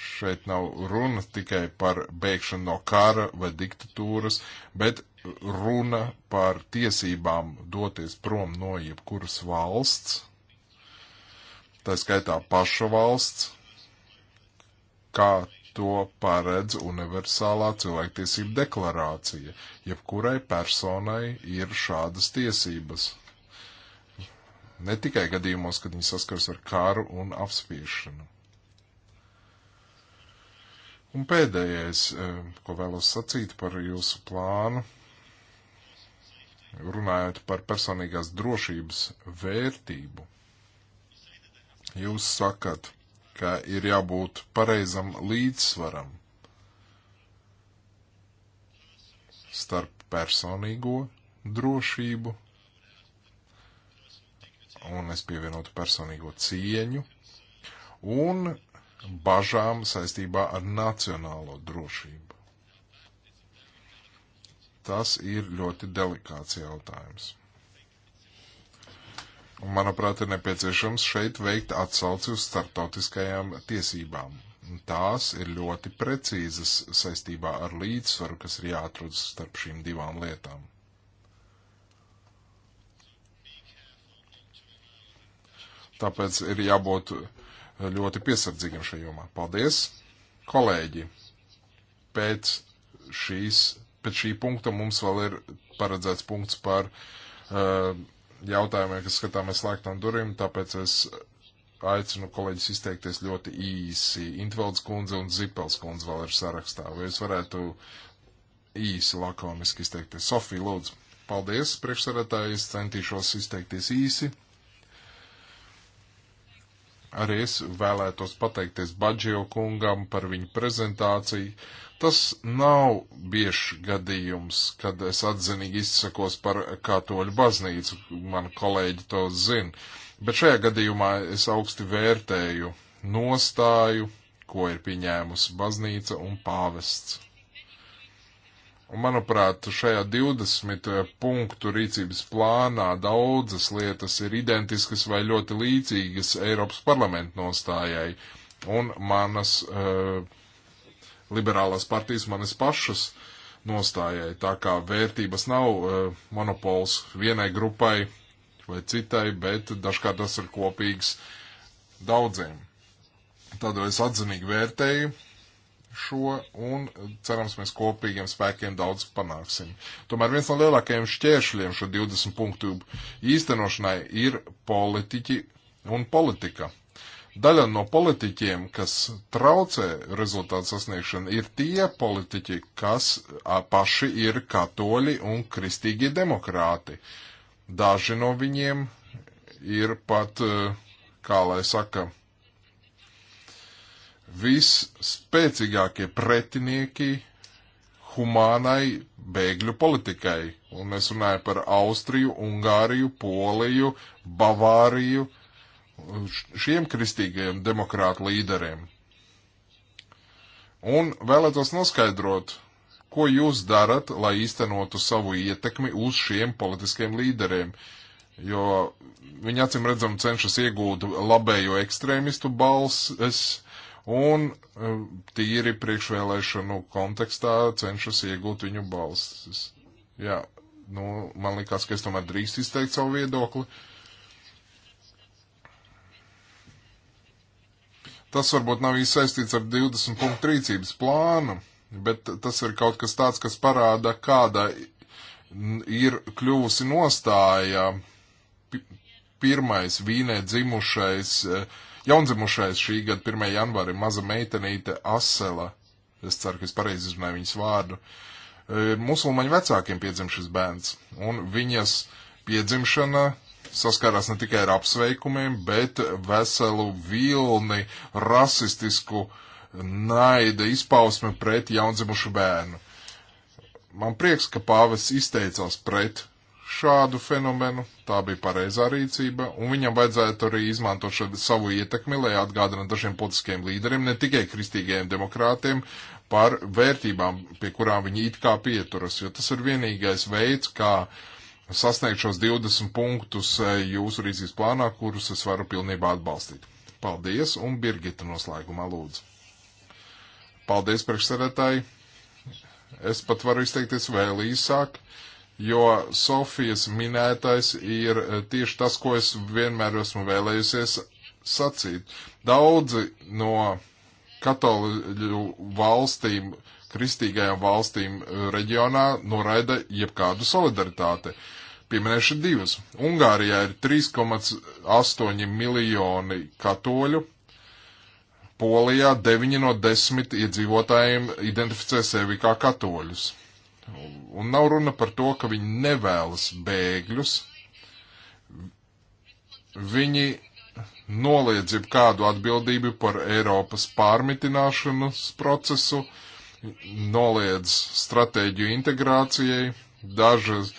Šeit nav runa tikai par bēgšanu no kara vai diktatūras, bet runa par tiesībām doties prom no jebkuras valsts, tā skaitā paša valsts, kā to paredz universālā cilvēktiesība deklarācija. Jebkurai personai ir šādas tiesības. Ne tikai gadījumos, kad viņi saskars ar kāru un apspiešanu. Un pēdējais, eh, ko vēlos sacīt par jūsu plānu, runājot par personīgās drošības vērtību. Jūs sakat, ka ir jābūt pareizam līdzsvaram starp personīgo drošību, un es pievienotu personīgo cieņu, un bažām saistībā ar nacionālo drošību. Tas ir ļoti delikāts jautājums. Un, manuprāt, ir nepieciešams šeit veikt atsauci uz startautiskajām tiesībām. Tās ir ļoti precīzas saistībā ar līdzsvaru, kas ir jāatrod starp šīm divām lietām. Tāpēc ir jābūt ļoti piesardzīgam šajā jomā. Paldies, kolēģi! Pēc, šīs, pēc šī punkta mums vēl ir paredzēts punkts par uh, jautājumiem, kas skatāmies slēgtām durvīm, tāpēc es aicinu kolēģis izteikties ļoti īsi. Intvelds kundze un Zipels kundze vēl ir sarakstā. Vai es varētu īsi lakoniski izteikties? Sofija, lūdzu. Paldies, priekšsarētāji, es centīšos izteikties īsi. Arī es vēlētos pateikties Badžio kungam par viņu prezentāciju. Tas nav bieži gadījums, kad es atzinīgi izsakos par katoļu baznīcu, man kolēģi to zina, bet šajā gadījumā es augsti vērtēju nostāju, ko ir pieņēmusi baznīca un pāvests. Un, manuprāt, šajā 20 eh, punktu rīcības plānā daudzas lietas ir identiskas vai ļoti līdzīgas Eiropas parlamenta nostājai un manas uh, liberālās partijas, manas pašas nostājai. Tā kā vērtības nav uh, monopols vienai grupai vai citai, bet dažkārt tas ir kopīgs daudziem. Tādēļ es atzinīgi vērtēju šo un cerams mēs kopīgiem spēkiem daudz panāksim. Tomēr viens no lielākajiem šķēršļiem šo 20 punktu īstenošanai ir politiķi un politika. Daļa no politiķiem, kas traucē rezultātu sasniegšanu, ir tie politiķi, kas paši ir katoļi un kristīgie demokrāti. Daži no viņiem ir pat, e, kā lai saka, visspēcīgākie pretinieki humānai bēgļu politikai. Un es runāju par Austriju, Ungāriju, Poliju, Bavāriju, šiem kristīgajiem demokrātu līderiem. Un vēlētos noskaidrot, ko jūs darat, lai īstenotu savu ietekmi uz šiem politiskiem līderiem, jo viņi acīm redzam cenšas iegūt labējo ekstrēmistu balsis un eh, tīri priekšvēlēšanu kontekstā cenšas iegūt viņu balsis. Jā, nu, man likās, ka es tomēr drīkst izteikt savu viedokli. Tas varbūt nav īsti saistīts ar 20 punktu rīcības plānu, bet tas ir kaut kas tāds, kas parāda, kāda ir kļuvusi nostāja pirmais vīnē dzimušais uh, jaundzimušais šī gada 1. janvāri, maza meitenīte Asela, es ceru, ka es pareizi izrunāju viņas vārdu, e, musulmaņu vecākiem piedzim šis bērns, un viņas piedzimšana saskārās ne tikai ar apsveikumiem, bet veselu vilni rasistisku naida izpausme pret jaundzimušu bērnu. Man prieks, ka pāvis izteicās pret šādu fenomenu, tā bija pareizā rīcība, un viņam vajadzētu arī izmantot šo savu ietekmi, lai atgādinātu dažiem politiskiem līderiem, ne tikai kristīgajiem demokrātiem, par vērtībām, pie kurām viņi it kā pieturas, jo tas ir vienīgais veids, kā sasniegt šos 20 punktus eh, jūsu rīcības plānā, kurus es varu pilnībā atbalstīt. Paldies, un Birgita noslēgumā lūdzu. Paldies, priekšsēdētāji! Es pat varu izteikties vēl īsāk. Uh, jo Sofijas minētais ir eh, tieši tas, ko es vienmēr esmu vēlējusies sacīt. Daudzi no katoļu valstīm, kristīgajām valstīm eh, reģionā noraida jebkādu solidaritāti. Pieminēšu divas. Ungārijā ir 3,8 miljoni katoļu, Polijā 9 no 10 iedzīvotājiem identificē sevi kā katoļus. Un nav runa par to, ka viņi nevēlas bēgļus. Viņi noliedz jebkādu atbildību par Eiropas pārmitināšanas procesu, noliedz stratēģiju integrācijai, dažas,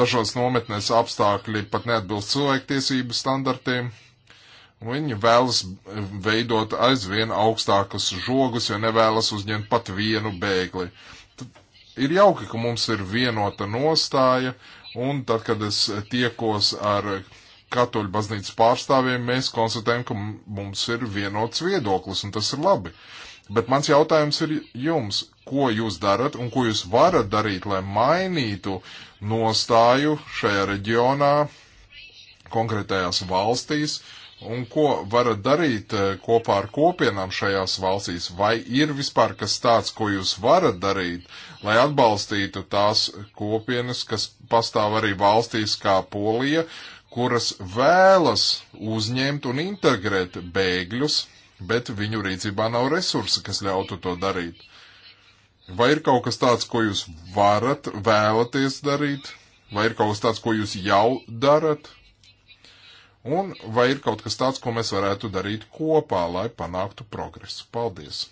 dažos nometnēs apstākļi pat neatbilst cilvēktiesību standartiem. Viņi vēlas veidot aizvien augstākus žogus, jo nevēlas uzņemt pat vienu bēgli ir jauki, ka mums ir vienota nostāja, un tad, kad es tiekos ar katoļu baznīcas pārstāvjiem, mēs konstatējam, ka mums ir vienots viedoklis, un tas ir labi. Bet mans jautājums ir jums, ko jūs darat un ko jūs varat darīt, lai mainītu nostāju šajā reģionā, konkrētajās valstīs, un ko varat darīt eh, kopā ar kopienām šajās valstīs, vai ir vispār kas tāds, ko jūs varat darīt, lai atbalstītu tās kopienas, kas pastāv arī valstīs kā Polija, kuras vēlas uzņemt un integrēt bēgļus, bet viņu rīcībā nav resursi, kas ļautu to darīt. Vai ir kaut kas tāds, ko jūs varat, vēlaties darīt, vai ir kaut kas tāds, ko jūs jau darat, un vai ir kaut kas tāds, ko mēs varētu darīt kopā, lai panāktu progresu? Paldies!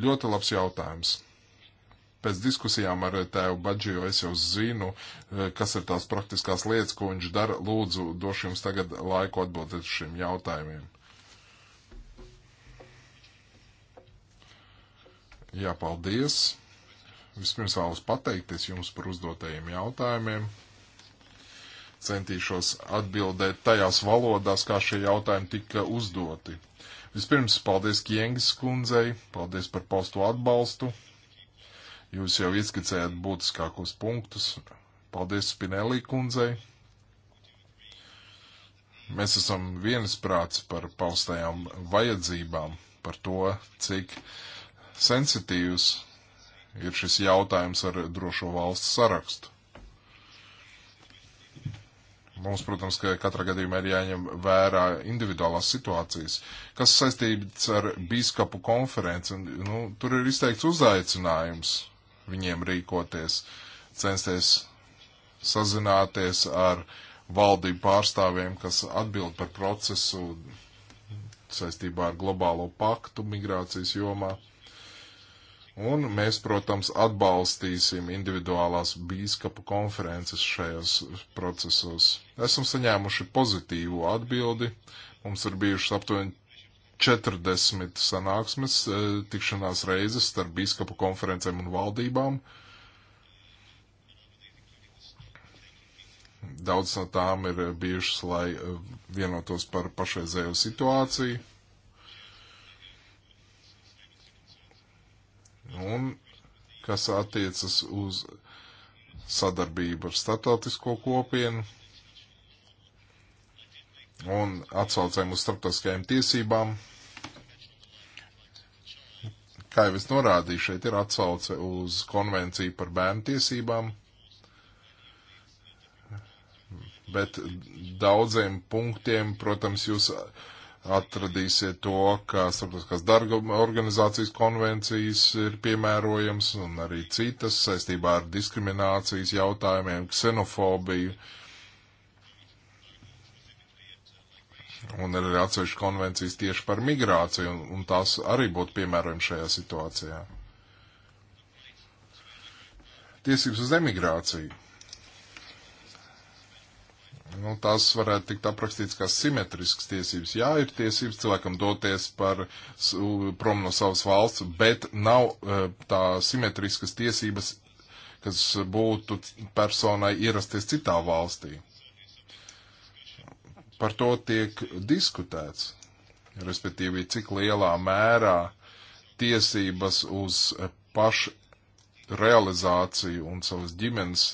Ļoti labs jautājums pēc diskusijām ar tēvu Badžiju es jau zinu, eh, kas ir tās praktiskās lietas, ko viņš dara. Lūdzu, došu jums tagad laiku atbildēt uz šiem jautājumiem. Jā, paldies. Vispirms vēlos pateikties jums par uzdotajiem jautājumiem. Centīšos atbildēt tajās valodās, kā šie jautājumi tika uzdoti. Vispirms paldies Kiengas kundzei, paldies par postu atbalstu, Jūs jau ieskicējāt būtiskākos punktus. Paldies Spinelī kundzei. Mēs esam viensprāts par paustajām vajadzībām, par to, cik sensitīvs ir šis jautājums ar drošo valstu sarakstu. Mums, protams, ka katrā gadījumā ir jāņem vērā individuālās situācijas, kas saistīts ar bīskapu konferenci. Nu, tur ir izteikts uzaicinājums viņiem rīkoties, censties sazināties ar valdību pārstāvjiem, kas atbild par procesu saistībā ar globālo paktu migrācijas jomā. Un mēs, protams, atbalstīsim individuālās bīskapu konferences šajos procesos. Esam saņēmuši pozitīvu atbildi. Mums ir bijušas aptuveni 40 sanāksmes, e, tikšanās reizes starp bīskapu konferencēm un valdībām. Daudz no tām ir bijušas, lai e, vienotos par pašreizējo situāciju. Un kas attiecas uz sadarbību ar starptautisko kopienu un atsaucēm uz starptautiskajām tiesībām, Kā jau es norādīju, šeit ir atsauce uz konvenciju par bērnu tiesībām, bet daudziem punktiem, protams, jūs atradīsiet to, ka starptautiskās darba organizācijas konvencijas ir piemērojams un arī citas saistībā ar diskriminācijas jautājumiem, ksenofobiju. Uh, Un ir arī atsevišķi konvencijas tieši par migrāciju, un, un tās arī būtu piemērojami šajā situācijā. Tiesības uz emigrāciju. Nu, tās varētu tikt aprakstīts kā simetrisks tiesības. Jā, ir tiesības cilvēkam doties par, prom no savas valsts, bet nav e, tā simetriskas tiesības, kas būtu personai ierasties citā valstī par to tiek diskutēts, respektīvi, cik lielā mērā tiesības uz pašu realizāciju un savas ģimenes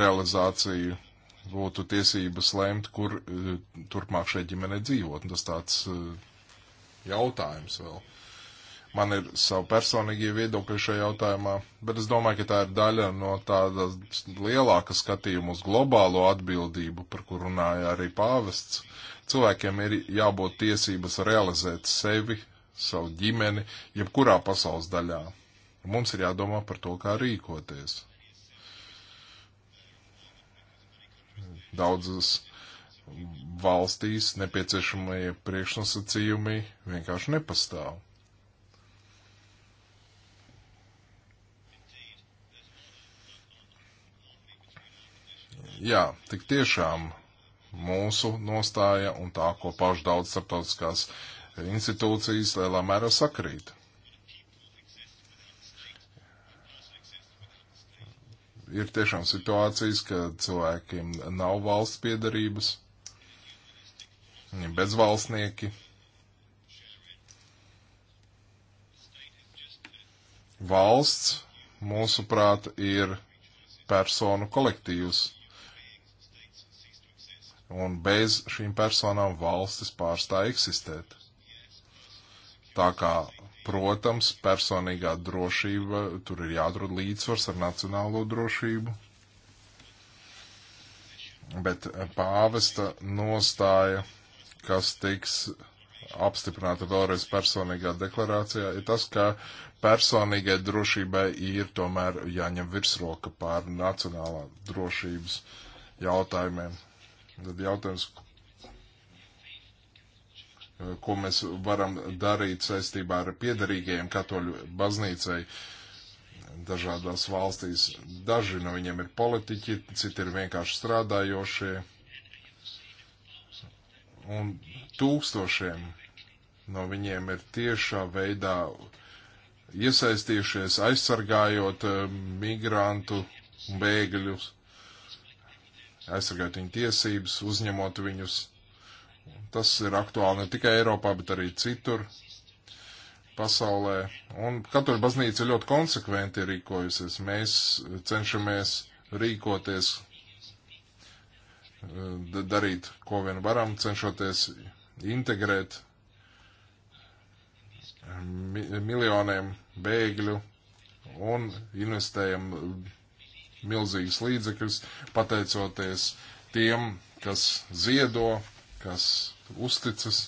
realizāciju būtu tiesības lemt, kur eh, turpmāk šai ģimenei dzīvot. Un tas tāds eh, jautājums vēl. Man ir savu personīgie viedokļi šajā jautājumā, bet es domāju, ka tā ir daļa no tādas lielāka skatījuma uz globālo atbildību, par kur runāja arī pāvests. Cilvēkiem ir jābūt tiesības realizēt sevi, savu ģimeni, jebkurā pasaules daļā. Mums ir jādomā par to, kā rīkoties. Daudzas valstīs nepieciešamie priekšnosacījumi vienkārši nepastāv. jā, tik tiešām mūsu nostāja un tā, ko paši daudz starptautiskās institūcijas lielā mērā sakrīt. Ir tiešām situācijas, ka cilvēkiem nav valsts piedarības, viņi ir bezvalstnieki. Valsts, mūsuprāt, ir personu kolektīvs, un bez šīm personām valstis pārstāja eksistēt. Tā kā, protams, personīgā drošība, tur ir jāatrod līdzsvars ar nacionālo drošību, bet pāvesta nostāja, kas tiks apstiprināta vēlreiz personīgā deklarācijā, ir tas, ka personīgai drošībai ir tomēr jāņem virsroka pār nacionālā drošības jautājumiem. Tad jautājums, ko mēs varam darīt saistībā ar piedarīgajiem katoļu baznīcai dažādās valstīs. Daži no viņiem ir politiķi, citi ir vienkārši strādājošie. Un tūkstošiem no viņiem ir tiešā veidā iesaistījušies, aizsargājot eh, migrantu un bēgļus aizsargāt viņu tiesības, uzņemot viņus. Tas ir aktuāli ne tikai Eiropā, bet arī citur pasaulē. Un katra baznīca ļoti konsekventi rīkojusies. Mēs cenšamies rīkoties, darīt, ko vien varam, cenšoties integrēt miljoniem bēgļu un investējam milzīgas līdzekļus, pateicoties tiem, kas ziedo, kas uzticas.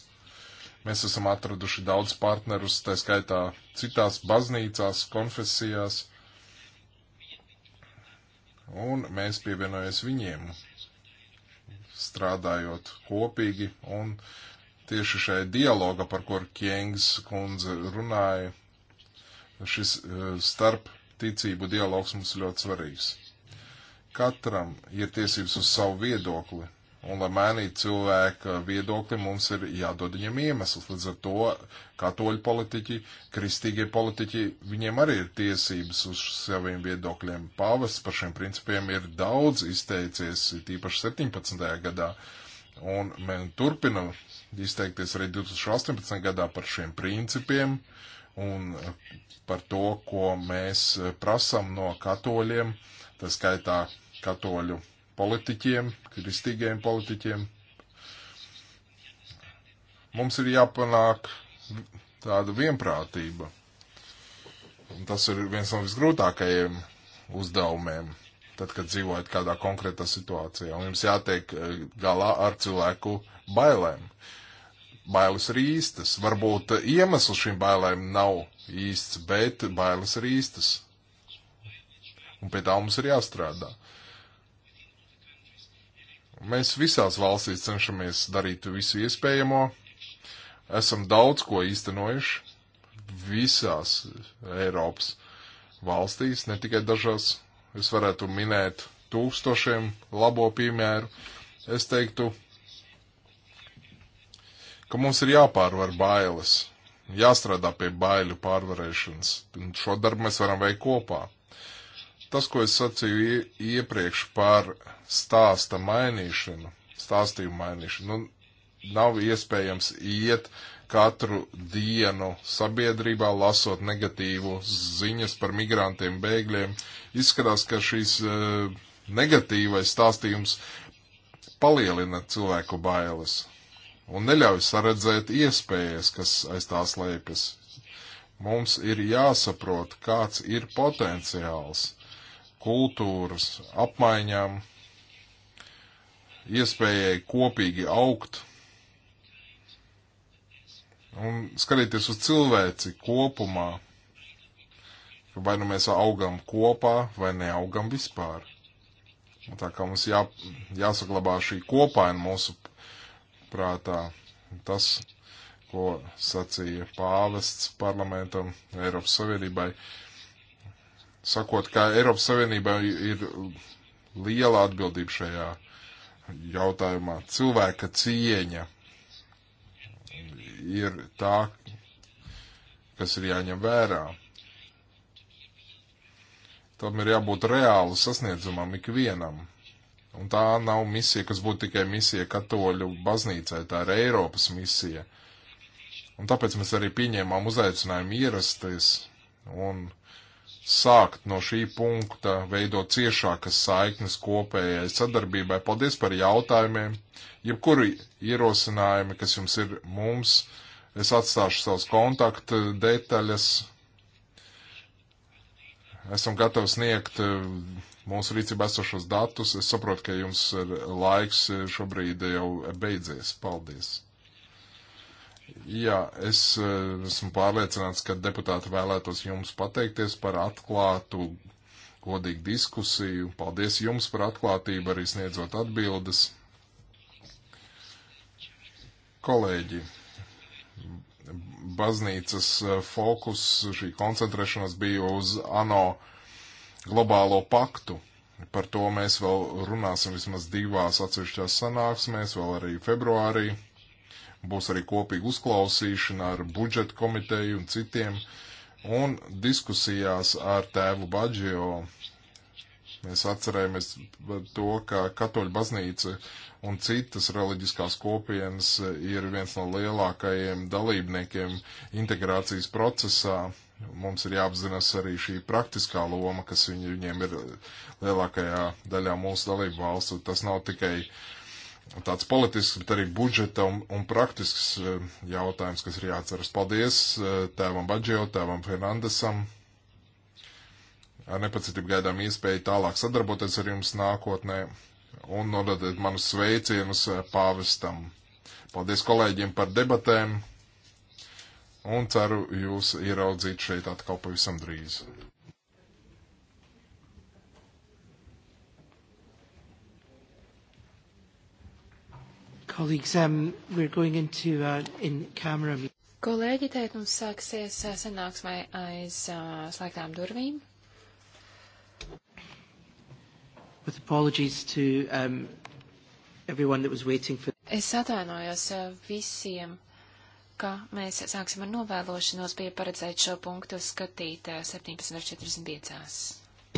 Mēs esam atraduši daudz partnerus, tā skaitā citās baznīcās, konfesijās, un mēs pievienojamies viņiem, strādājot kopīgi, un tieši šai dialoga, par kur Kjēngs kundze runāja, šis eh, starp ticību dialogs mums ir ļoti svarīgs. Katram ir tiesības uz savu viedokli, un lai mainītu cilvēka viedokli, mums ir jādod viņam iemesls. Līdz ar to katoļu politiķi, kristīgie politiķi, viņiem arī ir tiesības uz saviem viedokļiem. Pāvests par šiem principiem ir daudz izteicies, tīpaši 17. gadā, un mēs turpinam izteikties arī 2018. gadā par šiem principiem. Uh, un par to, ko mēs prasam no katoļiem, tā skaitā katoļu politiķiem, kristīgiem politiķiem. Mums ir jāpanāk tāda vienprātība. Un tas ir viens no visgrūtākajiem uzdevumiem, tad, kad dzīvojat kādā konkrētā situācijā. Un jums jātiek eh, galā ar cilvēku bailēm. Uh, bailes ir īstas. Varbūt iemesls šīm bailēm nav īsts, bet bailes ir īstas. Un pie tā mums ir jāstrādā. Mēs visās valstīs cenšamies darīt visu iespējamo. Esam daudz ko īstenojuši visās Eiropas valstīs, ne tikai dažās. Es varētu minēt tūkstošiem labo piemēru. Es teiktu, ka mums ir jāpārvar bailes, jāstrādā pie baiļu pārvarēšanas. Un šo darbu mēs varam veikt kopā. Tas, ko es sacīju iepriekš par stāsta mainīšanu, stāstījumu mainīšanu, nu, nav iespējams iet katru dienu sabiedrībā lasot negatīvu ziņas par migrantiem, bēgļiem. Izskatās, ka šīs e, negatīvais stāstījums palielina cilvēku bailes un neļauj saredzēt iespējas, kas aiz tās lēpjas. Mums ir jāsaprot, kāds ir potenciāls kultūras apmaiņām, iespējai kopīgi augt un skatīties uz cilvēci kopumā, vai nu mēs augam kopā, vai neaugam vispār. Tā kā mums jā, jāsaglabā šī kopaina mūsu prātā tas, ko sacīja pāvests parlamentam Eiropas Savienībai, sakot, ka Eiropas Savienībai ir liela atbildība šajā jautājumā. Cilvēka cieņa ir tā, kas ir jāņem vērā. Tam ir jābūt reāli sasniedzamam ikvienam. Un tā nav misija, kas būtu tikai misija katoļu baznīcai, tā ir Eiropas misija. Un tāpēc mēs arī pieņēmām uzaicinājumu ierasties un sākt no šī punkta, veidot ciešākas saiknes kopējai sadarbībai. Paldies par jautājumiem. Jebkuru ierosinājumi, kas jums ir mums, es atstāšu savus kontaktu detaļas. Esam gatavi sniegt eh, mūsu rīcībā esošos datus. Es saprotu, ka jums laiks šobrīd jau beidzies. Paldies! Jā, es eh, esmu pārliecināts, ka deputāti vēlētos jums pateikties par atklātu, godīgu diskusiju. Paldies jums par atklātību, arī sniedzot atbildes. Kolēģi, baznīcas eh, fokus, šī koncentrēšanās bija uz ANO uh, globālo paktu. Par to mēs vēl runāsim vismaz divās atsevišķās sanāksmēs, vēl arī februārī. Būs arī kopīga uzklausīšana ar budžeta komiteju un citiem. Un diskusijās ar tēvu Baģio mēs atcerējamies to, ka katoļu baznīca un citas reliģiskās kopienas ir viens no lielākajiem dalībniekiem integrācijas procesā Mums ir jāapzinās arī šī praktiskā loma, kas viņi, viņiem ir lielākajā daļā mūsu dalību valstu. Tas nav tikai tāds politisks, bet arī budžeta un, un praktisks e, jautājums, kas ir jāatceras. Paldies e, tēvam Badžio, tēvam Fernandesam. Ar nepacietību gaidām iespēju tālāk sadarboties ar jums nākotnē un nododiet manus sveicienus e, pāvestam. Paldies kolēģiem par debatēm un ceru jūs ieraudzīt šeit atkal pavisam drīz. Colleagues, um, we're going into uh, in camera. Kolēģi, tēt mums sāksies uh, sanāksmē aiz uh, slēgtām durvīm. With apologies to um, everyone that was waiting for. Es atvainojos uh, visiem ka mēs sāksim ar novēlošanos, bija paredzēt šo punktu skatīt 17.45. Eh,